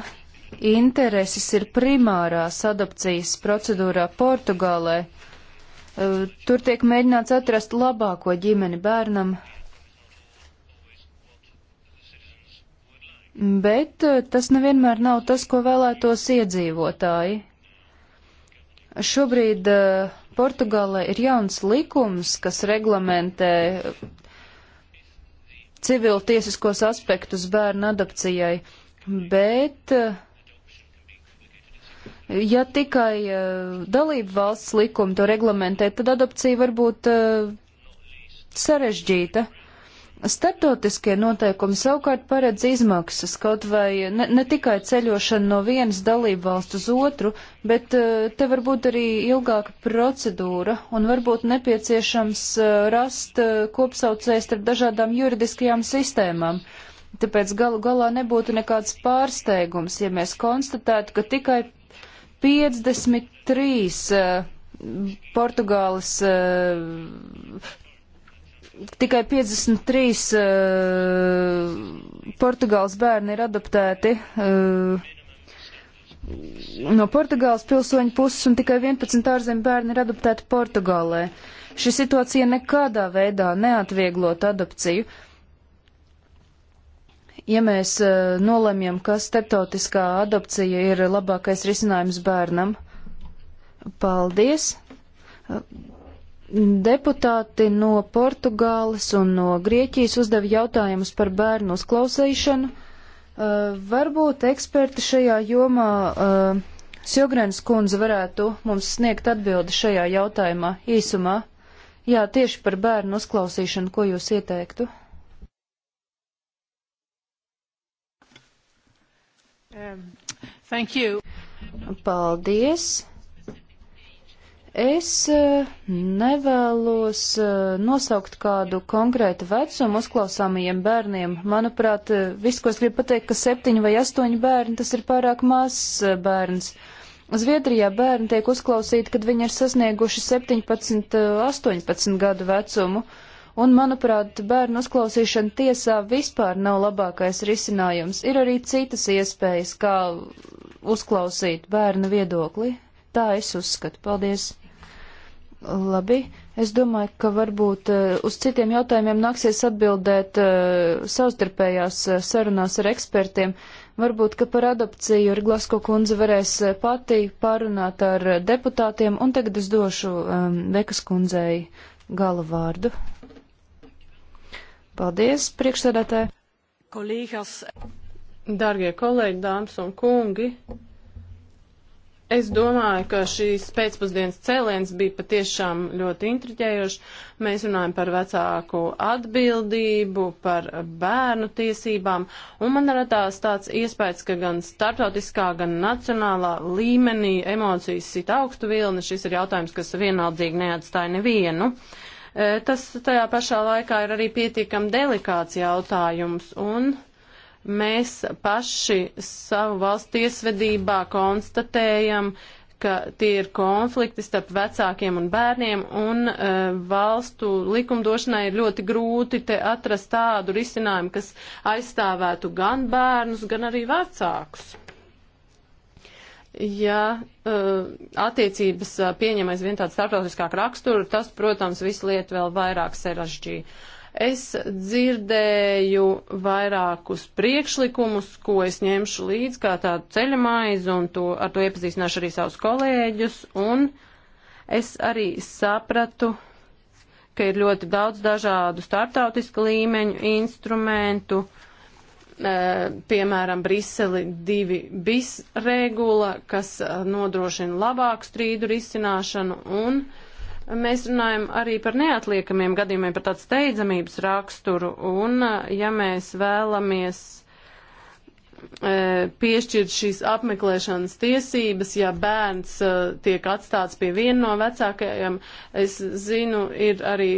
intereses ir primārās adopcijas procedūrā Portugālē. E, tur tiek mēģināts atrast labāko ģimeni bērnam. Bet e, tas nevienmēr nav tas, ko vēlētos iedzīvotāji. Šobrīd e, Portugālē ir jauns likums, kas reglamentē civiltiesiskos aspektus bērnu adopcijai bet ja tikai eh, dalību valsts likumi to reglamentē, tad adopcija var būt eh, sarežģīta. Startautiskie noteikumi savukārt paredz izmaksas, kaut vai ne, ne tikai ceļošana no vienas dalību valsts uz otru, bet eh, te varbūt arī ilgāka procedūra un varbūt nepieciešams rast kopsaucējs starp dažādām juridiskajām sistēmām. Uh, Tāpēc galu galā nebūtu nekāds pārsteigums, ja mēs konstatētu, ka tikai 53 uh, eh, Portugāles, uh, tikai 53 uh, eh, Portugāles bērni ir adoptēti uh, no Portugāles pilsoņu puses un tikai 11 ārzemju bērni ir adoptēti Portugālē. Šī situācija nekādā veidā neatvieglot adopciju. Uh, ja mēs eh, nolemjam, ka starptautiskā adopcija ir labākais risinājums bērnam. Paldies! Deputāti no Portugāles un no Grieķijas uzdeva jautājumus par bērnu uzklausīšanu. Eh, varbūt eksperti šajā jomā eh, Sjogrens kundze varētu mums sniegt atbildi šajā jautājumā īsumā. Jā, tieši par bērnu uzklausīšanu, ko jūs ieteiktu? Um, thank you. Paldies. Es uh, nevēlos uh, nosaukt kādu konkrētu vecumu uzklausāmajiem bērniem. Manuprāt, uh, viss, ko es gribu pateikt, ka septiņi vai astoņi bērni, tas ir pārāk mazs bērns. Zviedrijā bērni tiek uzklausīti, kad viņi ir sasnieguši 17, 18 gadu vecumu. Uh, Un, manuprāt, bērnu uzklausīšana tiesā vispār nav labākais risinājums. Ir arī citas iespējas, kā uzklausīt bērnu viedokli. Tā es uzskatu. Paldies! Labi, es domāju, ka varbūt eh, uz citiem jautājumiem nāksies atbildēt eh, savstarpējās eh, sarunās ar ekspertiem. Varbūt, ka par adopciju ar Glasko kundze varēs pati pārunāt ar deputātiem, un tagad es došu um, Vekas kundzei gala vārdu. Paldies, priekšsēdētē. Kolīgas. Dargie kolēģi, dāmas un kungi, es domāju, ka šīs pēcpusdienas cēliens bija patiešām ļoti intriģējošs. Mēs runājam par vecāku atbildību, par bērnu tiesībām, un man radās tāds iespējas, ka gan starptautiskā, gan nacionālā līmenī emocijas sit augstu vilni. Šis ir jautājums, kas vienaldzīgi neatstāja nevienu. Uh, E, tas tajā pašā laikā ir arī pietiekami delikāts jautājums, un mēs paši savu valsts tiesvedībā konstatējam, ka tie ir konflikti starp vecākiem un bērniem, un e, valstu likumdošanai ir ļoti grūti te atrast tādu risinājumu, kas aizstāvētu gan bērnus, gan arī vecākus. Ja uh, attiecības eh, pieņem aizvien tādu starptautiskāku raksturu, tas, protams, visu lietu vēl vairāk sarežģīja. Es dzirdēju vairākus priekšlikumus, ko es ņemšu līdzi kā tādu ceļamaizi, un to, ar to iepazīstināšu arī savus kolēģus, un es arī sapratu, ka ir ļoti daudz dažādu starptautisku līmeņu instrumentu, uh, Eh, piemēram, Briseli 2 bis regula, kas eh, nodrošina labāku strīdu risināšanu un mēs runājam arī par neatliekamiem gadījumiem, par tādu steidzamības raksturu, un eh, ja mēs vēlamies E, piešķirt šīs apmeklēšanas tiesības, ja bērns e, tiek atstāts pie viena no vecākajiem. Es zinu, ir arī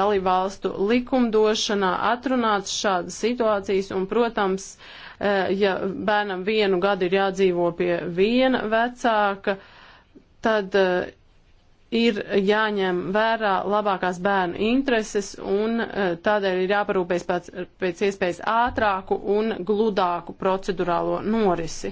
dalībvalstu likumdošanā atrunāts šādas situācijas, un, protams, e, ja bērnam vienu gadu ir jādzīvo pie viena vecāka, tad uh, ir jāņem vērā labākās bērnu intereses un eh, tādēļ ir jāparūpēs pēc, pēc iespējas ātrāku un gludāku procedurālo norisi.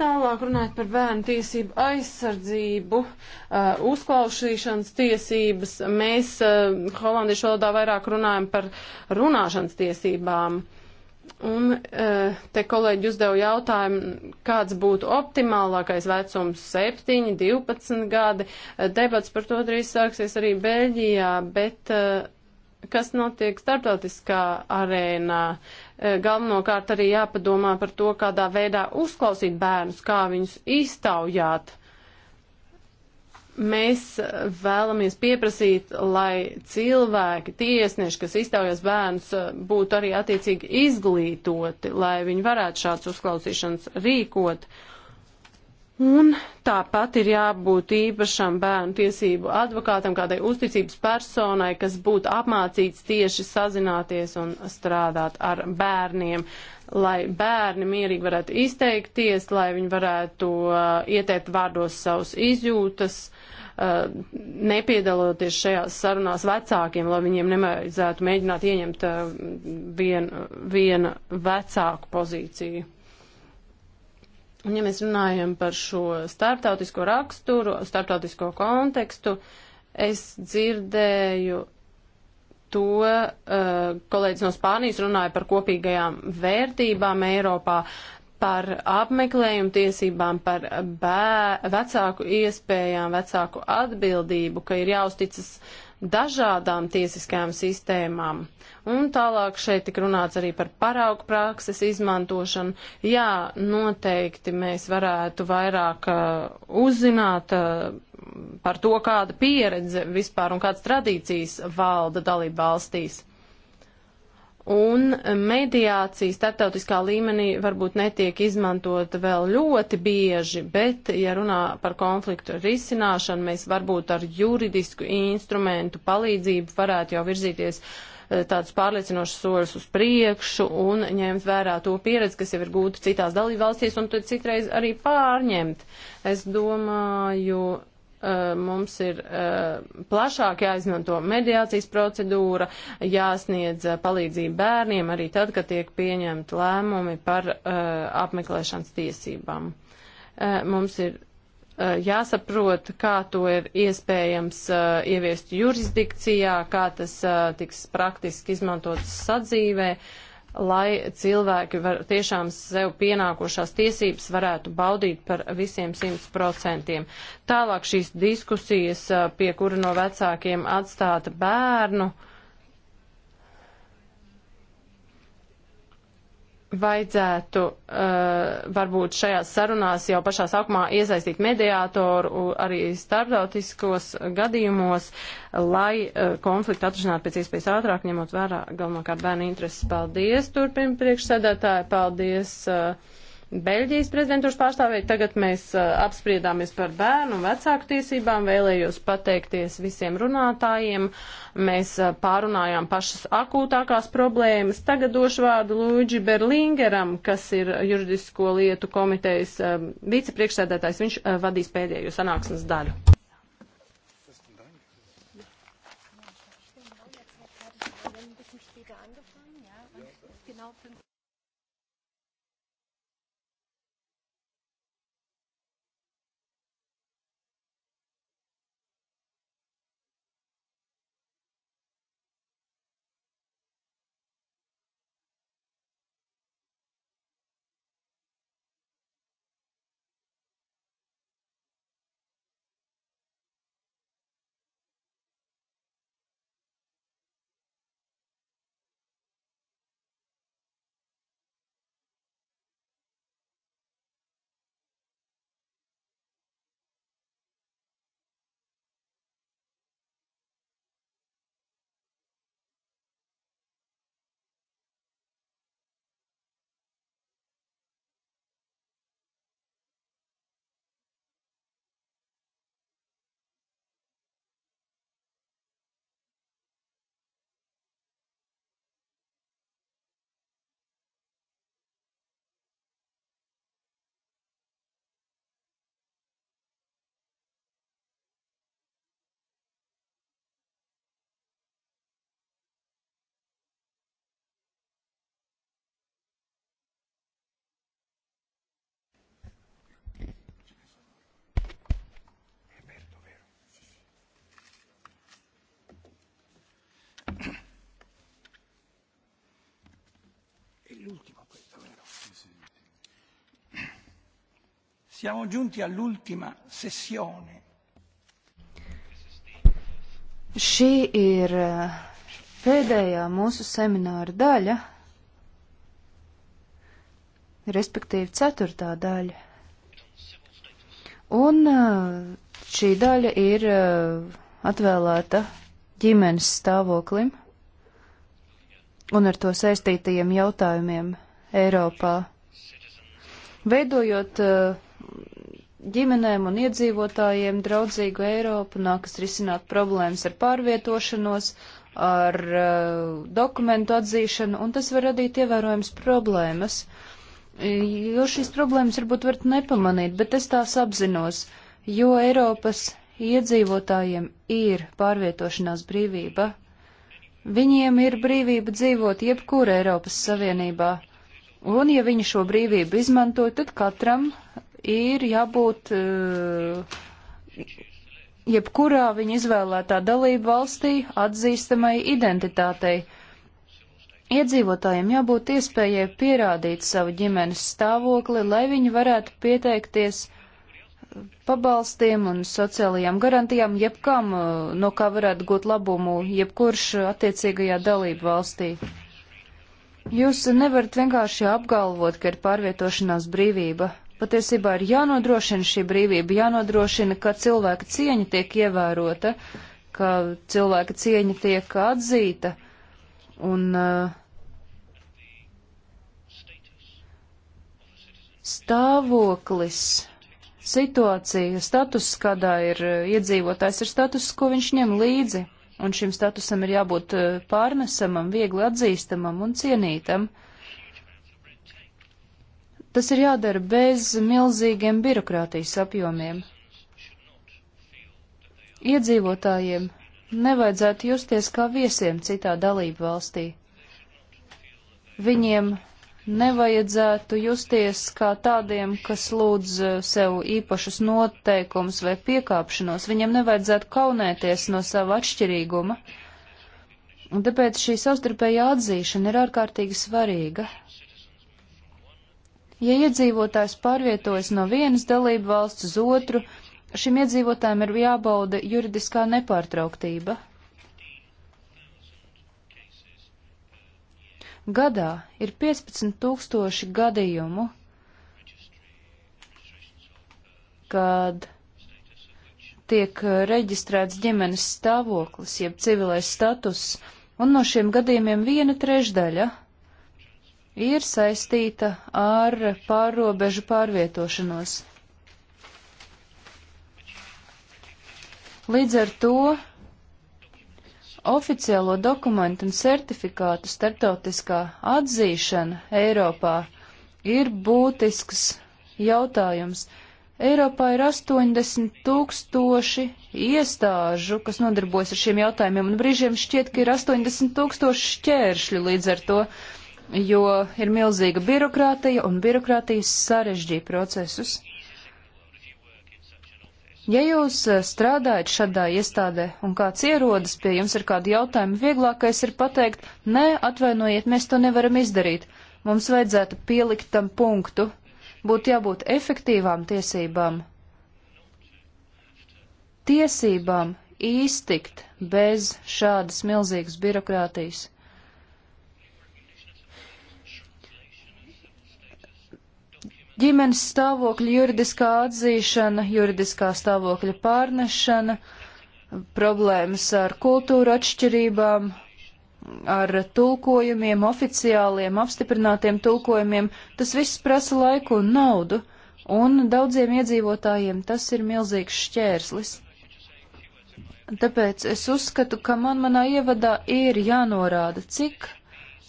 Tālāk runājot par bērnu tiesību aizsardzību, uh, uzklausīšanas tiesības, mēs uh, holandiešu valodā vairāk runājam par runāšanas tiesībām. Uh, Un e, te kolēģi uzdeva jautājumu, kāds būtu optimālākais vecums - 7, 12 gadi. E, debats par to drīz sāksies arī Beļģijā, bet e, kas notiek starptautiskā arēnā? Galvenokārt arī jāpadomā par to, kādā veidā uzklausīt bērnus, kā viņus iztaujāt mēs vēlamies pieprasīt, lai cilvēki, tiesneši, kas iztaujas bērnus, būtu arī attiecīgi izglītoti, lai viņi varētu šāds uzklausīšanas rīkot. Un tāpat ir jābūt īpašam bērnu tiesību advokātam, kādai uzticības personai, kas būtu apmācīts tieši sazināties un strādāt ar bērniem, lai bērni mierīgi varētu izteikties, lai viņi varētu uh, ieteikt vārdos savus izjūtas, uh, Uh, nepiedaloties šajās sarunās vecākiem, lai viņiem nemēģinātu mēģināt ieņemt uh, vienu vien vecāku pozīciju. Un ja mēs runājam par šo starptautisko raksturu, starptautisko kontekstu, es dzirdēju to uh, kolēģis no Spānijas runāja par kopīgajām vērtībām Eiropā par apmeklējumu tiesībām, par bē, vecāku iespējām, vecāku atbildību, ka ir jāuzticas dažādām tiesiskajām sistēmām. Un tālāk šeit tik runāts arī par paraugu prakses izmantošanu. Jā, noteikti mēs varētu vairāk uh, uzzināt uh, par to, kāda pieredze vispār un kādas tradīcijas valda dalība valstīs un mediācija starptautiskā līmenī varbūt netiek izmantota vēl ļoti bieži, bet, ja runā par konfliktu risināšanu, mēs varbūt ar juridisku instrumentu palīdzību varētu jau virzīties e, tādus pārliecinošus soļus uz priekšu un ņemt vērā to pieredzi, kas jau ir gūta citās dalībvalstīs un tad citreiz arī pārņemt. Es domāju, Eh, mums ir eh, plašāk jāizmanto mediācijas procedūra, jāsniedz eh, palīdzību bērniem arī tad, kad tiek pieņemti lēmumi par apmeklēšanas tiesībām. Mums ir jāsaprot, kā to ir iespējams ieviest jurisdikcijā, kā tas tiks praktiski izmantots sadzīvē. Uh, lai cilvēki var, tiešām sev pienākošās tiesības varētu baudīt par visiem 100%. Tālāk šīs diskusijas, pie kura no vecākiem atstāta bērnu, uh, vajadzētu uh, varbūt šajās sarunās jau pašā sākumā iesaistīt mediātoru arī starptautiskos gadījumos, lai uh, konfliktu atrisinātu pēc iespējas ātrāk, ņemot vērā galvenokārt bērnu intereses. Paldies, turpina priekšsēdētāji, paldies. Uh, Beļģijas prezidentūras pārstāvēju. Tagad mēs uh, apspriedāmies par bērnu un vecāku tiesībām. Vēlējos pateikties visiem runātājiem. Mēs uh, pārunājām pašas akūtākās problēmas. Tagad došu vārdu Lūģi Berlingeram, kas ir juridisko lietu komitejas um, vicepriekšsēdētājs. Viņš uh, vadīs pēdējo sanāksmes daļu. l'ultima questa, vero? Sì, sì. Siamo giunti all'ultima sessione. Šī ir eh, pēdējā mūsu semināra daļa, respektīvi ceturtā daļa. Un eh, šī daļa ir eh, atvēlēta ģimenes stāvoklim un ar to saistītajiem jautājumiem Eiropā. Veidojot eh, ģimenēm un iedzīvotājiem draudzīgu Eiropu, nākas risināt problēmas ar pārvietošanos, ar eh, dokumentu atzīšanu, un tas var radīt ievērojams problēmas. Jo šīs problēmas varbūt varat nepamanīt, bet es tās apzinos, jo Eiropas iedzīvotājiem ir pārvietošanās brīvība, Viņiem ir brīvība dzīvot jebkur Eiropas Savienībā, un ja viņi šo brīvību izmanto, tad katram ir jābūt eh, jebkurā viņa izvēlētā dalība valstī atzīstamai identitātei. Iedzīvotājiem jābūt iespējai pierādīt savu ģimenes stāvokli, lai viņi varētu pieteikties pabalstiem un sociālajām garantijām, jebkam, uh, no kā varētu gūt labumu jebkurš attiecīgajā dalību valstī. Jūs nevarat vienkārši apgalvot, ka ir pārvietošanās brīvība. Patiesībā ir jānodrošina šī brīvība, jānodrošina, ka cilvēka cieņa tiek ievērota, ka cilvēka cieņa tiek atzīta. Un, uh, stāvoklis situācija, status, kādā ir eh, iedzīvotājs, ir status, ko viņš ņem līdzi, un šim statusam ir jābūt eh, pārnesamam, viegli atzīstamam un cienītam. Tas ir jādara bez milzīgiem birokrātijas apjomiem. Iedzīvotājiem nevajadzētu justies kā viesiem citā dalību valstī. Viņiem nevajadzētu justies kā tādiem, kas lūdz eh, sev īpašus noteikumus vai piekāpšanos. Viņiem nevajadzētu kaunēties no sava atšķirīguma. Un tāpēc šī savstarpējā atzīšana ir ārkārtīgi svarīga. Ja iedzīvotājs pārvietojas no vienas dalību valsts uz otru, šim iedzīvotājiem ir jābauda juridiskā nepārtrauktība. Gadā ir 15 tūkstoši gadījumu, kad tiek reģistrēts ģimenes stāvoklis, jeb civilais status, un no šiem gadījumiem viena trešdaļa ir saistīta ar pārobežu pārvietošanos. Līdz ar to oficiālo dokumentu un certifikātu starptautiskā atzīšana Eiropā ir būtisks jautājums. Eiropā ir 80 tūkstoši iestāžu, kas nodarbojas ar šiem jautājumiem, un brīžiem šķiet, ka ir 80 tūkstoši šķēršļu līdz ar to, jo ir milzīga birokrātija, un birokrātijas sarežģīja procesus. Ja jūs eh, strādājat šādā iestādē un kāds ierodas pie jums ar kādu jautājumu, vieglākais ir pateikt, nē, atvainojiet, mēs to nevaram izdarīt. Mums vajadzētu pielikt tam punktu. Būtu jābūt efektīvām tiesībām. Tiesībām iztikt bez šādas milzīgas birokrātijas. ģimenes stāvokļa juridiskā atzīšana, juridiskā stāvokļa pārnešana, problēmas ar kultūru atšķirībām, ar tulkojumiem, oficiāliem, apstiprinātiem tulkojumiem, tas viss prasa laiku un naudu, un daudziem iedzīvotājiem tas ir milzīgs šķērslis. Tāpēc es uzskatu, ka man manā ievadā ir jānorāda, cik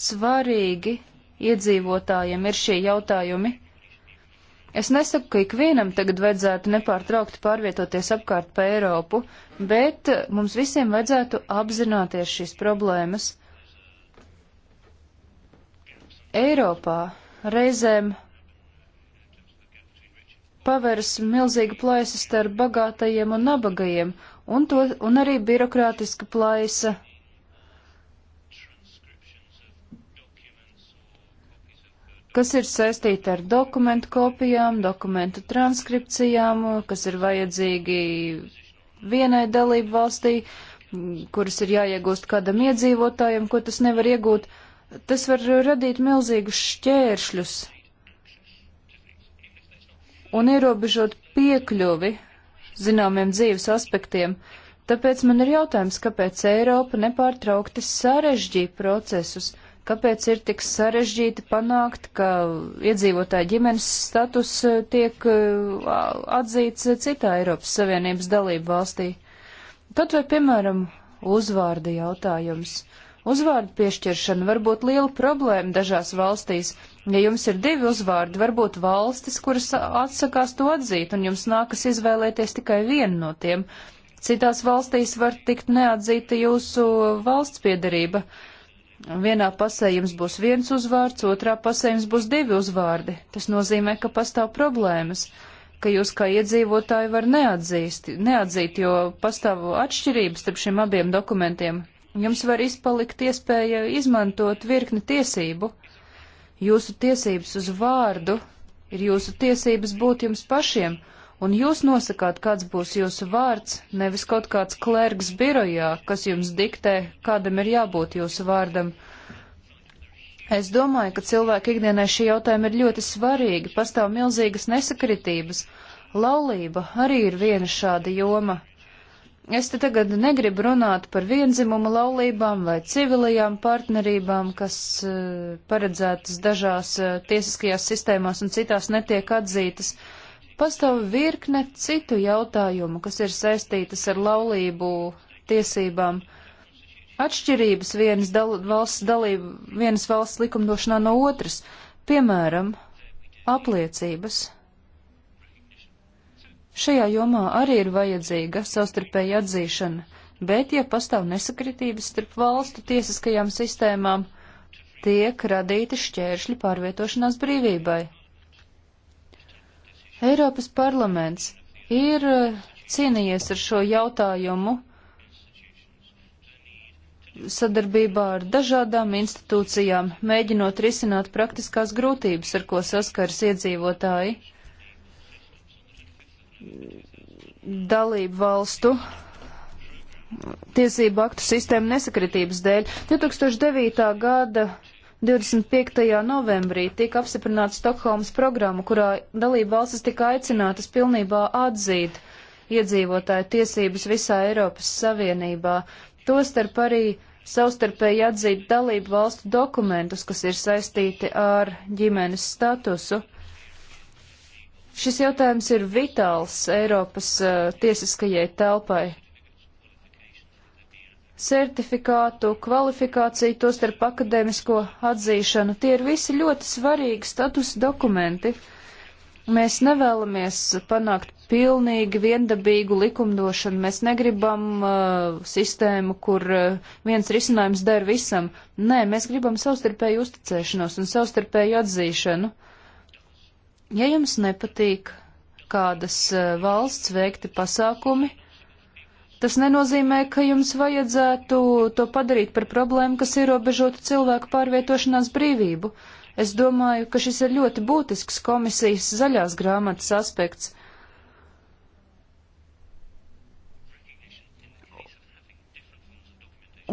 svarīgi iedzīvotājiem ir šie jautājumi. Es nesaku, ka ikvienam tagad vajadzētu nepārtraukti pārvietoties apkārt pa Eiropu, bet eh, mums visiem vajadzētu apzināties šīs problēmas. Eiropā reizēm paveras milzīga plaisa starp bagātajiem un nabagajiem, un, to, un arī birokrātiska plaisa kas ir saistīti ar dokumentu kopijām, dokumentu transkripcijām, kas ir vajadzīgi vienai dalību valstī, kuras ir jāiegūst kādam iedzīvotājam, ko tas nevar iegūt. Tas var radīt milzīgus šķēršļus un ierobežot piekļuvi zināmiem dzīves aspektiem. Tāpēc man ir jautājums, kāpēc Eiropa nepārtraukti sarežģīja procesus, Kāpēc ir tik sarežģīti panākt, ka iedzīvotāja ģimenes status eh, tiek eh, atzīts eh, citā Eiropas Savienības dalību valstī? Tad vai, piemēram, uzvārda jautājums. Uzvārdu piešķiršana var būt liela problēma dažās valstīs. Ja jums ir divi uzvārdi, varbūt valstis, kuras atsakās to atzīt, un jums nākas izvēlēties tikai vienu no tiem. Citās valstīs var tikt neatzīta jūsu valsts piedarība. Uh, Vienā pasē jums būs viens uzvārds, otrā pasē jums būs divi uzvārdi. Tas nozīmē, ka pastāv problēmas, ka jūs kā iedzīvotāji var neatzīst, neatzīt, jo pastāv atšķirības starp šiem abiem dokumentiem. Jums var izpalikt iespēja izmantot virkni tiesību. Jūsu tiesības uz vārdu ir jūsu tiesības būt jums pašiem, un jūs nosakāt, kāds būs jūsu vārds, nevis kaut kāds klērgs birojā, kas jums diktē, kādam ir jābūt jūsu vārdam. Es domāju, ka cilvēku ikdienai šie jautājumi ir ļoti svarīgi, pastāv milzīgas nesakritības. Laulība arī ir viena šāda joma. Es te tagad negribu runāt par vienzimumu laulībām vai civilajām partnerībām, kas uh, paredzētas dažās uh, tiesiskajās sistēmās un citās netiek atzītas. Uh, Pastāv virkne citu jautājumu, kas ir saistītas ar laulību tiesībām. Atšķirības vienas, dal valsts dalība, vienas valsts likumdošanā no otras, piemēram, apliecības. Šajā jomā arī ir vajadzīga savstarpēja atzīšana, bet, ja pastāv nesakritības starp valstu tiesiskajām sistēmām, tiek radīti šķēršļi pārvietošanās brīvībai. Eiropas parlaments ir eh, cīnījies ar šo jautājumu sadarbībā ar dažādām institūcijām, mēģinot risināt praktiskās grūtības, ar ko saskars iedzīvotāji dalību valstu tiesību aktu sistēmu nesakritības dēļ. 2009. gada 25. novembrī tika apstiprināta Stokholmas programma, kurā dalība valstis tika aicinātas pilnībā atzīt iedzīvotāju tiesības visā Eiropas Savienībā, tostarp arī savstarpēji atzīt dalību valstu dokumentus, kas ir saistīti ar ģimenes statusu. Šis jautājums ir vitāls Eiropas uh, tiesiskajai telpai certifikātu, kvalifikāciju, tostarp akadēmisko atzīšanu. Tie ir visi ļoti svarīgi status dokumenti. Mēs nevēlamies panākt pilnīgi viendabīgu likumdošanu. Mēs negribam uh, sistēmu, kur uh, viens risinājums der visam. Nē, mēs gribam savstarpēju uzticēšanos un savstarpēju atzīšanu. Ja jums nepatīk kādas uh, valsts veikti pasākumi, uh, Tas nenozīmē, ka jums vajadzētu to padarīt par problēmu, kas ierobežotu cilvēku pārvietošanās brīvību. Es domāju, ka šis ir ļoti būtisks komisijas zaļās grāmatas aspekts.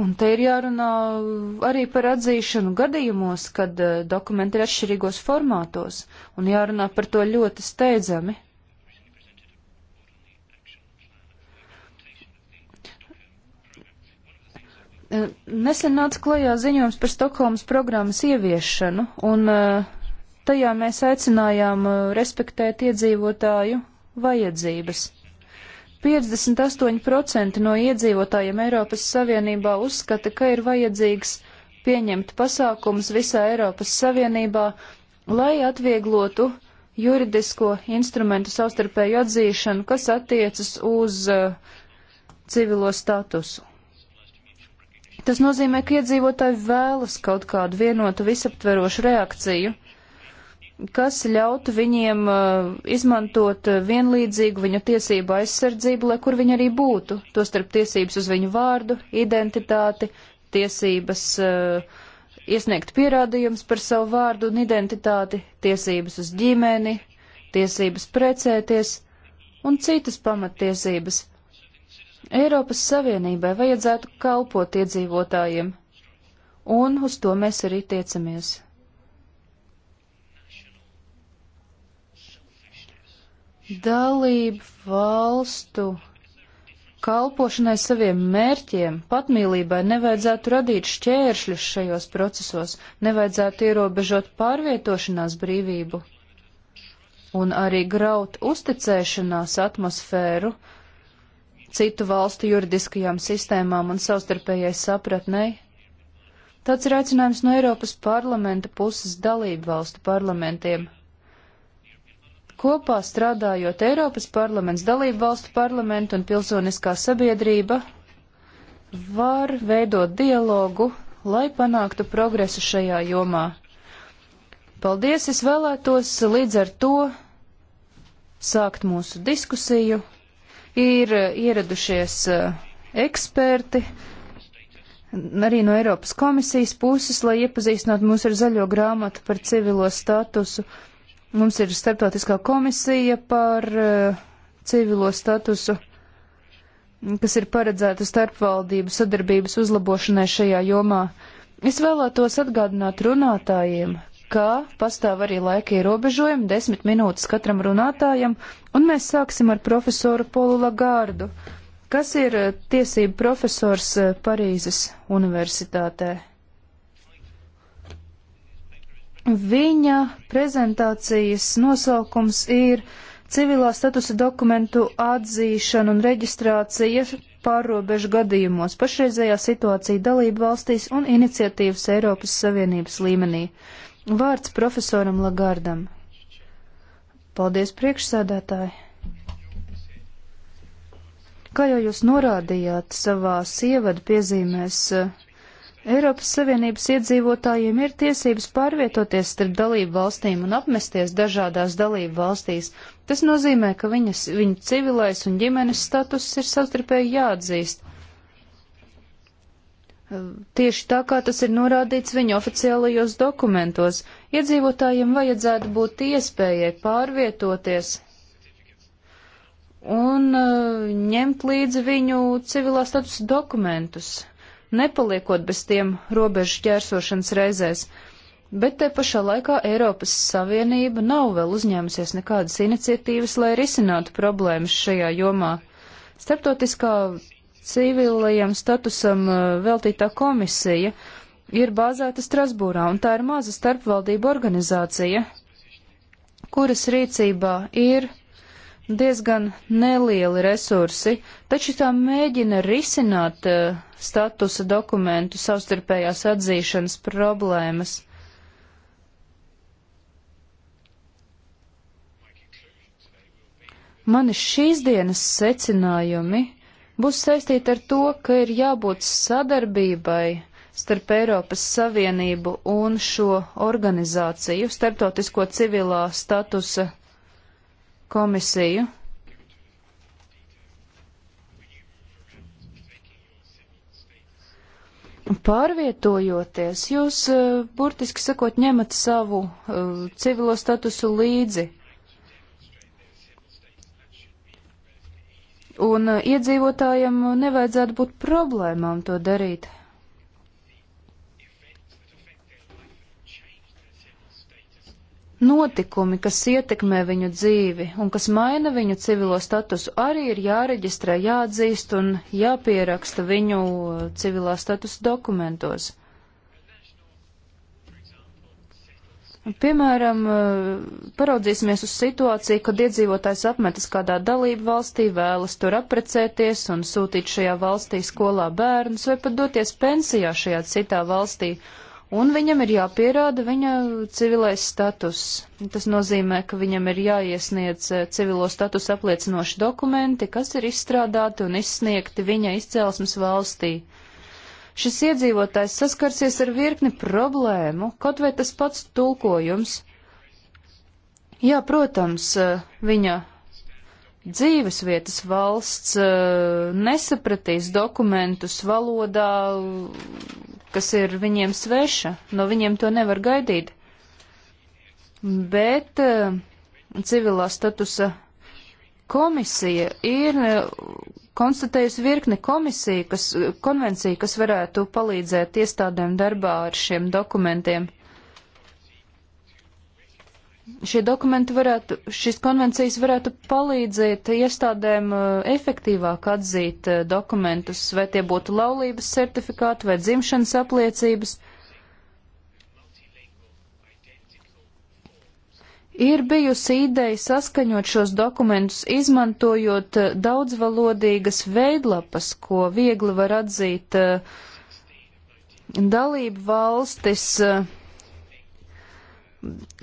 Un te ir jārunā arī par atzīšanu gadījumos, kad eh, dokumenti ir atšķirīgos formātos, un jārunā par to ļoti steidzami. Eh, nesen nāca klajā ziņojums par Stokholmas programmas ieviešanu, un eh, tajā mēs aicinājām eh, respektēt iedzīvotāju vajadzības. 58% no iedzīvotājiem Eiropas Savienībā uzskata, ka ir vajadzīgs pieņemt pasākums visā Eiropas Savienībā, lai atvieglotu juridisko instrumentu savstarpēju atzīšanu, kas attiecas uz uh, civilo statusu. Tas nozīmē, ka iedzīvotāji vēlas kaut kādu vienotu visaptverošu reakciju, kas ļautu viņiem uh, izmantot uh, vienlīdzīgu viņu tiesību aizsardzību, lai kur viņi arī būtu, tostarp tiesības uz viņu vārdu, identitāti, tiesības uh, iesniegt pierādījums par savu vārdu un identitāti, tiesības uz ģimeni, tiesības precēties un citas pamatiesības. Eiropas Savienībai vajadzētu kalpot iedzīvotājiem, un uz to mēs arī tiecamies. Dalību valstu kalpošanai saviem mērķiem, patmīlībai nevajadzētu radīt šķēršļus šajos procesos, nevajadzētu ierobežot pārvietošanās brīvību un arī graut uzticēšanās atmosfēru, citu valstu juridiskajām sistēmām un savstarpējai sapratnei. Tāds ir aicinājums no Eiropas parlamenta puses dalību valstu parlamentiem. Kopā strādājot Eiropas parlaments, dalību valstu parlamentu un pilsoniskā sabiedrība var veidot dialogu, lai panāktu progresu šajā jomā. Paldies, es vēlētos līdz ar to sākt mūsu diskusiju ir eh, ieradušies eh, eksperti arī no Eiropas komisijas puses, lai iepazīstinātu mūs ar zaļo grāmatu par civilo statusu. Mums ir starptautiskā komisija par uh, civilo statusu, kas ir paredzēta starpvaldību sadarbības uzlabošanai šajā jomā. Es vēlētos atgādināt runātājiem, ka pastāv arī laika ierobežojumi - desmit minūtes katram runātājam, un mēs sāksim ar profesoru Polu Lagārdu, kas ir eh, tiesību profesors eh, Parīzes universitātē. Viņa prezentācijas nosaukums ir civilā statusa dokumentu atzīšana un reģistrācija pārrobežu gadījumos, pašreizējā situācija dalību valstīs un iniciatīvas Eiropas Savienības līmenī. Uh, Vārds profesoram Lagārdam. Paldies, priekšsēdētāji! Kā jau jūs norādījāt savās ievadu piezīmēs, eh, Eiropas Savienības iedzīvotājiem ir tiesības pārvietoties starp dalību valstīm un apmesties dažādās dalību valstīs. Tas nozīmē, ka viņas, viņu civilais un ģimenes status ir savstarpēji jāatzīst. Tieši tā kā tas ir norādīts viņa oficiālajos dokumentos, iedzīvotājiem vajadzētu būt iespējai pārvietoties un uh, ņemt līdzi viņu civilā statusa dokumentus, nepaliekot bez tiem robežu ķērsošanas reizēs. Bet te pašā laikā Eiropas Savienība nav vēl uzņēmusies nekādas iniciatīvas, lai risinātu problēmas šajā jomā. Starptautiskā civilajam statusam eh, veltītā komisija ir bāzēta Strasbūrā, un tā ir maza starpvaldība organizācija, kuras rīcībā ir diezgan nelieli resursi, taču tā mēģina risināt uh, statusa dokumentu savstarpējās atzīšanas problēmas. Mani šīs dienas secinājumi būs saistīta ar to, ka ir jābūt sadarbībai starp Eiropas Savienību un šo organizāciju, starptautisko civilā statusa komisiju. Pārvietojoties, jūs eh, burtiski sakot ņemat savu uh, civilo statusu līdzi un uh, iedzīvotājiem nevajadzētu būt problēmām to darīt. Notikumi, kas ietekmē viņu dzīvi un kas maina viņu civilo statusu, arī ir jāreģistrē, jāatzīst un jāpieraksta viņu uh, civilā statusa dokumentos. Piemēram, eh, paraudzīsimies uz situāciju, kad iedzīvotājs apmetas kādā dalību valstī, vēlas tur aprecēties un sūtīt šajā valstī skolā bērnus vai pat doties pensijā šajā citā valstī, un viņam ir jāpierāda viņa civilais status. Tas nozīmē, ka viņam ir jāiesniedz eh, civilo status apliecinoši dokumenti, kas ir izstrādāti un izsniegti viņa izcelsmes valstī. Šis iedzīvotājs saskarsies ar virkni problēmu, kaut vai tas pats tulkojums. Jā, protams, eh, viņa dzīvesvietas valsts eh, nesapratīs dokumentus valodā, kas ir viņiem sveša, no viņiem to nevar gaidīt. Bet eh, civilā statusa Komisija ir e, konstatējusi virkni komisiju, kas, konvenciju, kas varētu palīdzēt iestādēm darbā ar šiem dokumentiem. Šie dokumenti varētu, šīs konvencijas varētu palīdzēt iestādēm e, efektīvāk atzīt e, dokumentus, vai tie būtu laulības certifikāti vai dzimšanas apliecības. Ir bijusi ideja saskaņot šos dokumentus, izmantojot eh, daudzvalodīgas veidlapas, ko viegli var atzīt eh, dalību valstis, eh,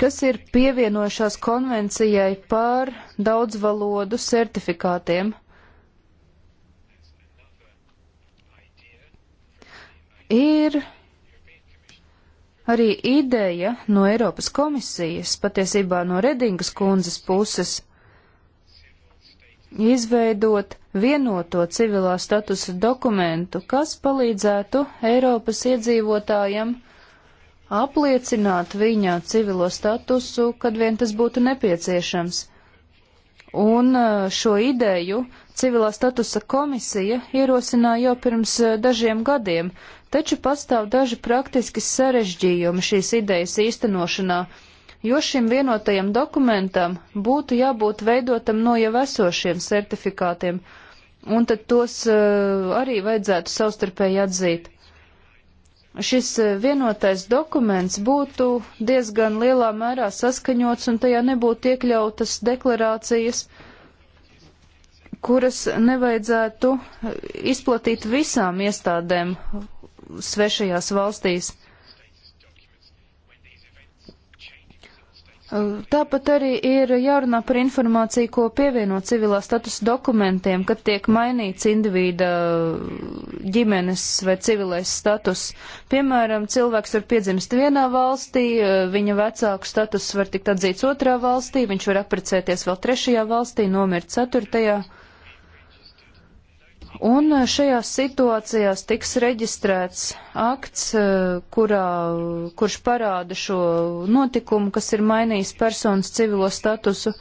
kas ir pievienojušās konvencijai par daudzvalodu certifikātiem. Ir Arī ideja no Eiropas komisijas, patiesībā no Redingas kundzes puses, izveidot vienoto civilā statusa dokumentu, kas palīdzētu Eiropas iedzīvotājiem apliecināt viņa civilo statusu, kad vien tas būtu nepieciešams. Un uh, šo ideju civilā statusa komisija ierosināja jau pirms uh, dažiem gadiem, taču pastāv daži praktiski sarežģījumi šīs idejas īstenošanā, jo šim vienotajam dokumentam būtu jābūt veidotam no jau esošiem certifikātiem, un tad tos uh, arī vajadzētu savstarpēji atzīt. Šis eh, vienotais dokuments būtu diezgan lielā mērā saskaņots, un tajā nebūtu iekļautas deklarācijas, kuras nevajadzētu eh, izplatīt visām iestādēm svešajās valstīs. Uh, tāpat arī ir jārunā par informāciju, ko pievieno civilā statusa dokumentiem, kad tiek mainīts individa ģimenes vai civilais status. Piemēram, cilvēks var piedzimst vienā valstī, uh, viņa vecāku status var tikt atzīts otrā valstī, viņš var apprecēties vēl trešajā valstī, nomirt ceturtajā valstī. Un eh, šajās situācijās tiks reģistrēts akts, eh, kurā, kurš parāda šo notikumu, kas ir mainījis personas civilo statusu,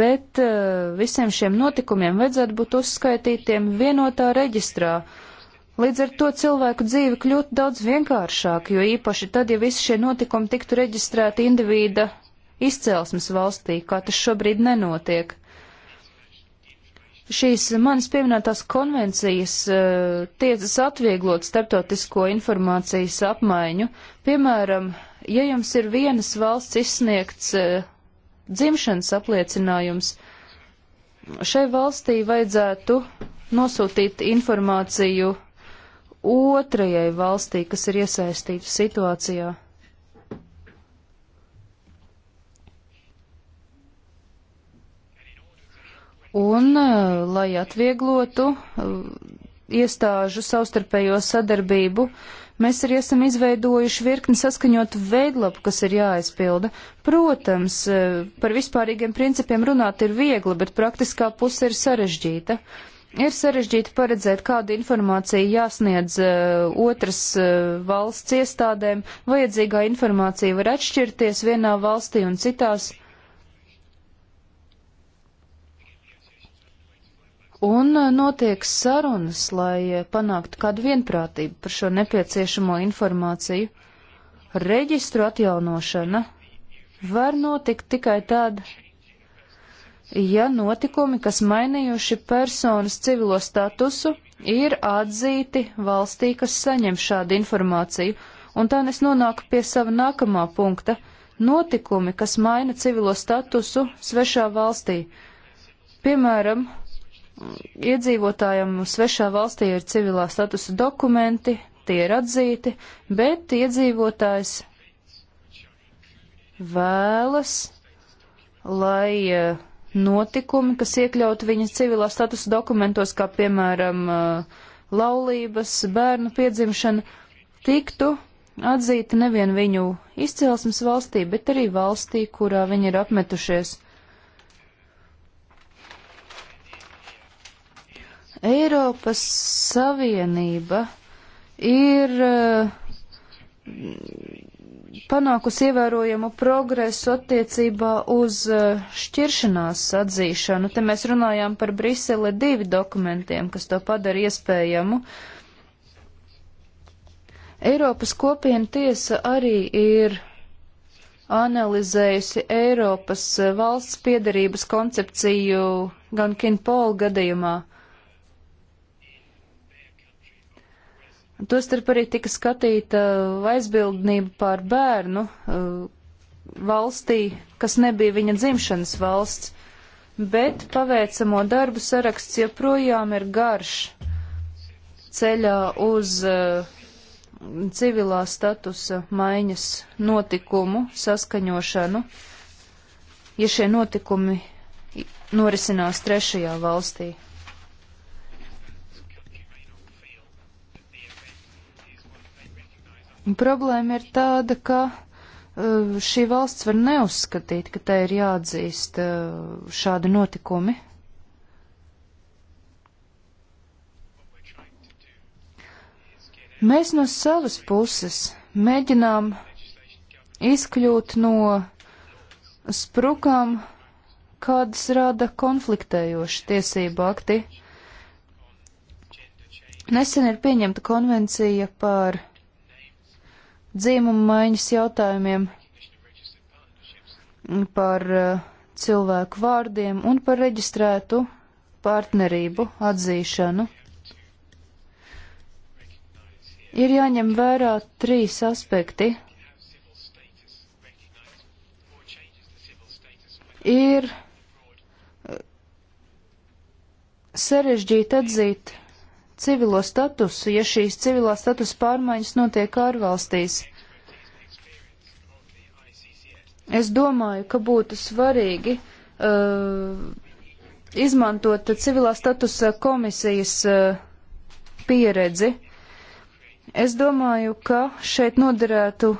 bet eh, visiem šiem notikumiem vajadzētu būt uzskaitītiem vienotā reģistrā. Līdz ar to cilvēku dzīve kļūtu daudz vienkāršāk, jo īpaši tad, ja visi šie notikumi tiktu reģistrēti individa izcelsmes valstī, kā tas šobrīd nenotiek šīs manis pieminētās konvencijas uh, tiecas atvieglot starptautisko informācijas apmaiņu. Piemēram, ja jums ir vienas valsts izsniegts uh, dzimšanas apliecinājums, šai valstī vajadzētu nosūtīt informāciju otrajai valstī, kas ir iesaistīta situācijā. un uh, lai atvieglotu uh, iestāžu savstarpējo sadarbību, mēs arī esam izveidojuši virkni saskaņotu veidlapu, kas ir jāaizpilda. Protams, uh, par vispārīgiem principiem runāt ir viegli, bet praktiskā puse ir sarežģīta. Ir sarežģīti paredzēt, kādu informāciju jāsniedz uh, otras uh, valsts iestādēm, vajadzīgā informācija var atšķirties vienā valstī un citās. un uh, notiek sarunas, lai uh, panāktu kādu vienprātību par šo nepieciešamo informāciju. Reģistru atjaunošana var notikt tikai tad, ja notikumi, kas mainījuši personas civilo statusu, ir atzīti valstī, kas saņem šādu informāciju, un tā es nonāku pie sava nākamā punkta - notikumi, kas maina civilo statusu svešā valstī. Piemēram, Iedzīvotājiem svešā valstī ir civilā statusa dokumenti, tie ir atzīti, bet iedzīvotājs vēlas, lai eh, notikumi, kas iekļauti viņas civilā statusa dokumentos, kā piemēram eh, laulības, bērnu piedzimšana, tiktu atzīti nevien viņu izcelsmes valstī, bet arī valstī, kurā viņi ir apmetušies. Eiropas Savienība ir eh, panākusi ievērojamu progresu attiecībā uz eh, šķiršanās atzīšanu. Te mēs runājām par Brisele divi dokumentiem, kas to padara iespējamu. Eiropas kopiena tiesa arī ir analizējusi Eiropas eh, valsts piedarības koncepciju gan Kinpola gadījumā, uh, Tostarp arī tika skatīta aizbildnība pār bērnu uh, valstī, kas nebija viņa dzimšanas valsts, bet paveicamo darbu saraksts joprojām ir garš ceļā uz uh, civilā statusa maiņas notikumu saskaņošanu, ja šie notikumi norisinās trešajā valstī. Problēma ir tāda, ka uh, šī valsts var neuzskatīt, ka tai ir jāatzīst uh, šādi notikumi. Mēs no savas puses mēģinām izkļūt no sprukām, kādas rada konfliktējoši tiesību akti. Nesen ir pieņemta konvencija par dzīmumu maiņas jautājumiem, par eh, cilvēku vārdiem un par reģistrētu partnerību atzīšanu. Ir jāņem vērā trīs aspekti. Ir eh, sarežģīti atzīt civilo statusu, ja šīs civilā statusa pārmaiņas notiek ārvalstīs. Es domāju, ka būtu svarīgi uh, izmantot civilā statusa komisijas uh, pieredzi. Es domāju, ka šeit noderētu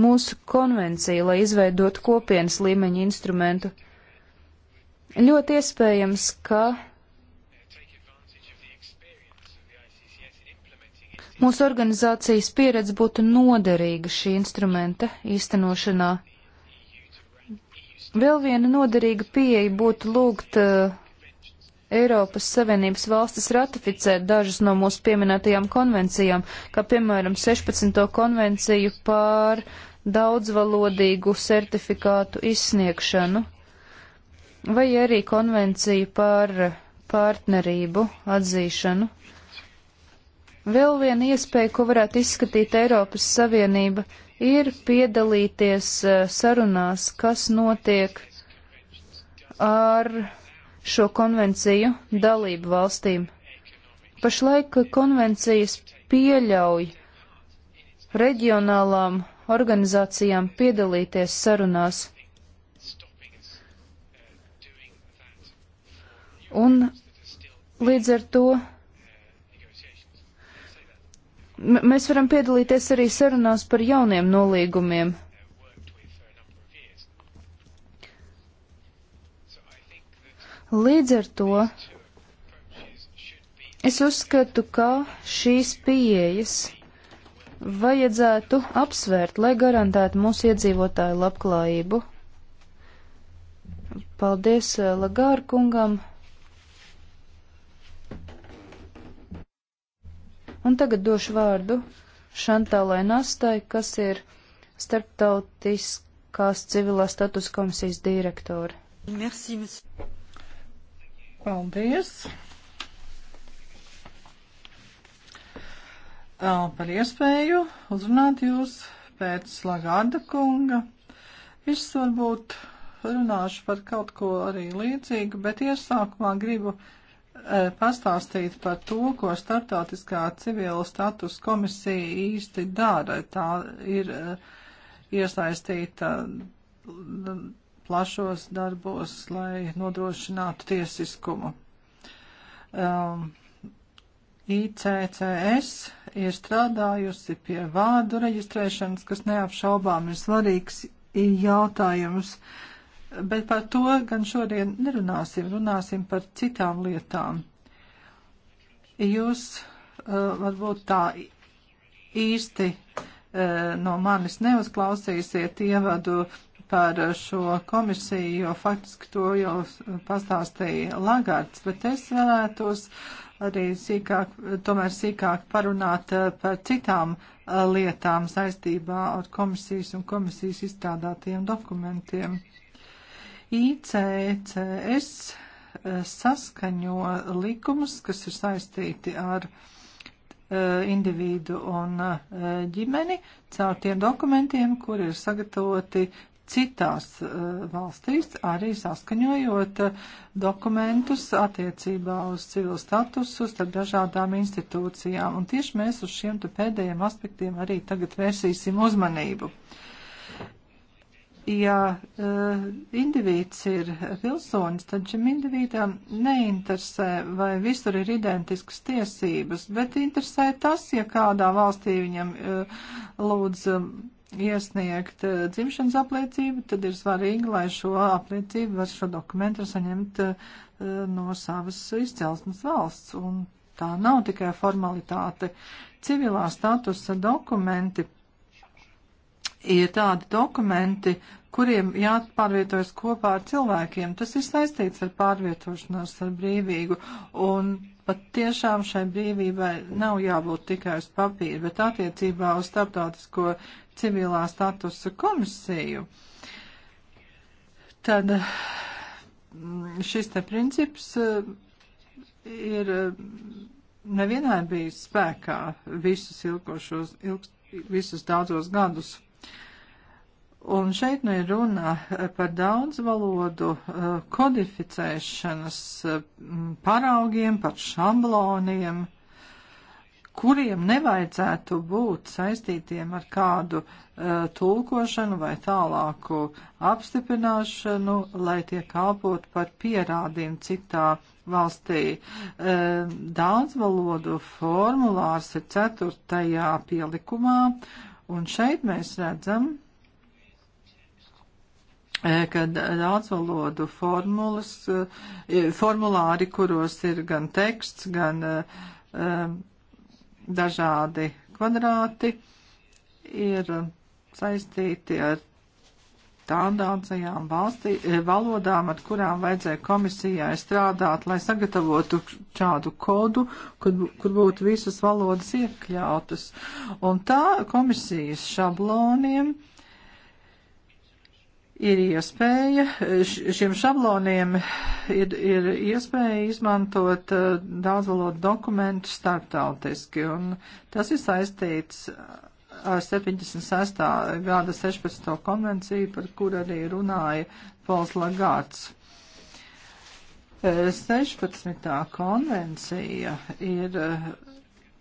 mūsu konvencija, lai izveidotu kopienas līmeņa instrumentu. Ļoti iespējams, ka Mūsu organizācijas pieredze būtu noderīga šī instrumenta īstenošanā. Vēl viena noderīga pieeja būtu lūgt uh, Eiropas Savienības valstis ratificēt dažas no mūsu pieminētajām konvencijām, kā piemēram 16. konvenciju pār daudzvalodīgu sertifikātu izsniegšanu, vai arī konvenciju pār eh, partnerību atzīšanu. Vēl viena iespēja, ko varētu izskatīt Eiropas Savienība, ir piedalīties eh, sarunās, kas notiek ar šo konvenciju dalību valstīm. Pašlaik konvencijas pieļauj reģionālām organizācijām piedalīties sarunās. Un līdz ar to mēs varam piedalīties arī sarunās par jauniem nolīgumiem. Līdz ar to es uzskatu, ka šīs pieejas vajadzētu apsvērt, lai garantētu mūsu iedzīvotāju labklājību. Paldies eh, Lagāra kungam! Un tagad došu vārdu Šantālai Nastai, kas ir starptautiskās civilās status komisijas direktori. Merci, monsieur. Paldies! par iespēju uzrunāt jūs pēc Lagārda kunga. Es varbūt runāšu par kaut ko arī līdzīgu, bet iesākumā gribu Eh, pastāstīt par to, ko Startautiskā civila status komisija īsti dara. Tā ir eh, iesaistīta eh, plašos darbos, lai nodrošinātu tiesiskumu. Um, ICCS ir strādājusi pie vārdu reģistrēšanas, kas neapšaubām ir svarīgs jautājums. Uh, bet par to gan šodien nerunāsim, runāsim par citām lietām. Jūs eh, varbūt tā īsti eh, no manis neuzklausīsiet ievadu par šo komisiju, jo faktiski to jau pastāstīja Lagards, bet es vēlētos arī sīkāk, tomēr sīkāk parunāt eh, par citām lietām saistībā ar komisijas un komisijas izstrādātiem dokumentiem. ICCS eh, saskaņo likumus, kas ir saistīti ar eh, individu un eh, ģimeni caur tiem dokumentiem, kur ir sagatavoti citās valstīs, arī saskaņojot dokumentus attiecībā uz civilu statusu starp dažādām institūcijām. Un tieši mēs uz šiem pēdējiem aspektiem arī tagad vērsīsim uzmanību. Uh, ja uh, eh, indivīds ir pilsonis, tad šim indivīdam neinteresē, vai visur ir identiskas tiesības, bet interesē tas, ja kādā valstī viņam uh, lūdz um, iesniegt uh, dzimšanas apliecību, tad ir svarīgi, lai šo apliecību var šo dokumentu saņemt uh, no savas izcelsmes valsts. Un tā nav tikai formalitāte. Civilā statusa dokumenti ir tādi dokumenti, kuriem jāpārvietojas kopā ar cilvēkiem. Tas ir saistīts ar pārvietošanos, ar brīvību. Un pat tiešām šai brīvībai nav jābūt tikai uz papīra, bet attiecībā uz starptautisko civilā statusa komisiju. Tad mm, šis te princips eh, ir eh, nevienmēr bijis spēkā visus ilgošos, ilgs, visus daudzos gadus. Un šeit nu ir runa eh, par daudz valodu eh, kodificēšanas eh, paraugiem, par šabloniem, kuriem nevajadzētu būt saistītiem ar kādu uh, tulkošanu vai tālāku apstiprināšanu, lai tie kalpot par pierādījumu citā valstī. Uh, daudzvalodu formulārs ir ceturtajā pielikumā, un šeit mēs redzam, ka daudzvalodu formulas, formulāri, kuros ir gan teksts, gan dažādi kvadrāti, ir saistīti ar tādām valstī, valodām, ar kurām vajadzēja komisijai strādāt, lai sagatavotu šādu kodu, kur, kur būtu visas valodas iekļautas. Un tā komisijas šabloniem uh, ir iespēja, šiem šabloniem ir, ir iespēja izmantot uh, daudzvalodu dokumentu starptautiski, un tas ir saistīts uh, ar 76. gada 16. konvenciju, par kur arī runāja Pols Lagards. 16. Uh, konvencija ir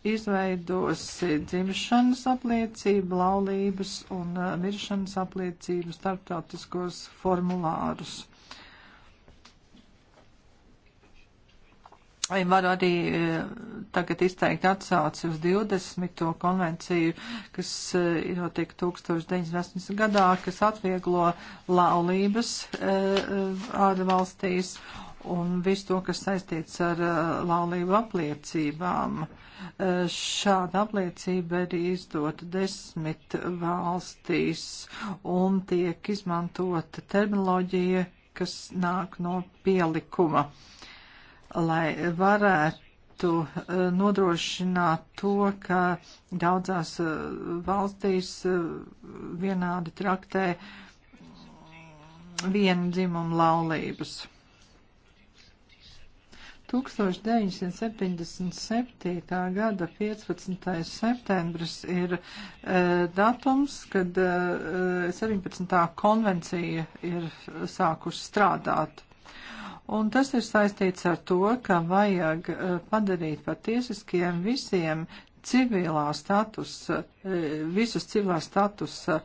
izveidos dzimšanas apliecību, laulības un uh, miršanas apliecību starptautiskos formulārus. Varu arī uh, tagad izteikt atsauci uz 20. konvenciju, kas uh, ir notiek 1980. gadā, kas atvieglo laulības ārvalstīs un visu to, kas saistīts ar laulību apliecībām. Šāda apliecība ir izdota desmit valstīs un tiek izmantota terminoloģija, kas nāk no pielikuma, lai varētu e, nodrošināt to, ka daudzās e, valstīs e, vienādi traktē vienu dzimumu laulības. 1977. gada 15. septembris ir e, datums, kad e, 17. konvencija ir sākuši strādāt. Un tas ir saistīts ar to, ka vajag e, padarīt par tiesiskiem visiem civilā status, e, visus civilā status e,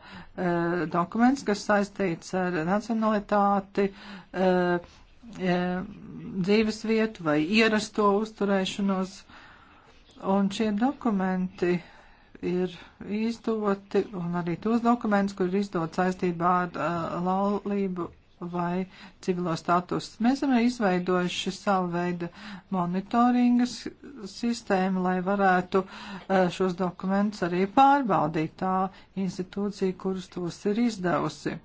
dokuments, kas saistīts ar nacionalitāti, e, E, dzīves vietu vai ierasto uzturēšanos. Un šie dokumenti ir izdoti, un arī tos dokumentus, kur ir izdot saistībā ar uh, laulību vai civilo statusu. Mēs esam izveidojuši savu veidu monitoringas sistēmu, lai varētu uh, šos dokumentus arī pārbaudīt tā institūcija, kuras tos ir izdevusi.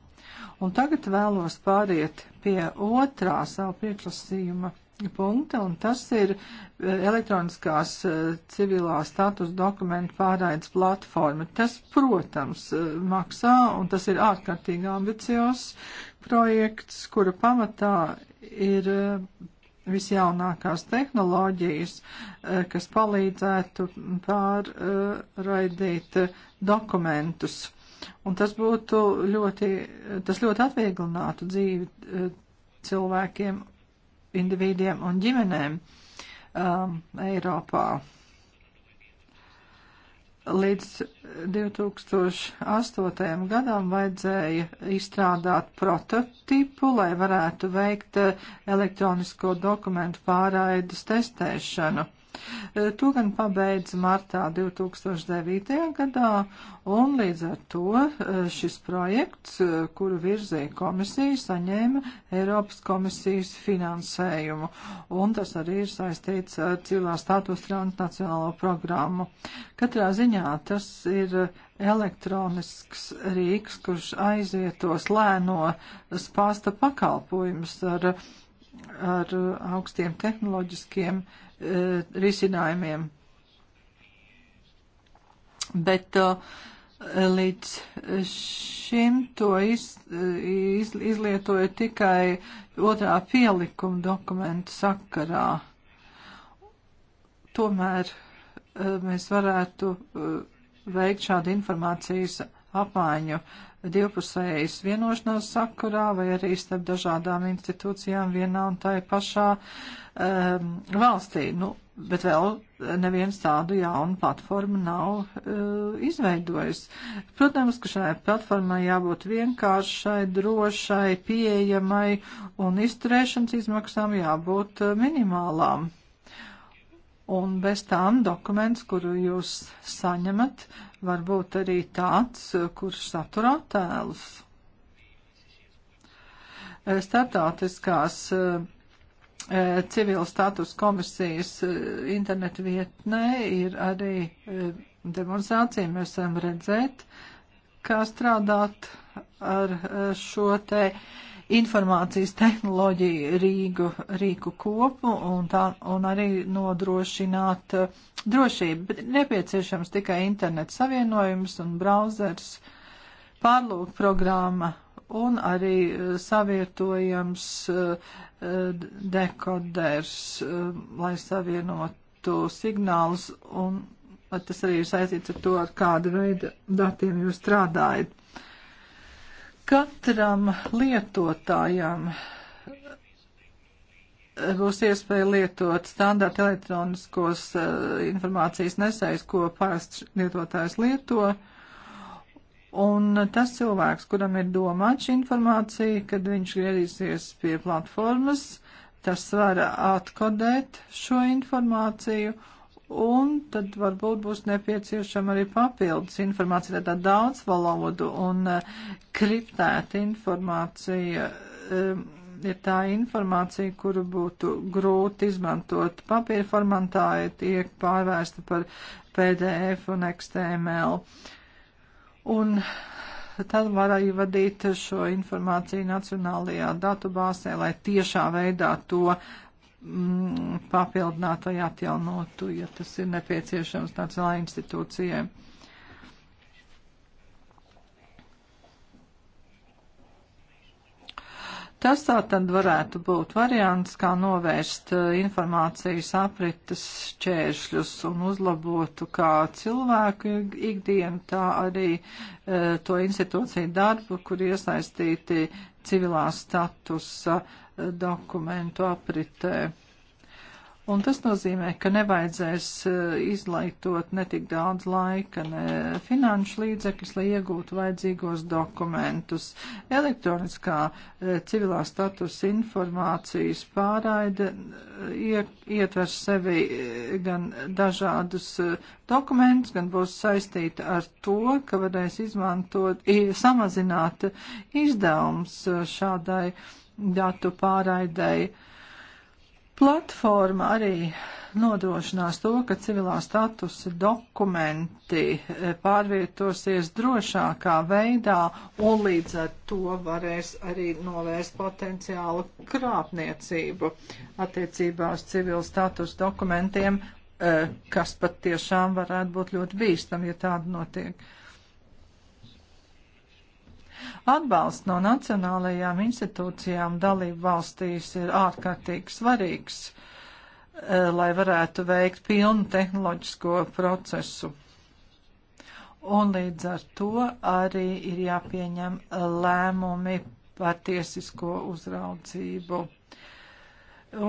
Un tagad vēlos pāriet pie otrā savu priekšlasījuma punkta, un tas ir e, elektroniskās e, civilā status dokumentu pārraides platforma. Tas, protams, e, maksā, un tas ir ārkārtīgi ambiciozs projekts, kura pamatā ir visjaunākās tehnoloģijas, kas palīdzētu pārraidīt dokumentus Un tas būtu ļoti, tas ļoti atvieglinātu dzīvi eh, cilvēkiem, individiem un ģimenēm um, Eiropā. Līdz 2008. gadam vajadzēja izstrādāt prototipu, lai varētu veikt eh, elektronisko dokumentu pārraides testēšanu. Eh, to gan pabeidz martā 2009. gadā, un līdz ar to eh, šis projekts, eh, kuru virzīja komisija, saņēma Eiropas komisijas finansējumu, un tas arī ir saistīts ar civilā status transnacionālo programmu. Katrā ziņā tas ir elektronisks rīks, kurš aizvietos lēno spāsta pakalpojumus ar, ar augstiem tehnoloģiskiem uh, Eh, risinājumiem. Bet eh, līdz šim to iz, eh, iz, izlietoja tikai otrā pielikuma dokumentu sakarā. Tomēr mēs varētu veikt šādu informācijas apmaiņu divpusējas vienošanās sakarā vai arī starp dažādām institūcijām vienā un tai pašā um, valstī. Nu, bet vēl neviens tādu jaunu platformu nav uh, izveidojis. Protams, ka šai platformai jābūt vienkāršai, drošai, pieejamai un izturēšanas izmaksām jābūt uh, minimālām. Un bez tām dokuments, kuru jūs saņemat, var būt arī tāds, kurš satur attēlus. Eh, Startautiskās eh, civila status komisijas eh, internetu vietnē ir arī demonstrācija. Mēs varam redzēt, kā strādāt ar šo te uh, informācijas tehnoloģiju Rīgu, Rīgu kopu un, tā, un arī nodrošināt eh, drošību. Bet nepieciešams tikai internets savienojums un brauzers, pārlūk programma un arī eh, savietojams eh, dekoders, lai savienotu signālus un tas arī ir saistīts ar to, ar kādu veidu datiem jūs strādājat. Katram lietotājam būs iespēja lietot standarta elektroniskos uh, informācijas nesējus, ko parasts lietotājs lieto. Un tas cilvēks, kuram ir domāta šī informācija, kad viņš griezīsies pie platformas, tas var atkodēt šo informāciju un tad varbūt būs nepieciešama arī papildus informācija, tā daudz valodu un eh, kriptēta informācija eh, ir tā informācija, kuru būtu grūti izmantot. Papīra formātā tiek pārvērsta par PDF un XTML. Un tad var arī vadīt šo informāciju nacionālajā datubāzē, lai tiešā veidā to Mm, papildināt vai atjaunotu, ja tas ir nepieciešams nacionālajai institūcijai. Tas tā tad varētu būt variants, kā novērst eh, informācijas aprites šķēršļus un uzlabotu kā cilvēku ikdienu, tā arī e, to institūciju darbu, kur iesaistīti civilā statusa e, dokumentu apritē. Un tas nozīmē, ka nevajadzēs eh, izlaitot netik daudz laika, ne finanšu līdzekļus, lai iegūtu vajadzīgos dokumentus. Elektroniskā eh, civilā statusa informācijas pārraide eh, ietver sevi gan dažādus dokumentus, gan būs saistīta ar to, ka varēs izmantot, samazināt izdevums šādai datu pārraidēji. Platforma arī nodrošinās to, ka civilā statusa dokumenti e, pārvietosies drošākā veidā un līdz ar to varēs arī novērst potenciālu krāpniecību attiecībā uz civilu statusa dokumentiem, e, kas pat tiešām varētu būt ļoti bīstam, ja tāda notiek. Atbalsts no nacionālajām institūcijām dalību valstīs ir ārkārtīgi svarīgs, eh, lai varētu veikt pilnu tehnoloģisko procesu. Un līdz ar to arī ir jāpieņem lēmumi par tiesisko uzraudzību.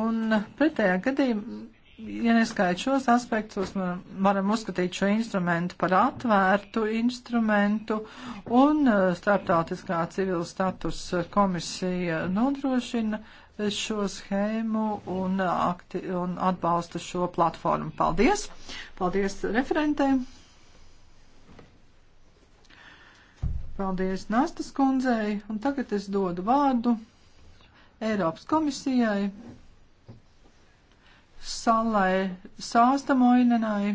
Un pretējā gadījumā ja neskait šos aspektus, nu, varam uzskatīt šo instrumentu par atvērtu instrumentu, un eh, starptautiskā civila status komisija nodrošina šo schēmu un, eh, akti, un atbalsta šo platformu. Paldies! Paldies referentēm! Paldies Nastas kundzei, un tagad es dodu vārdu Eiropas komisijai. Salle Saastamoinenai.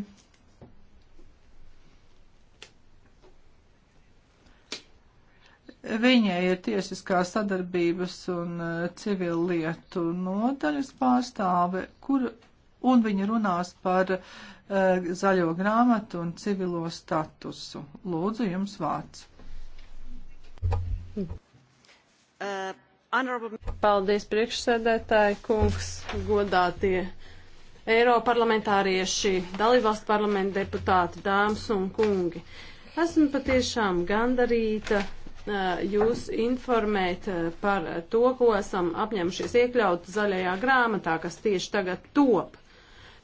Viņai ir tiesiskā sadarbības un eh, civil lietu nodaļas pārstāve, kur, un viņa runās par uh, zaļo grāmatu un civilo statusu. Lūdzu, jums vārds. Paldies priekšsēdētāji, kungs, godātie Eiroparlamentārieši, dalībvalstu parlamenta deputāti, dāmas un kungi. Esmu patiešām gandarīta jūs informēt par to, ko esam apņemšies iekļaut zaļajā grāmatā, kas tieši tagad top.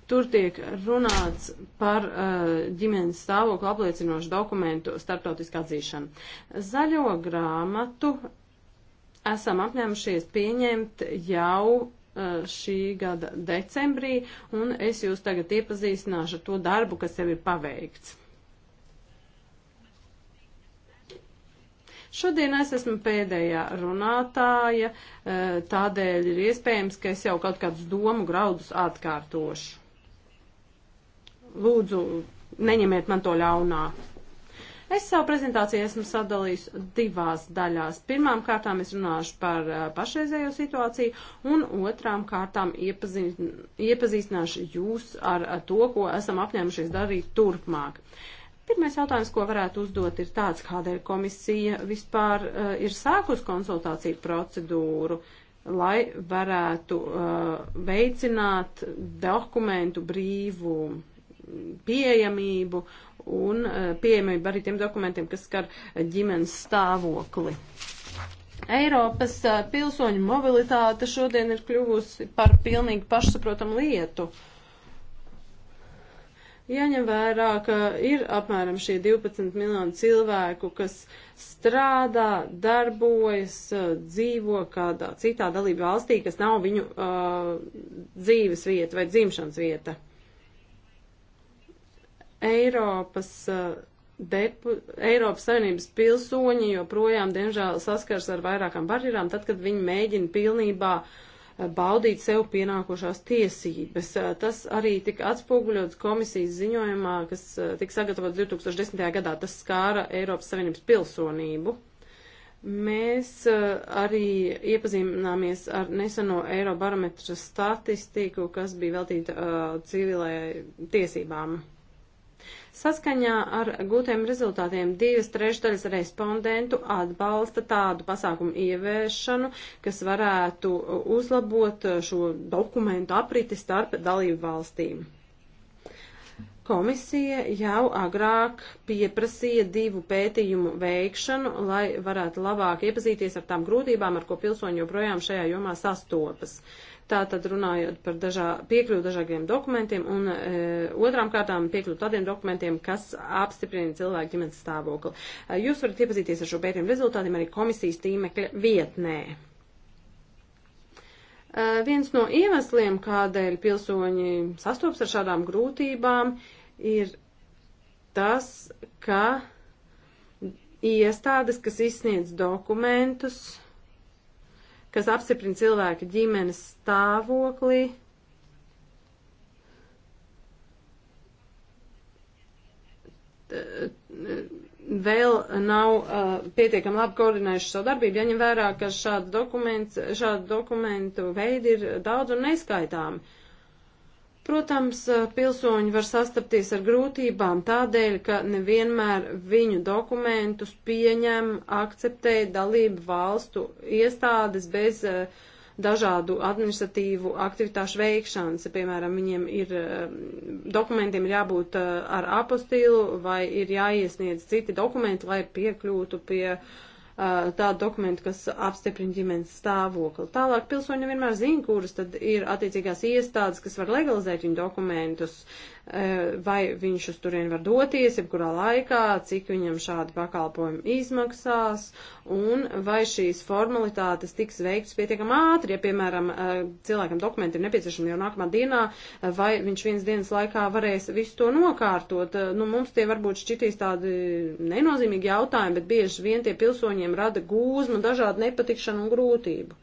Tur tiek runāts par uh, ģimenes stāvokli apliecinošu dokumentu starptautiskā dzīšana. Zaļo grāmatu esam apņēmušies pieņemt jau Uh, šī gada decembrī, un es jūs tagad iepazīstināšu ar to darbu, kas jau ir paveikts. Šodien es esmu pēdējā runātāja, uh, tādēļ ir iespējams, ka es jau kaut kādus domu graudus atkārtošu. Lūdzu, neņemiet man to ļaunā. Es savu prezentāciju esmu sadalījis divās daļās. Pirmām kārtām es runāšu par uh, pašreizējo situāciju, un otrām kārtām iepazīstināšu jūs ar to, ko esam apņēmušies darīt turpmāk. Pirmais jautājums, ko varētu uzdot, ir tāds, kādēļ komisija vispār uh, ir sākus konsultāciju procedūru, lai varētu uh, veicināt dokumentu brīvu pieejamību un e, pieejamību arī tiem dokumentiem, kas skar e, ģimenes stāvokli. Eiropas e, pilsoņu mobilitāte šodien ir kļuvusi par pilnīgi pašsaprotamu lietu. Jaņem vērā, ka ir apmēram šie 12 miljoni cilvēku, kas strādā, darbojas, dzīvo kādā citā dalība valstī, kas nav viņu uh, dzīves vieta vai dzimšanas vieta. Uh, Eiropas, uh, depu, Eiropas Savienības pilsoņi joprojām, diemžēl, saskars ar vairākām barjerām, tad, kad viņi mēģina pilnībā uh, baudīt sev pienākošās tiesības. Uh, tas arī tika atspoguļots komisijas ziņojumā, kas tika sagatavots 2010. gadā. Tas skāra Eiropas Savienības pilsonību. Mēs arī iepazināmies ar neseno Eirobarometra statistiku, kas bija veltīta uh, civilai tiesībām. Saskaņā ar gūtiem rezultātiem divas trešdaļas respondentu atbalsta tādu pasākumu ieviešanu, kas varētu uzlabot šo dokumentu apriti starp dalību valstīm. Komisija jau agrāk pieprasīja divu pētījumu veikšanu, lai varētu labāk iepazīties ar tām grūtībām, ar ko pilsoņi joprojām šajā jomā sastopas. Uh, Tātad runājot par dažā, piekļuvu dažādiem dokumentiem un e, otrām kārtām piekļuvu tādiem dokumentiem, kas apstiprina cilvēku ģimenes stāvokli. E, jūs varat iepazīties ar šo pētījumu rezultātiem arī komisijas tīmekļa vietnē e, viens no iemesliem, kādēļ pilsoņi sastopas ar šādām grūtībām, ir tas, ka iestādes, kas izsniedz dokumentus, kas apstiprina cilvēka ģimenes stāvoklī. Vēl nav uh, pietiekami labi koordinējuši savu darbību, jaņem vērā, ka šādu, šādu dokumentu veidi ir daudz un neskaitāmi. Protams, eh, pilsoņi var sastapties ar grūtībām tādēļ, ka nevienmēr viņu dokumentus pieņem, akceptē dalību valstu iestādes bez eh, dažādu administratīvu aktivitāšu veikšanas. Piemēram, viņiem ir eh, dokumentiem ir jābūt ar apostīlu vai ir jāiesniedz citi dokumenti, lai piekļūtu pie uh, Uh, tādu dokumentu, kas apstiprina ģimenes stāvokli. Tālāk pilsoņi vienmēr zina, kuras tad ir attiecīgās iestādes, kas var legalizēt viņu dokumentus. E, vai viņš uz turien var doties, jebkurā laikā, cik viņam šādi pakalpojumi izmaksās, un vai šīs formalitātes tiks veikts pietiekam ātri, ja, piemēram, e, cilvēkam dokumenti ir nepieciešami jau nākamā dienā, e, vai viņš viens dienas laikā varēs visu to nokārtot. Nu, mums tie varbūt šķitīs tādi nenozīmīgi jautājumi, bet bieži vien tie pilsoņiem rada gūzmu, dažādu nepatikšanu un grūtību.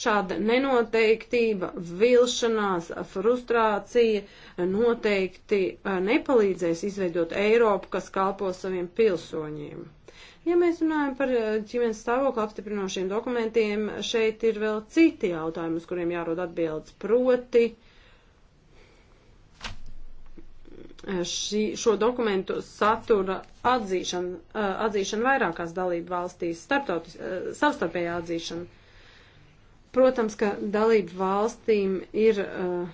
Šāda nenoteiktība, vilšanās, frustrācija noteikti eh, nepalīdzēs izveidot Eiropu, kas kalpo saviem pilsoņiem. Ja mēs runājam par eh, ģimenes stāvokli apstiprinošiem dokumentiem, šeit ir vēl citi jautājumi, uz kuriem jārod atbildes. Proti, eh, šī, šo dokumentu satura atzīšana, atzīšana vairākās dalību valstīs, savstarpējā atzīšana. Protams, ka dalību valstīm ir uh,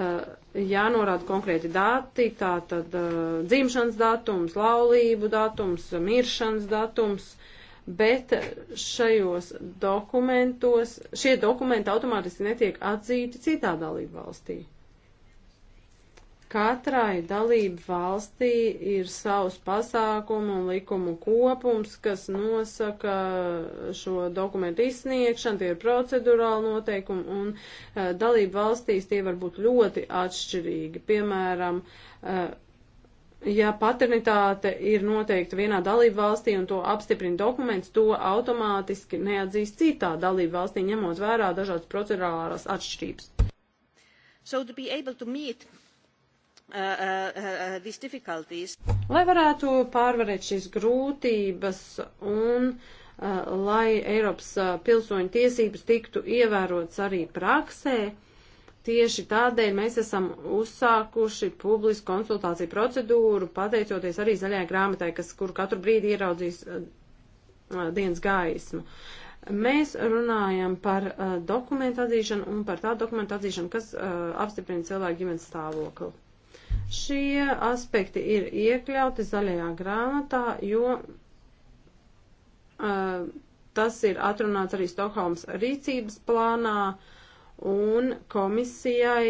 uh, jānorāda konkrēti dati, tātad uh, dzimšanas datums, laulību datums, miršanas datums, bet šajos dokumentos, šie dokumenti automātiski netiek atzīti citā dalību valstī. Uh, Katrai dalību valstī ir savs pasākumu un likumu kopums, kas nosaka šo dokumentu izsniegšanu, tie ir procedurāli noteikumi, un uh, dalību valstīs tie var būt ļoti atšķirīgi. Piemēram, uh, ja paternitāte ir noteikta vienā dalību valstī un to apstiprina dokuments, to automātiski neatzīst citā dalību valstī, ņemot vērā dažādas procedurālās atšķirības. So to be able to meet Uh, uh, uh, lai varētu pārvarēt šīs grūtības un uh, lai Eiropas uh, pilsoņu tiesības tiktu ievērots arī praksē, tieši tādēļ mēs esam uzsākuši publisku konsultāciju procedūru, pateicoties arī zaļajai grāmatai, kas, kur katru brīdi ieraudzīs uh, dienas gaismu. Mēs runājam par uh, dokumentu atzīšanu un par tādu dokumentu atzīšanu, kas uh, apstiprina cilvēku ģimenes stāvokli. Šie aspekti ir iekļauti zaļajā grāmatā, jo uh, tas ir atrunāts arī Stokholmas rīcības plānā un komisijai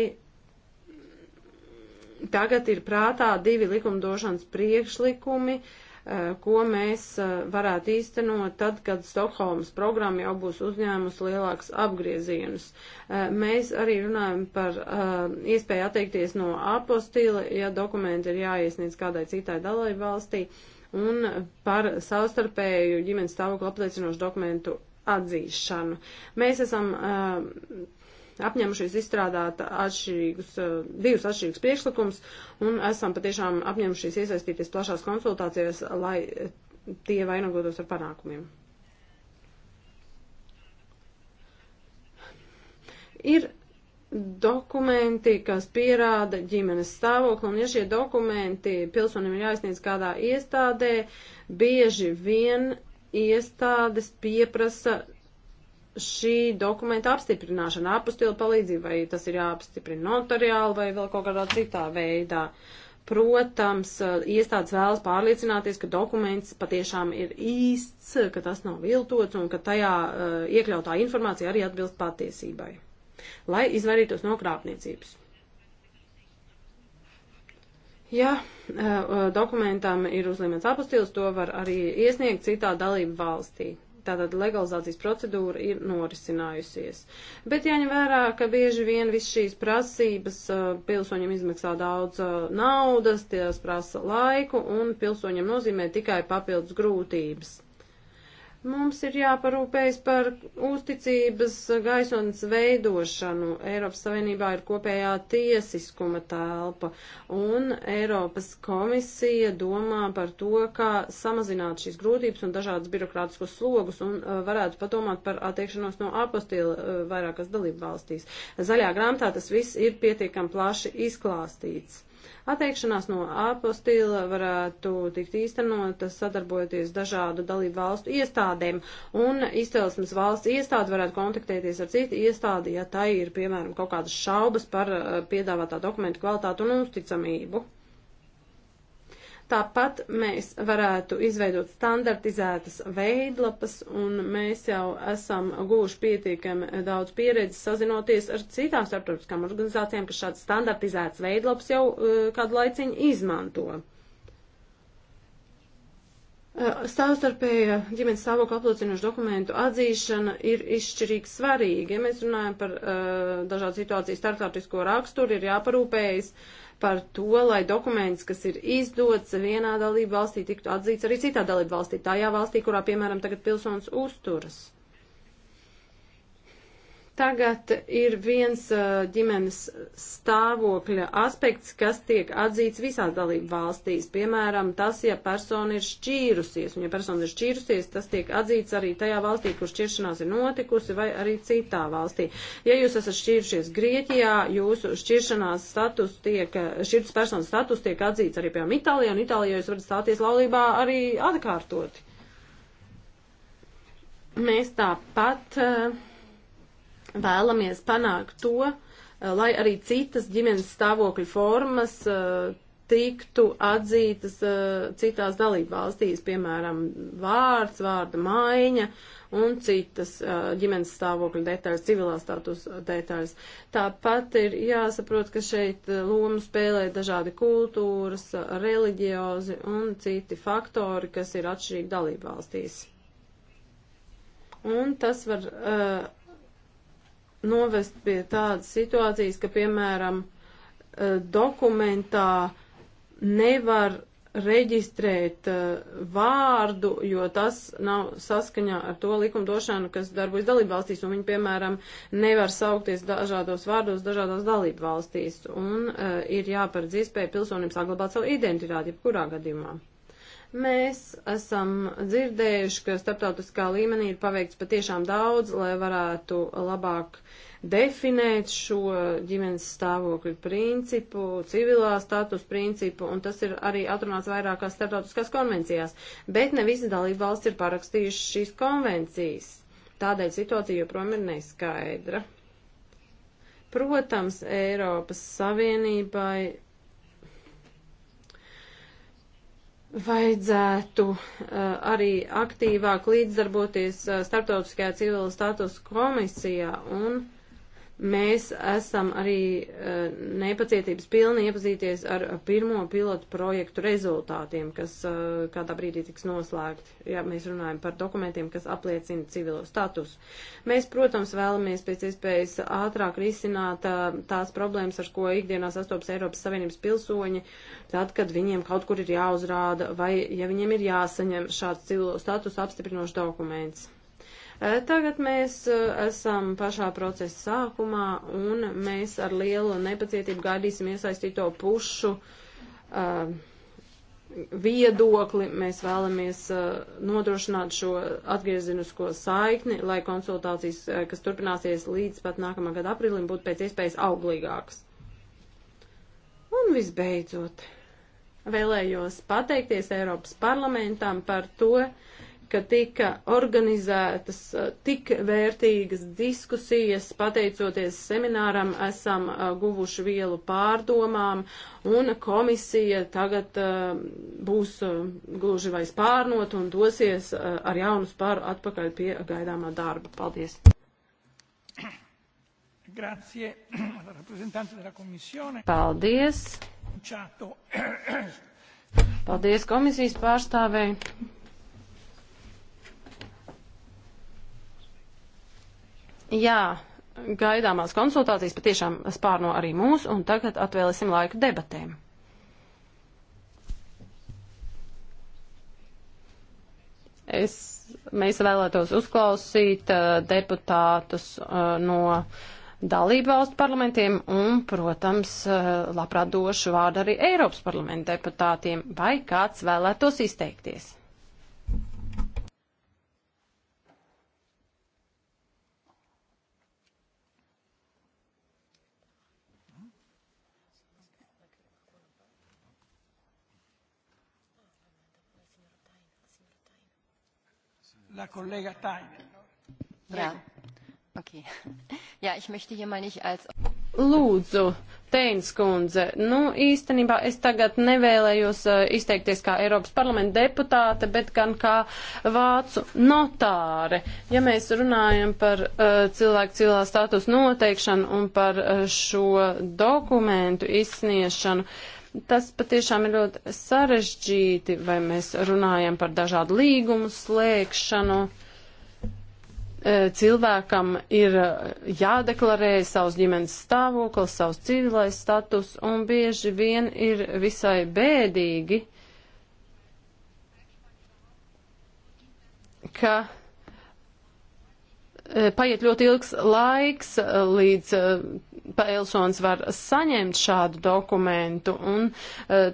tagad ir prātā divi likumdošanas priekšlikumi, uh, Eh, ko mēs eh, varētu īstenot tad, kad Stokholmas programma jau būs uzņēmusi lielāks apgriezienus. Eh, mēs arī runājam par iespēju atteikties no apostila, ja dokumenti ir jāiesniedz kādai citai dalību valstī, un par savstarpēju ģimenes stāvokli apliecinošu dokumentu atzīšanu. Mēs esam uh, apņemušies izstrādāt atšķirīgus, eh, divus atšķirīgus priekšlikumus un esam patiešām apņemušies iesaistīties plašās konsultācijās, lai eh, tie vainagotos ar panākumiem. Ir dokumenti, kas pierāda ģimenes stāvokli, un ja šie dokumenti pilsonim ir jāizsniedz kādā iestādē, bieži vien iestādes pieprasa šī dokumenta apstiprināšana, apstiprināšana palīdzība, vai tas ir jāapstiprina notariāli vai vēl kaut kādā citā veidā. Protams, eh, iestādes vēlas pārliecināties, ka dokuments patiešām ir īsts, ka tas nav viltots un ka tajā uh, iekļautā informācija arī atbilst patiesībai, lai izvairītos no krāpniecības. Ja eh, dokumentam ir uzlīmēts apostils, to var arī iesniegt citā dalību valstī tātad legalizācijas procedūra ir norisinājusies. Bet jāņem vērā, ka bieži vien viss šīs prasības pilsoņiem izmaksā daudz naudas, tās prasa laiku un pilsoņiem nozīmē tikai papildus grūtības. Mums ir jāparūpējas par uzticības gaisotnes veidošanu. Eiropas Savienībā ir kopējā tiesiskuma telpa, un Eiropas komisija domā par to, kā samazināt šīs grūtības un dažādas birokrātiskos slogus, un uh, varētu padomāt par attiekšanos no apostila uh, vairākās dalību valstīs. Zaļā grāmatā tas viss ir pietiekami plaši izklāstīts. Atteikšanās no apostila varētu tikt īstenota sadarbojoties dažādu dalību valstu iestādēm, un izcelsmes valsts iestāde varētu kontaktēties ar citu iestādi, ja tai ir, piemēram, kaut kādas šaubas par eh, piedāvātā dokumenta kvalitātu un uzticamību. Tāpat mēs varētu izveidot standartizētas veidlapas, un mēs jau esam guvuši pietiekami daudz pieredzes sazinoties ar citām starptautiskām organizācijām, kas šādas standartizētas veidlapas jau eh, kādu laiciņu izmanto. Savstarpēja ģimenes stāvokļa apliecinošu dokumentu atzīšana ir izšķirīgi svarīga. Ja mēs runājam par uh, dažādu situāciju starptautisko raksturu, ir jāparūpējas par to, lai dokuments, kas ir izdots vienā dalību valstī, tiktu atzīts arī citā dalību valstī, tajā valstī, kurā, piemēram, tagad pilsons uzturas. Tagad ir viens uh, ģimenes stāvokļa aspekts, kas tiek atzīts visās dalību valstīs. Piemēram, tas, ja persona ir šķīrusies, un ja persona ir šķīrusies, tas tiek atzīts arī tajā valstī, kur šķiršanās ir notikusi, vai arī citā valstī. Ja jūs esat šķīrušies Grieķijā, jūsu šķiršanās status tiek, eh, šķirtas personas status tiek atzīts arī, piemēram, Itālijā, un Itālijā jūs varat stāties laulībā arī atkārtoti. Mēs tāpat. Uh, vēlamies panākt to, eh, lai arī citas ģimenes stāvokļu formas eh, tiktu atzītas eh, citās dalībvalstīs, piemēram, vārds, vārda maiņa un citas ģimenes stāvokļa detaļas, civilā status detaļas. Tāpat ir jāsaprot, ka šeit lomu spēlē dažādi kultūras, reliģiozi un citi faktori, kas ir atšķirīgi dalībvalstīs. Un tas var uh, novest pie tādas situācijas, ka, piemēram, eh, dokumentā nevar reģistrēt eh, vārdu, jo tas nav saskaņā ar to likumdošanu, kas darbojas dalību valstīs, un viņi, piemēram, nevar saukties dažādos vārdos dažādās dalību valstīs, un uh, ir jāparedz iespēja pilsonim saglabāt savu identitāti, jebkurā gadījumā. Mēs esam dzirdējuši, ka starptautiskā līmenī ir paveikts patiešām daudz, lai varētu labāk definēt šo ģimenes stāvokļu principu, civilā status principu, un tas ir arī atrunāts vairākās starptautiskās konvencijās. Bet ne visas dalība valsts ir parakstījušas šīs konvencijas. Tādēļ situācija joprojām ir neskaidra. Protams, Eiropas Savienībai vajadzētu uh, arī aktīvāk līdzdarboties uh, eh, Startautiskajā civila status komisijā un mēs esam arī uh, nepacietības pilni iepazīties ar pirmo pilotu projektu rezultātiem, kas uh, kādā brīdī tiks noslēgti, ja mēs runājam par dokumentiem, kas apliecina civilo status. Mēs, protams, vēlamies pēc iespējas ātrāk risināt uh, tās problēmas, ar ko ikdienā sastopas Eiropas Savienības pilsoņi, tad, kad viņiem kaut kur ir jāuzrāda vai ja viņiem ir jāsaņem šāds civilo status apstiprinošs dokuments. Tagad mēs eh, esam pašā procesa sākumā un mēs ar lielu nepacietību gaidīsim iesaistīto pušu uh, viedokli. Mēs vēlamies uh, nodrošināt šo atgriezinisko saikni, lai konsultācijas, kas turpināsies līdz pat nākamā gada aprīlim, būtu pēc iespējas auglīgākas. Un visbeidzot, vēlējos pateikties Eiropas parlamentam par to, uh, ka tika organizētas tik vērtīgas diskusijas, pateicoties semināram, esam guvuši vielu pārdomām, un komisija tagad būs gluži vai spārnot un dosies ar jaunu spāru atpakaļ pie gaidāmā darba. Paldies! Grazie, rappresentante della Commissione. Paldies. Paldies komisijas pārstāvēji. Jā, gaidāmās konsultācijas patiešām spārno arī mūs, un tagad atvēlēsim laiku debatēm. Es, mēs vēlētos uzklausīt uh, deputātus uh, no dalību valstu parlamentiem un, protams, uh, labprāt došu vārdu arī Eiropas parlamenta deputātiem, vai kāds vēlētos izteikties. la collega Tainen. Jā. Okay. Jā, ich möchte hier mal nicht als... Lūdzu, Teins kundze, nu īstenībā es tagad nevēlējos uh, izteikties kā Eiropas parlamenta deputāte, bet gan kā vācu notāre. Ja mēs runājam par uh, cilvēku cilvēku status noteikšanu un par uh, šo dokumentu izsniešanu, uh, Tas patiešām ir ļoti sarežģīti, vai mēs runājam par dažādu līgumu slēgšanu. E, cilvēkam ir jādeklarē savs ģimenes stāvoklis, savs civilais status, un bieži vien ir visai bēdīgi, ka Eh, paiet ļoti ilgs laiks, eh, līdz eh, Pēlsons var saņemt šādu dokumentu, un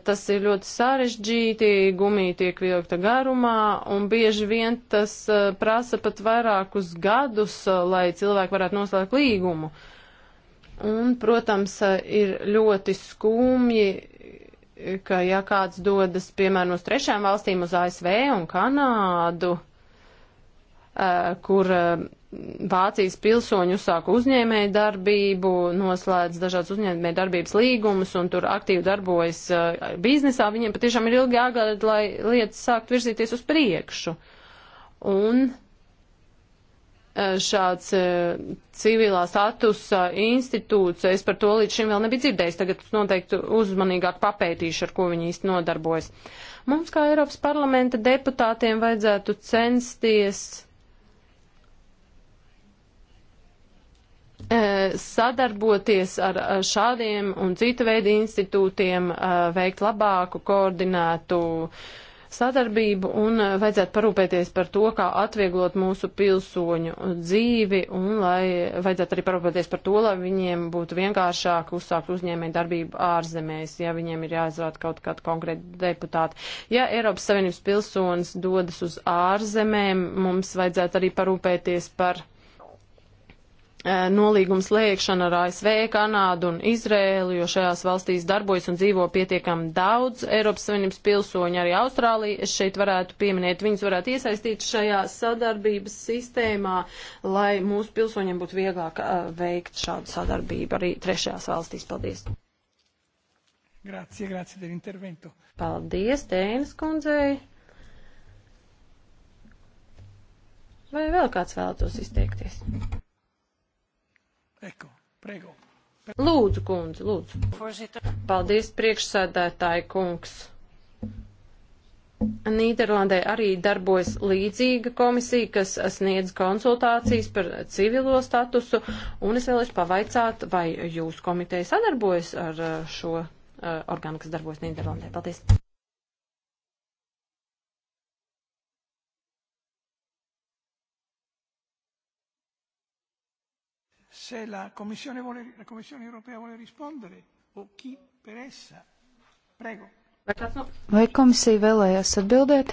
tas ir ļoti sarežģīti, gumija tiek vilkta garumā, un bieži vien tas prasa pat vairākus gadus, lai cilvēki varētu noslēgt līgumu. Un, protams, ir ļoti skumji, ka ja kāds dodas, piemēram, uz trešām valstīm, uz ASV un Kanādu, uh, Eh, kur eh, Vācijas pilsoņi uzsāka uzņēmēju darbību, noslēdz dažādas uzņēmēju darbības līgumus un tur aktīvi darbojas eh, biznesā, viņiem patiešām ir ilgi jāgada, lai lietas sāktu virzīties uz priekšu. Un šāds civilā statusa institūts, es par to līdz šim vēl nebiju dzirdējis, tagad noteikti uzmanīgāk papētīšu, ar ko viņi īsti nodarbojas. Mums kā Eiropas parlamenta deputātiem vajadzētu censties E, sadarboties ar šādiem un cita veida institūtiem, e, veikt labāku, koordinētu sadarbību un e, vajadzētu parūpēties par to, kā atvieglot mūsu pilsoņu dzīvi un lai vajadzētu arī parūpēties par to, lai viņiem būtu vienkāršāk uzsākt uzņēmē darbību ārzemēs, ja viņiem ir jāizrāda kaut kāda konkrēta deputāta. Ja Eiropas Savienības pilsonis dodas uz ārzemēm, mums vajadzētu arī parūpēties par Eh, nolīgums lēkšana ar ASV, Kanādu un Izrēlu, jo šajās valstīs darbojas un dzīvo pietiekam daudz Eiropas Savienības pilsoņu, arī Austrālija. Es šeit varētu pieminēt, viņas varētu iesaistīt šajā sadarbības sistēmā, lai mūsu pilsoņiem būtu vieglāk uh, veikt šādu sadarbību arī trešajās valstīs. Paldies! Grazie, grazie del intervento. Paldies, Tēnas kundzei. Vai vēl kāds vēlētos izteikties? Eko, prego. Lūdzu, kundze, lūdzu. Paldies, priekšsēdētāji kungs. Nīderlandē arī darbojas līdzīga komisija, kas sniedz konsultācijas par civilo statusu, un es vēlēšu pavaicāt, vai jūsu komiteja sadarbojas ar uh, šo uh, orgānu, kas darbojas Nīderlandē. Paldies! se la Commissione, vuole, la Commissione europea vuole rispondere o chi per essa. Prego. Vai komisija vēlējās atbildēt?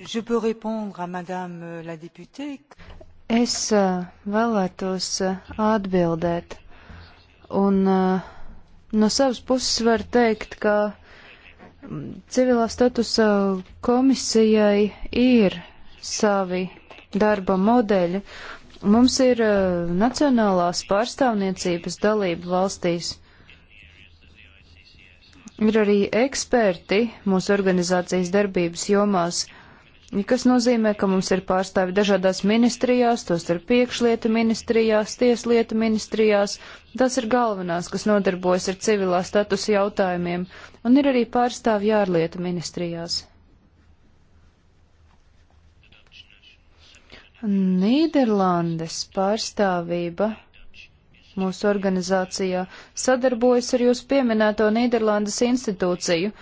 Je peux répondre à madame euh, la députée. Es euh, vēlētos euh, atbildēt. Un no savas puses var teikt, ka mm, civilā statusa komisijai ir savi darba modeļi, Mums ir uh, nacionālās pārstāvniecības dalība valstīs. Ir arī eksperti mūsu organizācijas darbības jomās, kas nozīmē, ka mums ir pārstāvi dažādās ministrijās, tos ir piekšlietu ministrijās, tieslietu ministrijās, tas ir galvenās, kas nodarbojas ar civilā statusa jautājumiem, un ir arī pārstāvi ārlietu ministrijās. Nīderlandes pārstāvība mūsu organizācijā sadarbojas ar jūs pieminēto Nīderlandes institūciju,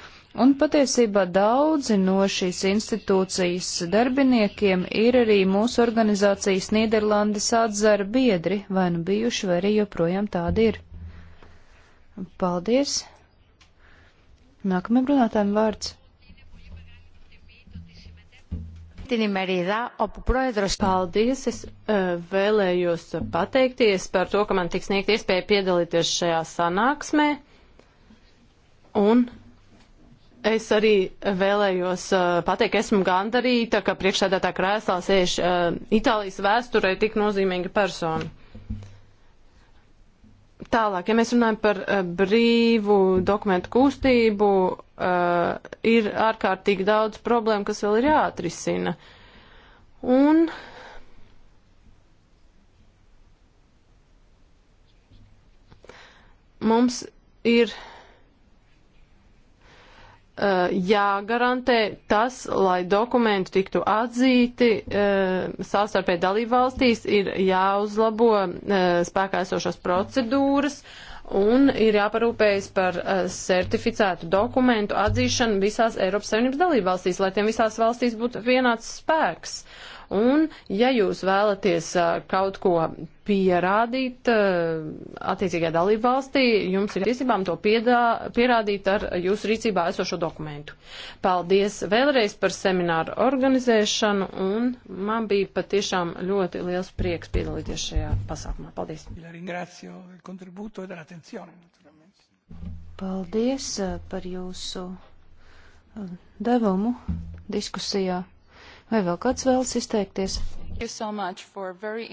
un patiesībā daudzi no šīs institūcijas darbiniekiem ir arī mūsu organizācijas Nīderlandes atzara biedri, vai nu bijuši, vai arī joprojām tādi ir. Paldies! Nākamajam runātājam vārds. την ημερίδα όπου πρόεδρος... Paldies, es e, vēlējos pateikties par to, ka man tiks sniegt iespēja piedalīties šajā sanāksmē. Un es arī vēlējos e, pateikt, ka esmu gandarīta, ka priekšsēdētā krēslā sēž e, Itālijas vēsturē tik nozīmīga persona. Tālāk, ja mēs runājam par uh, brīvu dokumentu kustību, uh, ir ārkārtīgi daudz problēmu, kas vēl ir jāatrisina. Un mums ir Eh, jāgarantē tas, lai dokumenti tiktu atzīti eh, savstarpēji dalībvalstīs, ir jāuzlabo eh, spēkā esošās procedūras un ir jāparūpējas par uh, certificētu dokumentu atzīšanu visās Eiropas Savienības dalībvalstīs, lai tiem visās valstīs būtu vienāds spēks. Un, ja jūs vēlaties kaut ko pierādīt attiecīgajā dalību valstī, jums ir tiesībām to piedā, pierādīt ar jūsu rīcībā esošo dokumentu. Paldies vēlreiz par semināru organizēšanu un man bija patiešām ļoti liels prieks piedalīties šajā pasākumā. Paldies! E Paldies par jūsu devumu diskusijā. Vai vēl kāds vēlas izteikties? So very...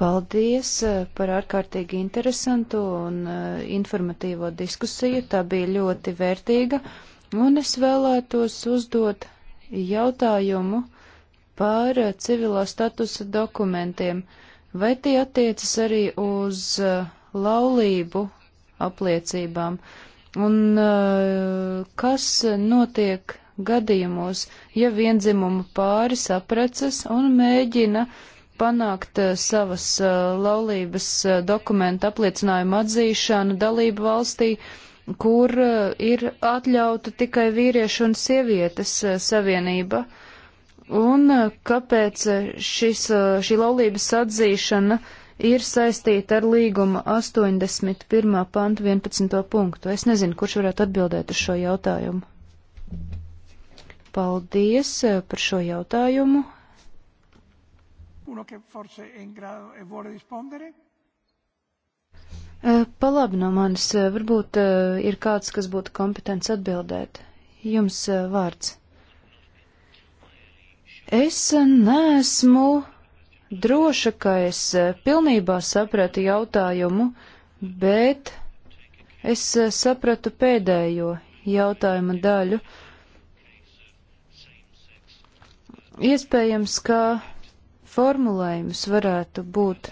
Paldies eh, par ārkārtīgi interesantu un eh, informatīvo diskusiju. Tā bija ļoti vērtīga. Un es vēlētos uzdot jautājumu par eh, civilā statusa dokumentiem. Vai tie attiecas arī uz laulību apliecībām? Un kas notiek gadījumos, ja viendzimumu pāri saprecas un mēģina panākt eh, savas eh, laulības eh, dokumentu apliecinājumu atzīšanu dalību valstī, kur ir atļauta tikai vīriešu un sievietes savienība. Un kāpēc šis, šī laulības atzīšana ir saistīta ar līguma 81. pantu 11. punktu? Es nezinu, kurš varētu atbildēt uz šo jautājumu paldies eh, par šo jautājumu. E eh, Palabi no manis, eh, varbūt ir kāds, kas būtu kompetents atbildēt. Jums vārds. Es neesmu droša, ka es pilnībā sapratu jautājumu, bet es sapratu pēdējo jautājuma daļu. Uh, Iespējams, ka formulējums varētu būt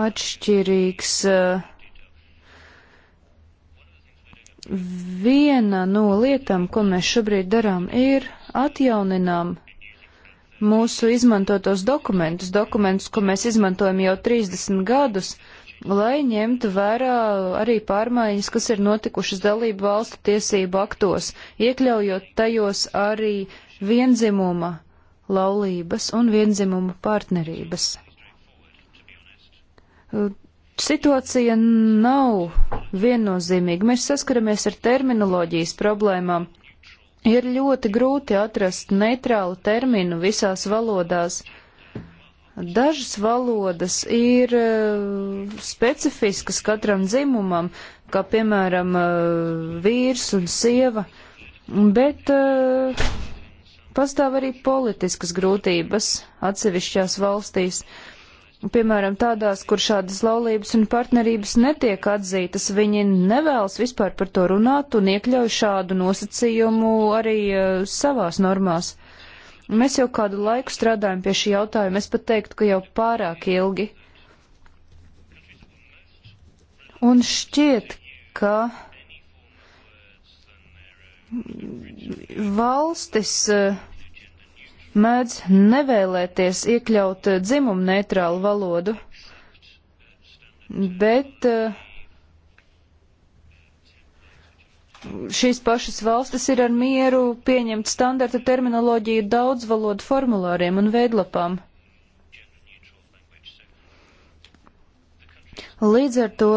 atšķirīgs. Eh, viena no lietām, ko mēs šobrīd darām, ir atjauninām mūsu izmantotos dokumentus, dokumentus, ko mēs izmantojam jau 30 gadus, lai ņemtu vērā arī pārmaiņas, kas ir notikušas dalību valstu tiesību aktos, iekļaujot tajos arī uh, vienzimuma laulības un vienzimuma partnerības. Situācija nav viennozīmīga. Mēs saskaramies ar terminoloģijas problēmām. Ir ļoti grūti atrast neitrālu terminu visās valodās. Dažas valodas ir eh, specifiskas katram dzimumam, kā piemēram eh, vīrs un sieva, bet eh, Pastāv arī politiskas grūtības atsevišķās valstīs. Piemēram, tādās, kur šādas laulības un partnerības netiek atzītas, viņi nevēlas vispār par to runāt un iekļauj šādu nosacījumu arī uh, savās normās. Mēs jau kādu laiku strādājam pie šī jautājuma, es pat teiktu, ka jau pārāk ilgi. Un šķiet, ka valstis eh, mēdz nevēlēties iekļaut eh, dzimumu neitrālu valodu, bet eh, šīs pašas valstis ir ar mieru pieņemt standarta terminoloģiju daudz valodu formulāriem un veidlapām. Līdz ar to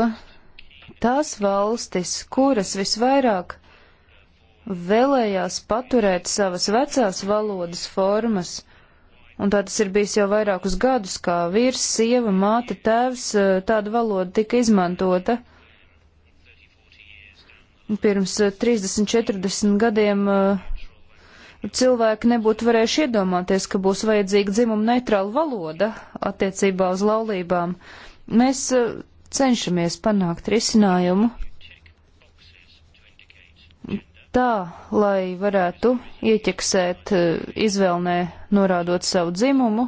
tās valstis, kuras visvairāk vēlējās paturēt savas vecās valodas formas, un tā tas ir bijis jau vairākus gadus, kā vīrs, sieva, māte, tēvs, eh, tāda valoda tika izmantota. Pirms 30-40 eh, gadiem eh, cilvēki nebūtu varējuši iedomāties, ka būs vajadzīga dzimuma neitrāla valoda attiecībā uz laulībām. Mēs cenšamies panākt risinājumu tā, lai varētu ieķeksēt eh, izvēlnē norādot savu dzimumu.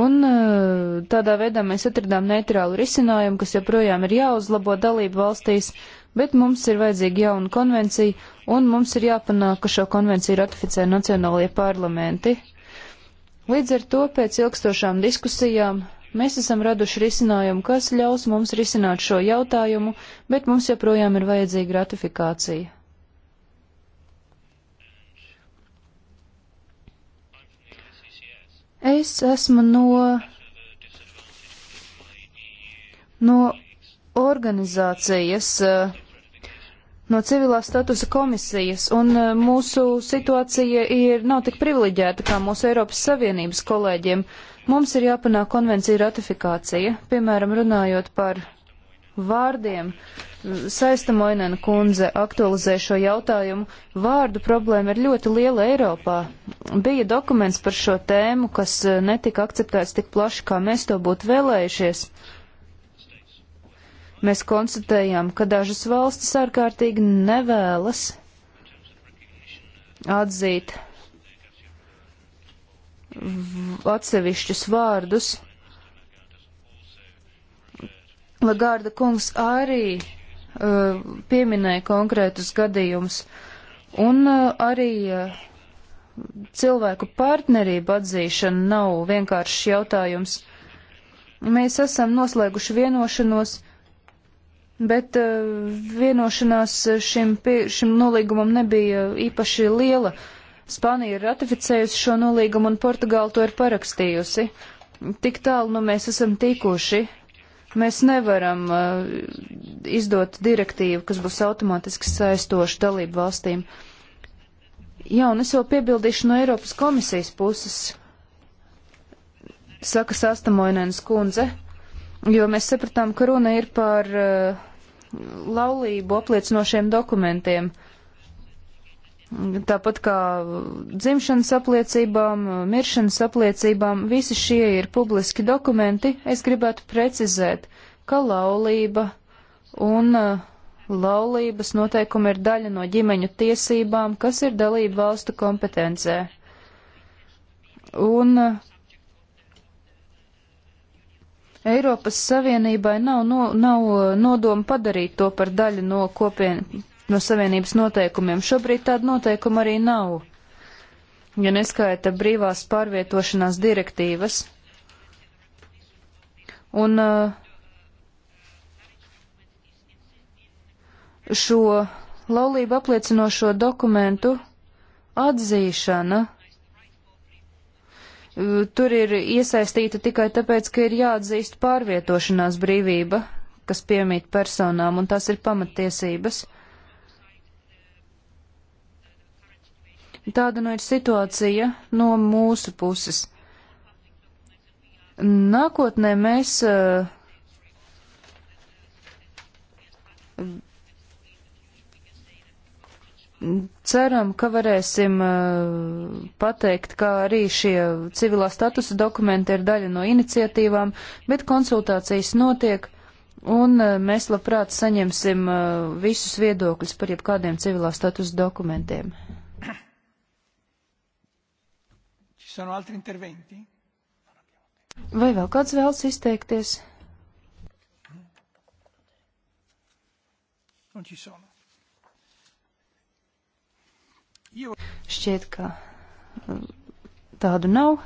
Un eh, tādā veidā mēs atradām neitrālu risinājumu, kas joprojām ir jāuzlabo dalību valstīs, bet mums ir vajadzīga jauna konvencija, un mums ir jāpanāk, ka šo konvenciju ratificē nacionālajie parlamenti. Līdz ar to pēc ilgstošām diskusijām Mēs esam raduši risinājumu, kas ļaus mums risināt šo jautājumu, bet mums joprojām ir vajadzīga ratifikācija. Es esmu no, no organizācijas, eh, no civilā statusa komisijas, un eh, mūsu situācija ir nav tik privileģēta kā mūsu Eiropas Savienības kolēģiem. Uh, Mums ir jāpanāk konvencija ratifikācija, piemēram, runājot par vārdiem. Saista Moinēna kundze aktualizē šo jautājumu. Vārdu problēma ir ļoti liela Eiropā. Bija dokuments par šo tēmu, kas eh, netika akceptēts tik plaši, kā mēs to būtu vēlējušies. Mēs konstatējām, ka dažas valstis ārkārtīgi nevēlas atzīt atsevišķus vārdus. Lagārda kungs arī uh, pieminēja konkrētus gadījumus, un uh, arī uh, cilvēku partnerība atzīšana nav vienkāršs jautājums. Mēs esam noslēguši vienošanos, Bet uh, vienošanās šim, pie, šim nolīgumam nebija īpaši liela. Spānija ir ratificējusi šo nolīgumu un Portugāla to ir parakstījusi. Tik tālu nu mēs esam tikuši. Mēs nevaram uh, izdot direktīvu, kas būs automātiski saistoša dalību valstīm. Jā, un es vēl piebildīšu no Eiropas komisijas puses, saka Sastamoinēnas kundze, jo mēs sapratām, ka runa ir par uh, laulību apliecinošiem dokumentiem. Uh, Tāpat kā dzimšanas apliecībām, miršanas apliecībām, visi šie ir publiski dokumenti, es gribētu precizēt, ka laulība un uh, laulības noteikumi ir daļa no ģimeņu tiesībām, kas ir dalība valstu kompetencē. Un uh, Eiropas Savienībai nav, no, nav uh, nodoma padarīt to par daļu no kopien, no Savienības noteikumiem. Šobrīd tāda noteikuma arī nav, ja neskaita brīvās pārvietošanās direktīvas. Un uh, šo laulību apliecinošo dokumentu atzīšana uh, tur ir iesaistīta tikai tāpēc, ka ir jāatzīst pārvietošanās brīvība, kas piemīt personām, un tās ir pamatiesības. Tāda nu ir situācija no mūsu puses. Nākotnē mēs uh, ceram, ka varēsim uh, pateikt, ka arī šie civilā statusa dokumenti ir daļa no iniciatīvām, bet konsultācijas notiek, un uh, mēs labprāt saņemsim uh, visus viedokļus par jebkādiem civilā statusa dokumentiem. Ci sono altri interventi? Vai vēl kāds vēlas izteikties? Non ci sono. Io... Šķiet, ka mm, tādu nav.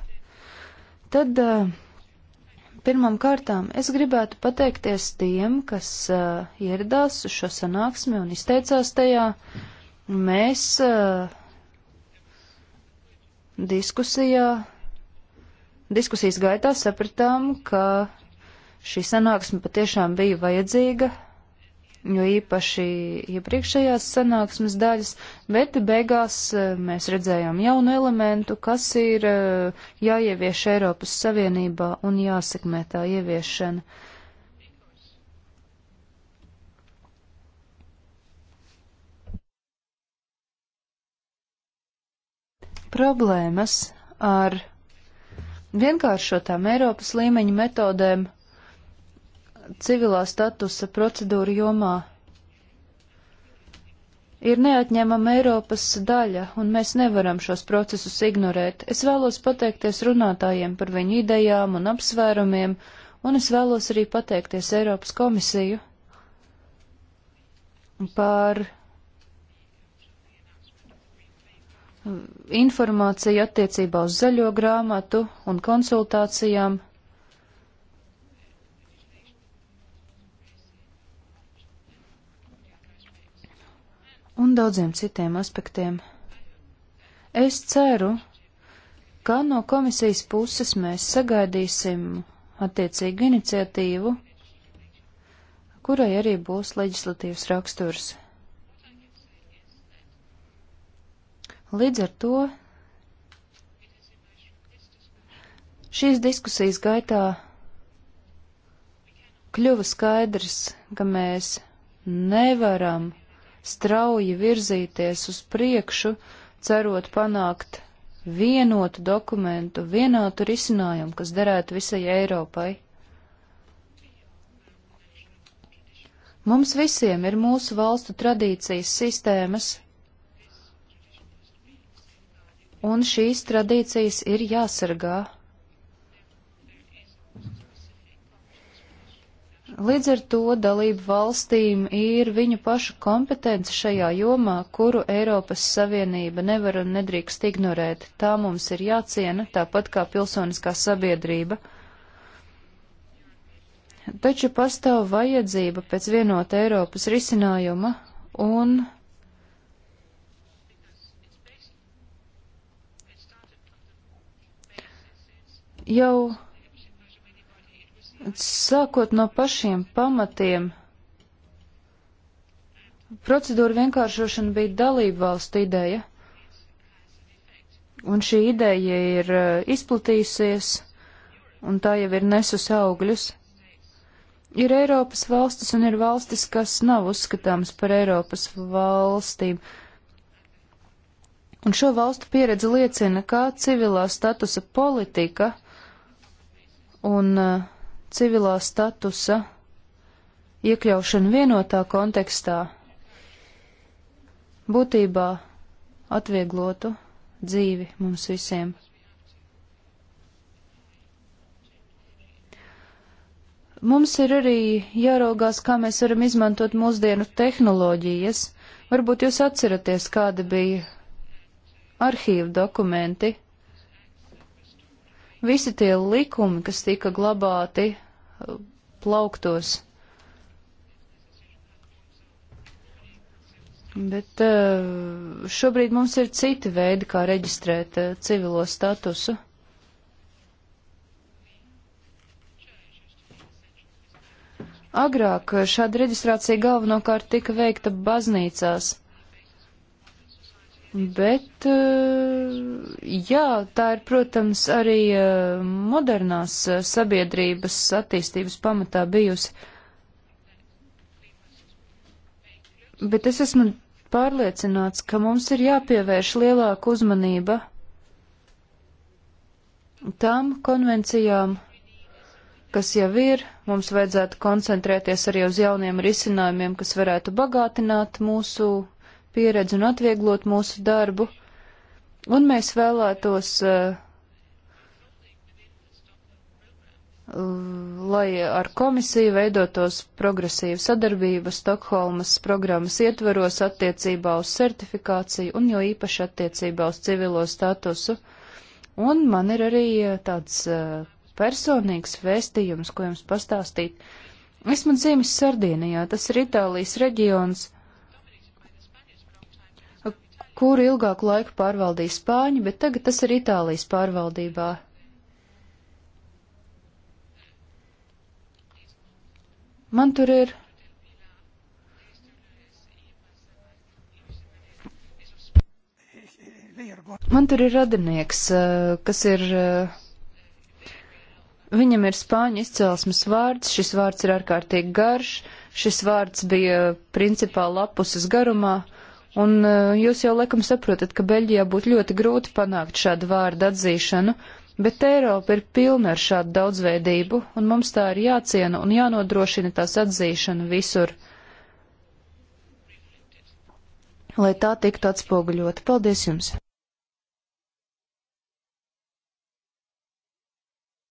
Tad eh, pirmām kārtām es gribētu pateikties tiem, kas eh, ieradās uz šo sanāksmi un izteicās tajā. Mēs uh, diskusijā, diskusijas gaitā sapratām, ka šī sanāksme patiešām bija vajadzīga, jo īpaši iepriekšējās sanāksmes daļas, bet beigās eh, mēs redzējām jaunu elementu, kas ir eh, jāievieš Eiropas Savienībā un jāsekmē tā ieviešana. problēmas ar vienkāršotām Eiropas līmeņa metodēm civilā statusa procedūra jomā ir neatņemama Eiropas daļa, un mēs nevaram šos procesus ignorēt. Es vēlos pateikties runātājiem par viņu idejām un apsvērumiem, un es vēlos arī pateikties Eiropas komisiju par informāciju attiecībā uz zaļo grāmatu un konsultācijām. Un daudziem citiem aspektiem. Es ceru, ka no komisijas puses mēs sagaidīsim attiecīgu iniciatīvu, kurai arī būs leģislatīvs raksturs. Līdz ar to šīs diskusijas gaitā kļuva skaidrs, ka mēs nevaram strauji virzīties uz priekšu, cerot panākt vienotu dokumentu, vienotu risinājumu, kas derētu visai Eiropai. Mums visiem ir mūsu valstu tradīcijas sistēmas, un šīs tradīcijas ir jāsargā. Līdz ar to dalību valstīm ir viņu pašu kompetence šajā jomā, kuru Eiropas Savienība nevar un nedrīkst ignorēt. Tā mums ir jāciena, tāpat kā pilsoniskā sabiedrība. Taču pastāv vajadzība pēc vienota Eiropas risinājuma, un jau sākot no pašiem pamatiem. Procedūra vienkāršošana bija dalība valsts ideja, un šī ideja ir eh, izplatījusies, un tā jau ir nesus augļus. Ir Eiropas valstis un ir valstis, kas nav uzskatāmas par Eiropas valstīm, un šo valstu pieredze liecina, kā civilā statusa politika un e, civilā statusa iekļaušanu vienotā kontekstā būtībā atvieglotu dzīvi mums visiem. Mums ir arī jāraugās, kā mēs varam izmantot mūsdienu tehnoloģijas. Varbūt jūs atceraties, kāda bija arhīva dokumenti Visi tie likumi, kas tika glabāti uh, plauktos. Bet uh, šobrīd mums ir citi veidi, kā reģistrēt uh, civilo statusu. Agrāk šāda reģistrācija galvenokārt tika veikta baznīcās. Bet, eh, jā, tā ir, protams, arī eh, modernās eh, sabiedrības attīstības pamatā bijusi. Bet es esmu pārliecināts, ka mums ir jāpievērš lielāka uzmanība tām konvencijām, kas jau ir. Mums vajadzētu koncentrēties arī uz jauniem risinājumiem, kas varētu bagātināt mūsu pieredzi un atvieglot mūsu darbu. Un mēs vēlētos, eh, lai ar komisiju veidotos progresīva sadarbība Stokholmas programmas ietveros attiecībā uz certifikāciju un jo īpaši attiecībā uz civilo statusu. Un man ir arī eh, tāds eh, personīgs vēstījums, ko jums pastāstīt. Esmu dzīvis Sardīnijā, tas ir Itālijas reģions kuru ilgāku laiku pārvaldīja Spāņi, bet tagad tas ir Itālijas pārvaldībā. Man tur ir Man tur ir radinieks, eh, kas ir. Eh, viņam ir spāņu izcelsmes vārds, šis vārds ir ārkārtīgi garš, šis vārds bija principā lapuses garumā. Un eh, jūs jau laikam saprotat, ka Beļģijā būtu ļoti grūti panākt šādu vārdu atzīšanu, bet Eiropa ir pilna ar šādu daudzveidību, un mums tā ir jāciena un jānodrošina tās atzīšana visur, lai tā tiktu atspoguļota. Paldies jums!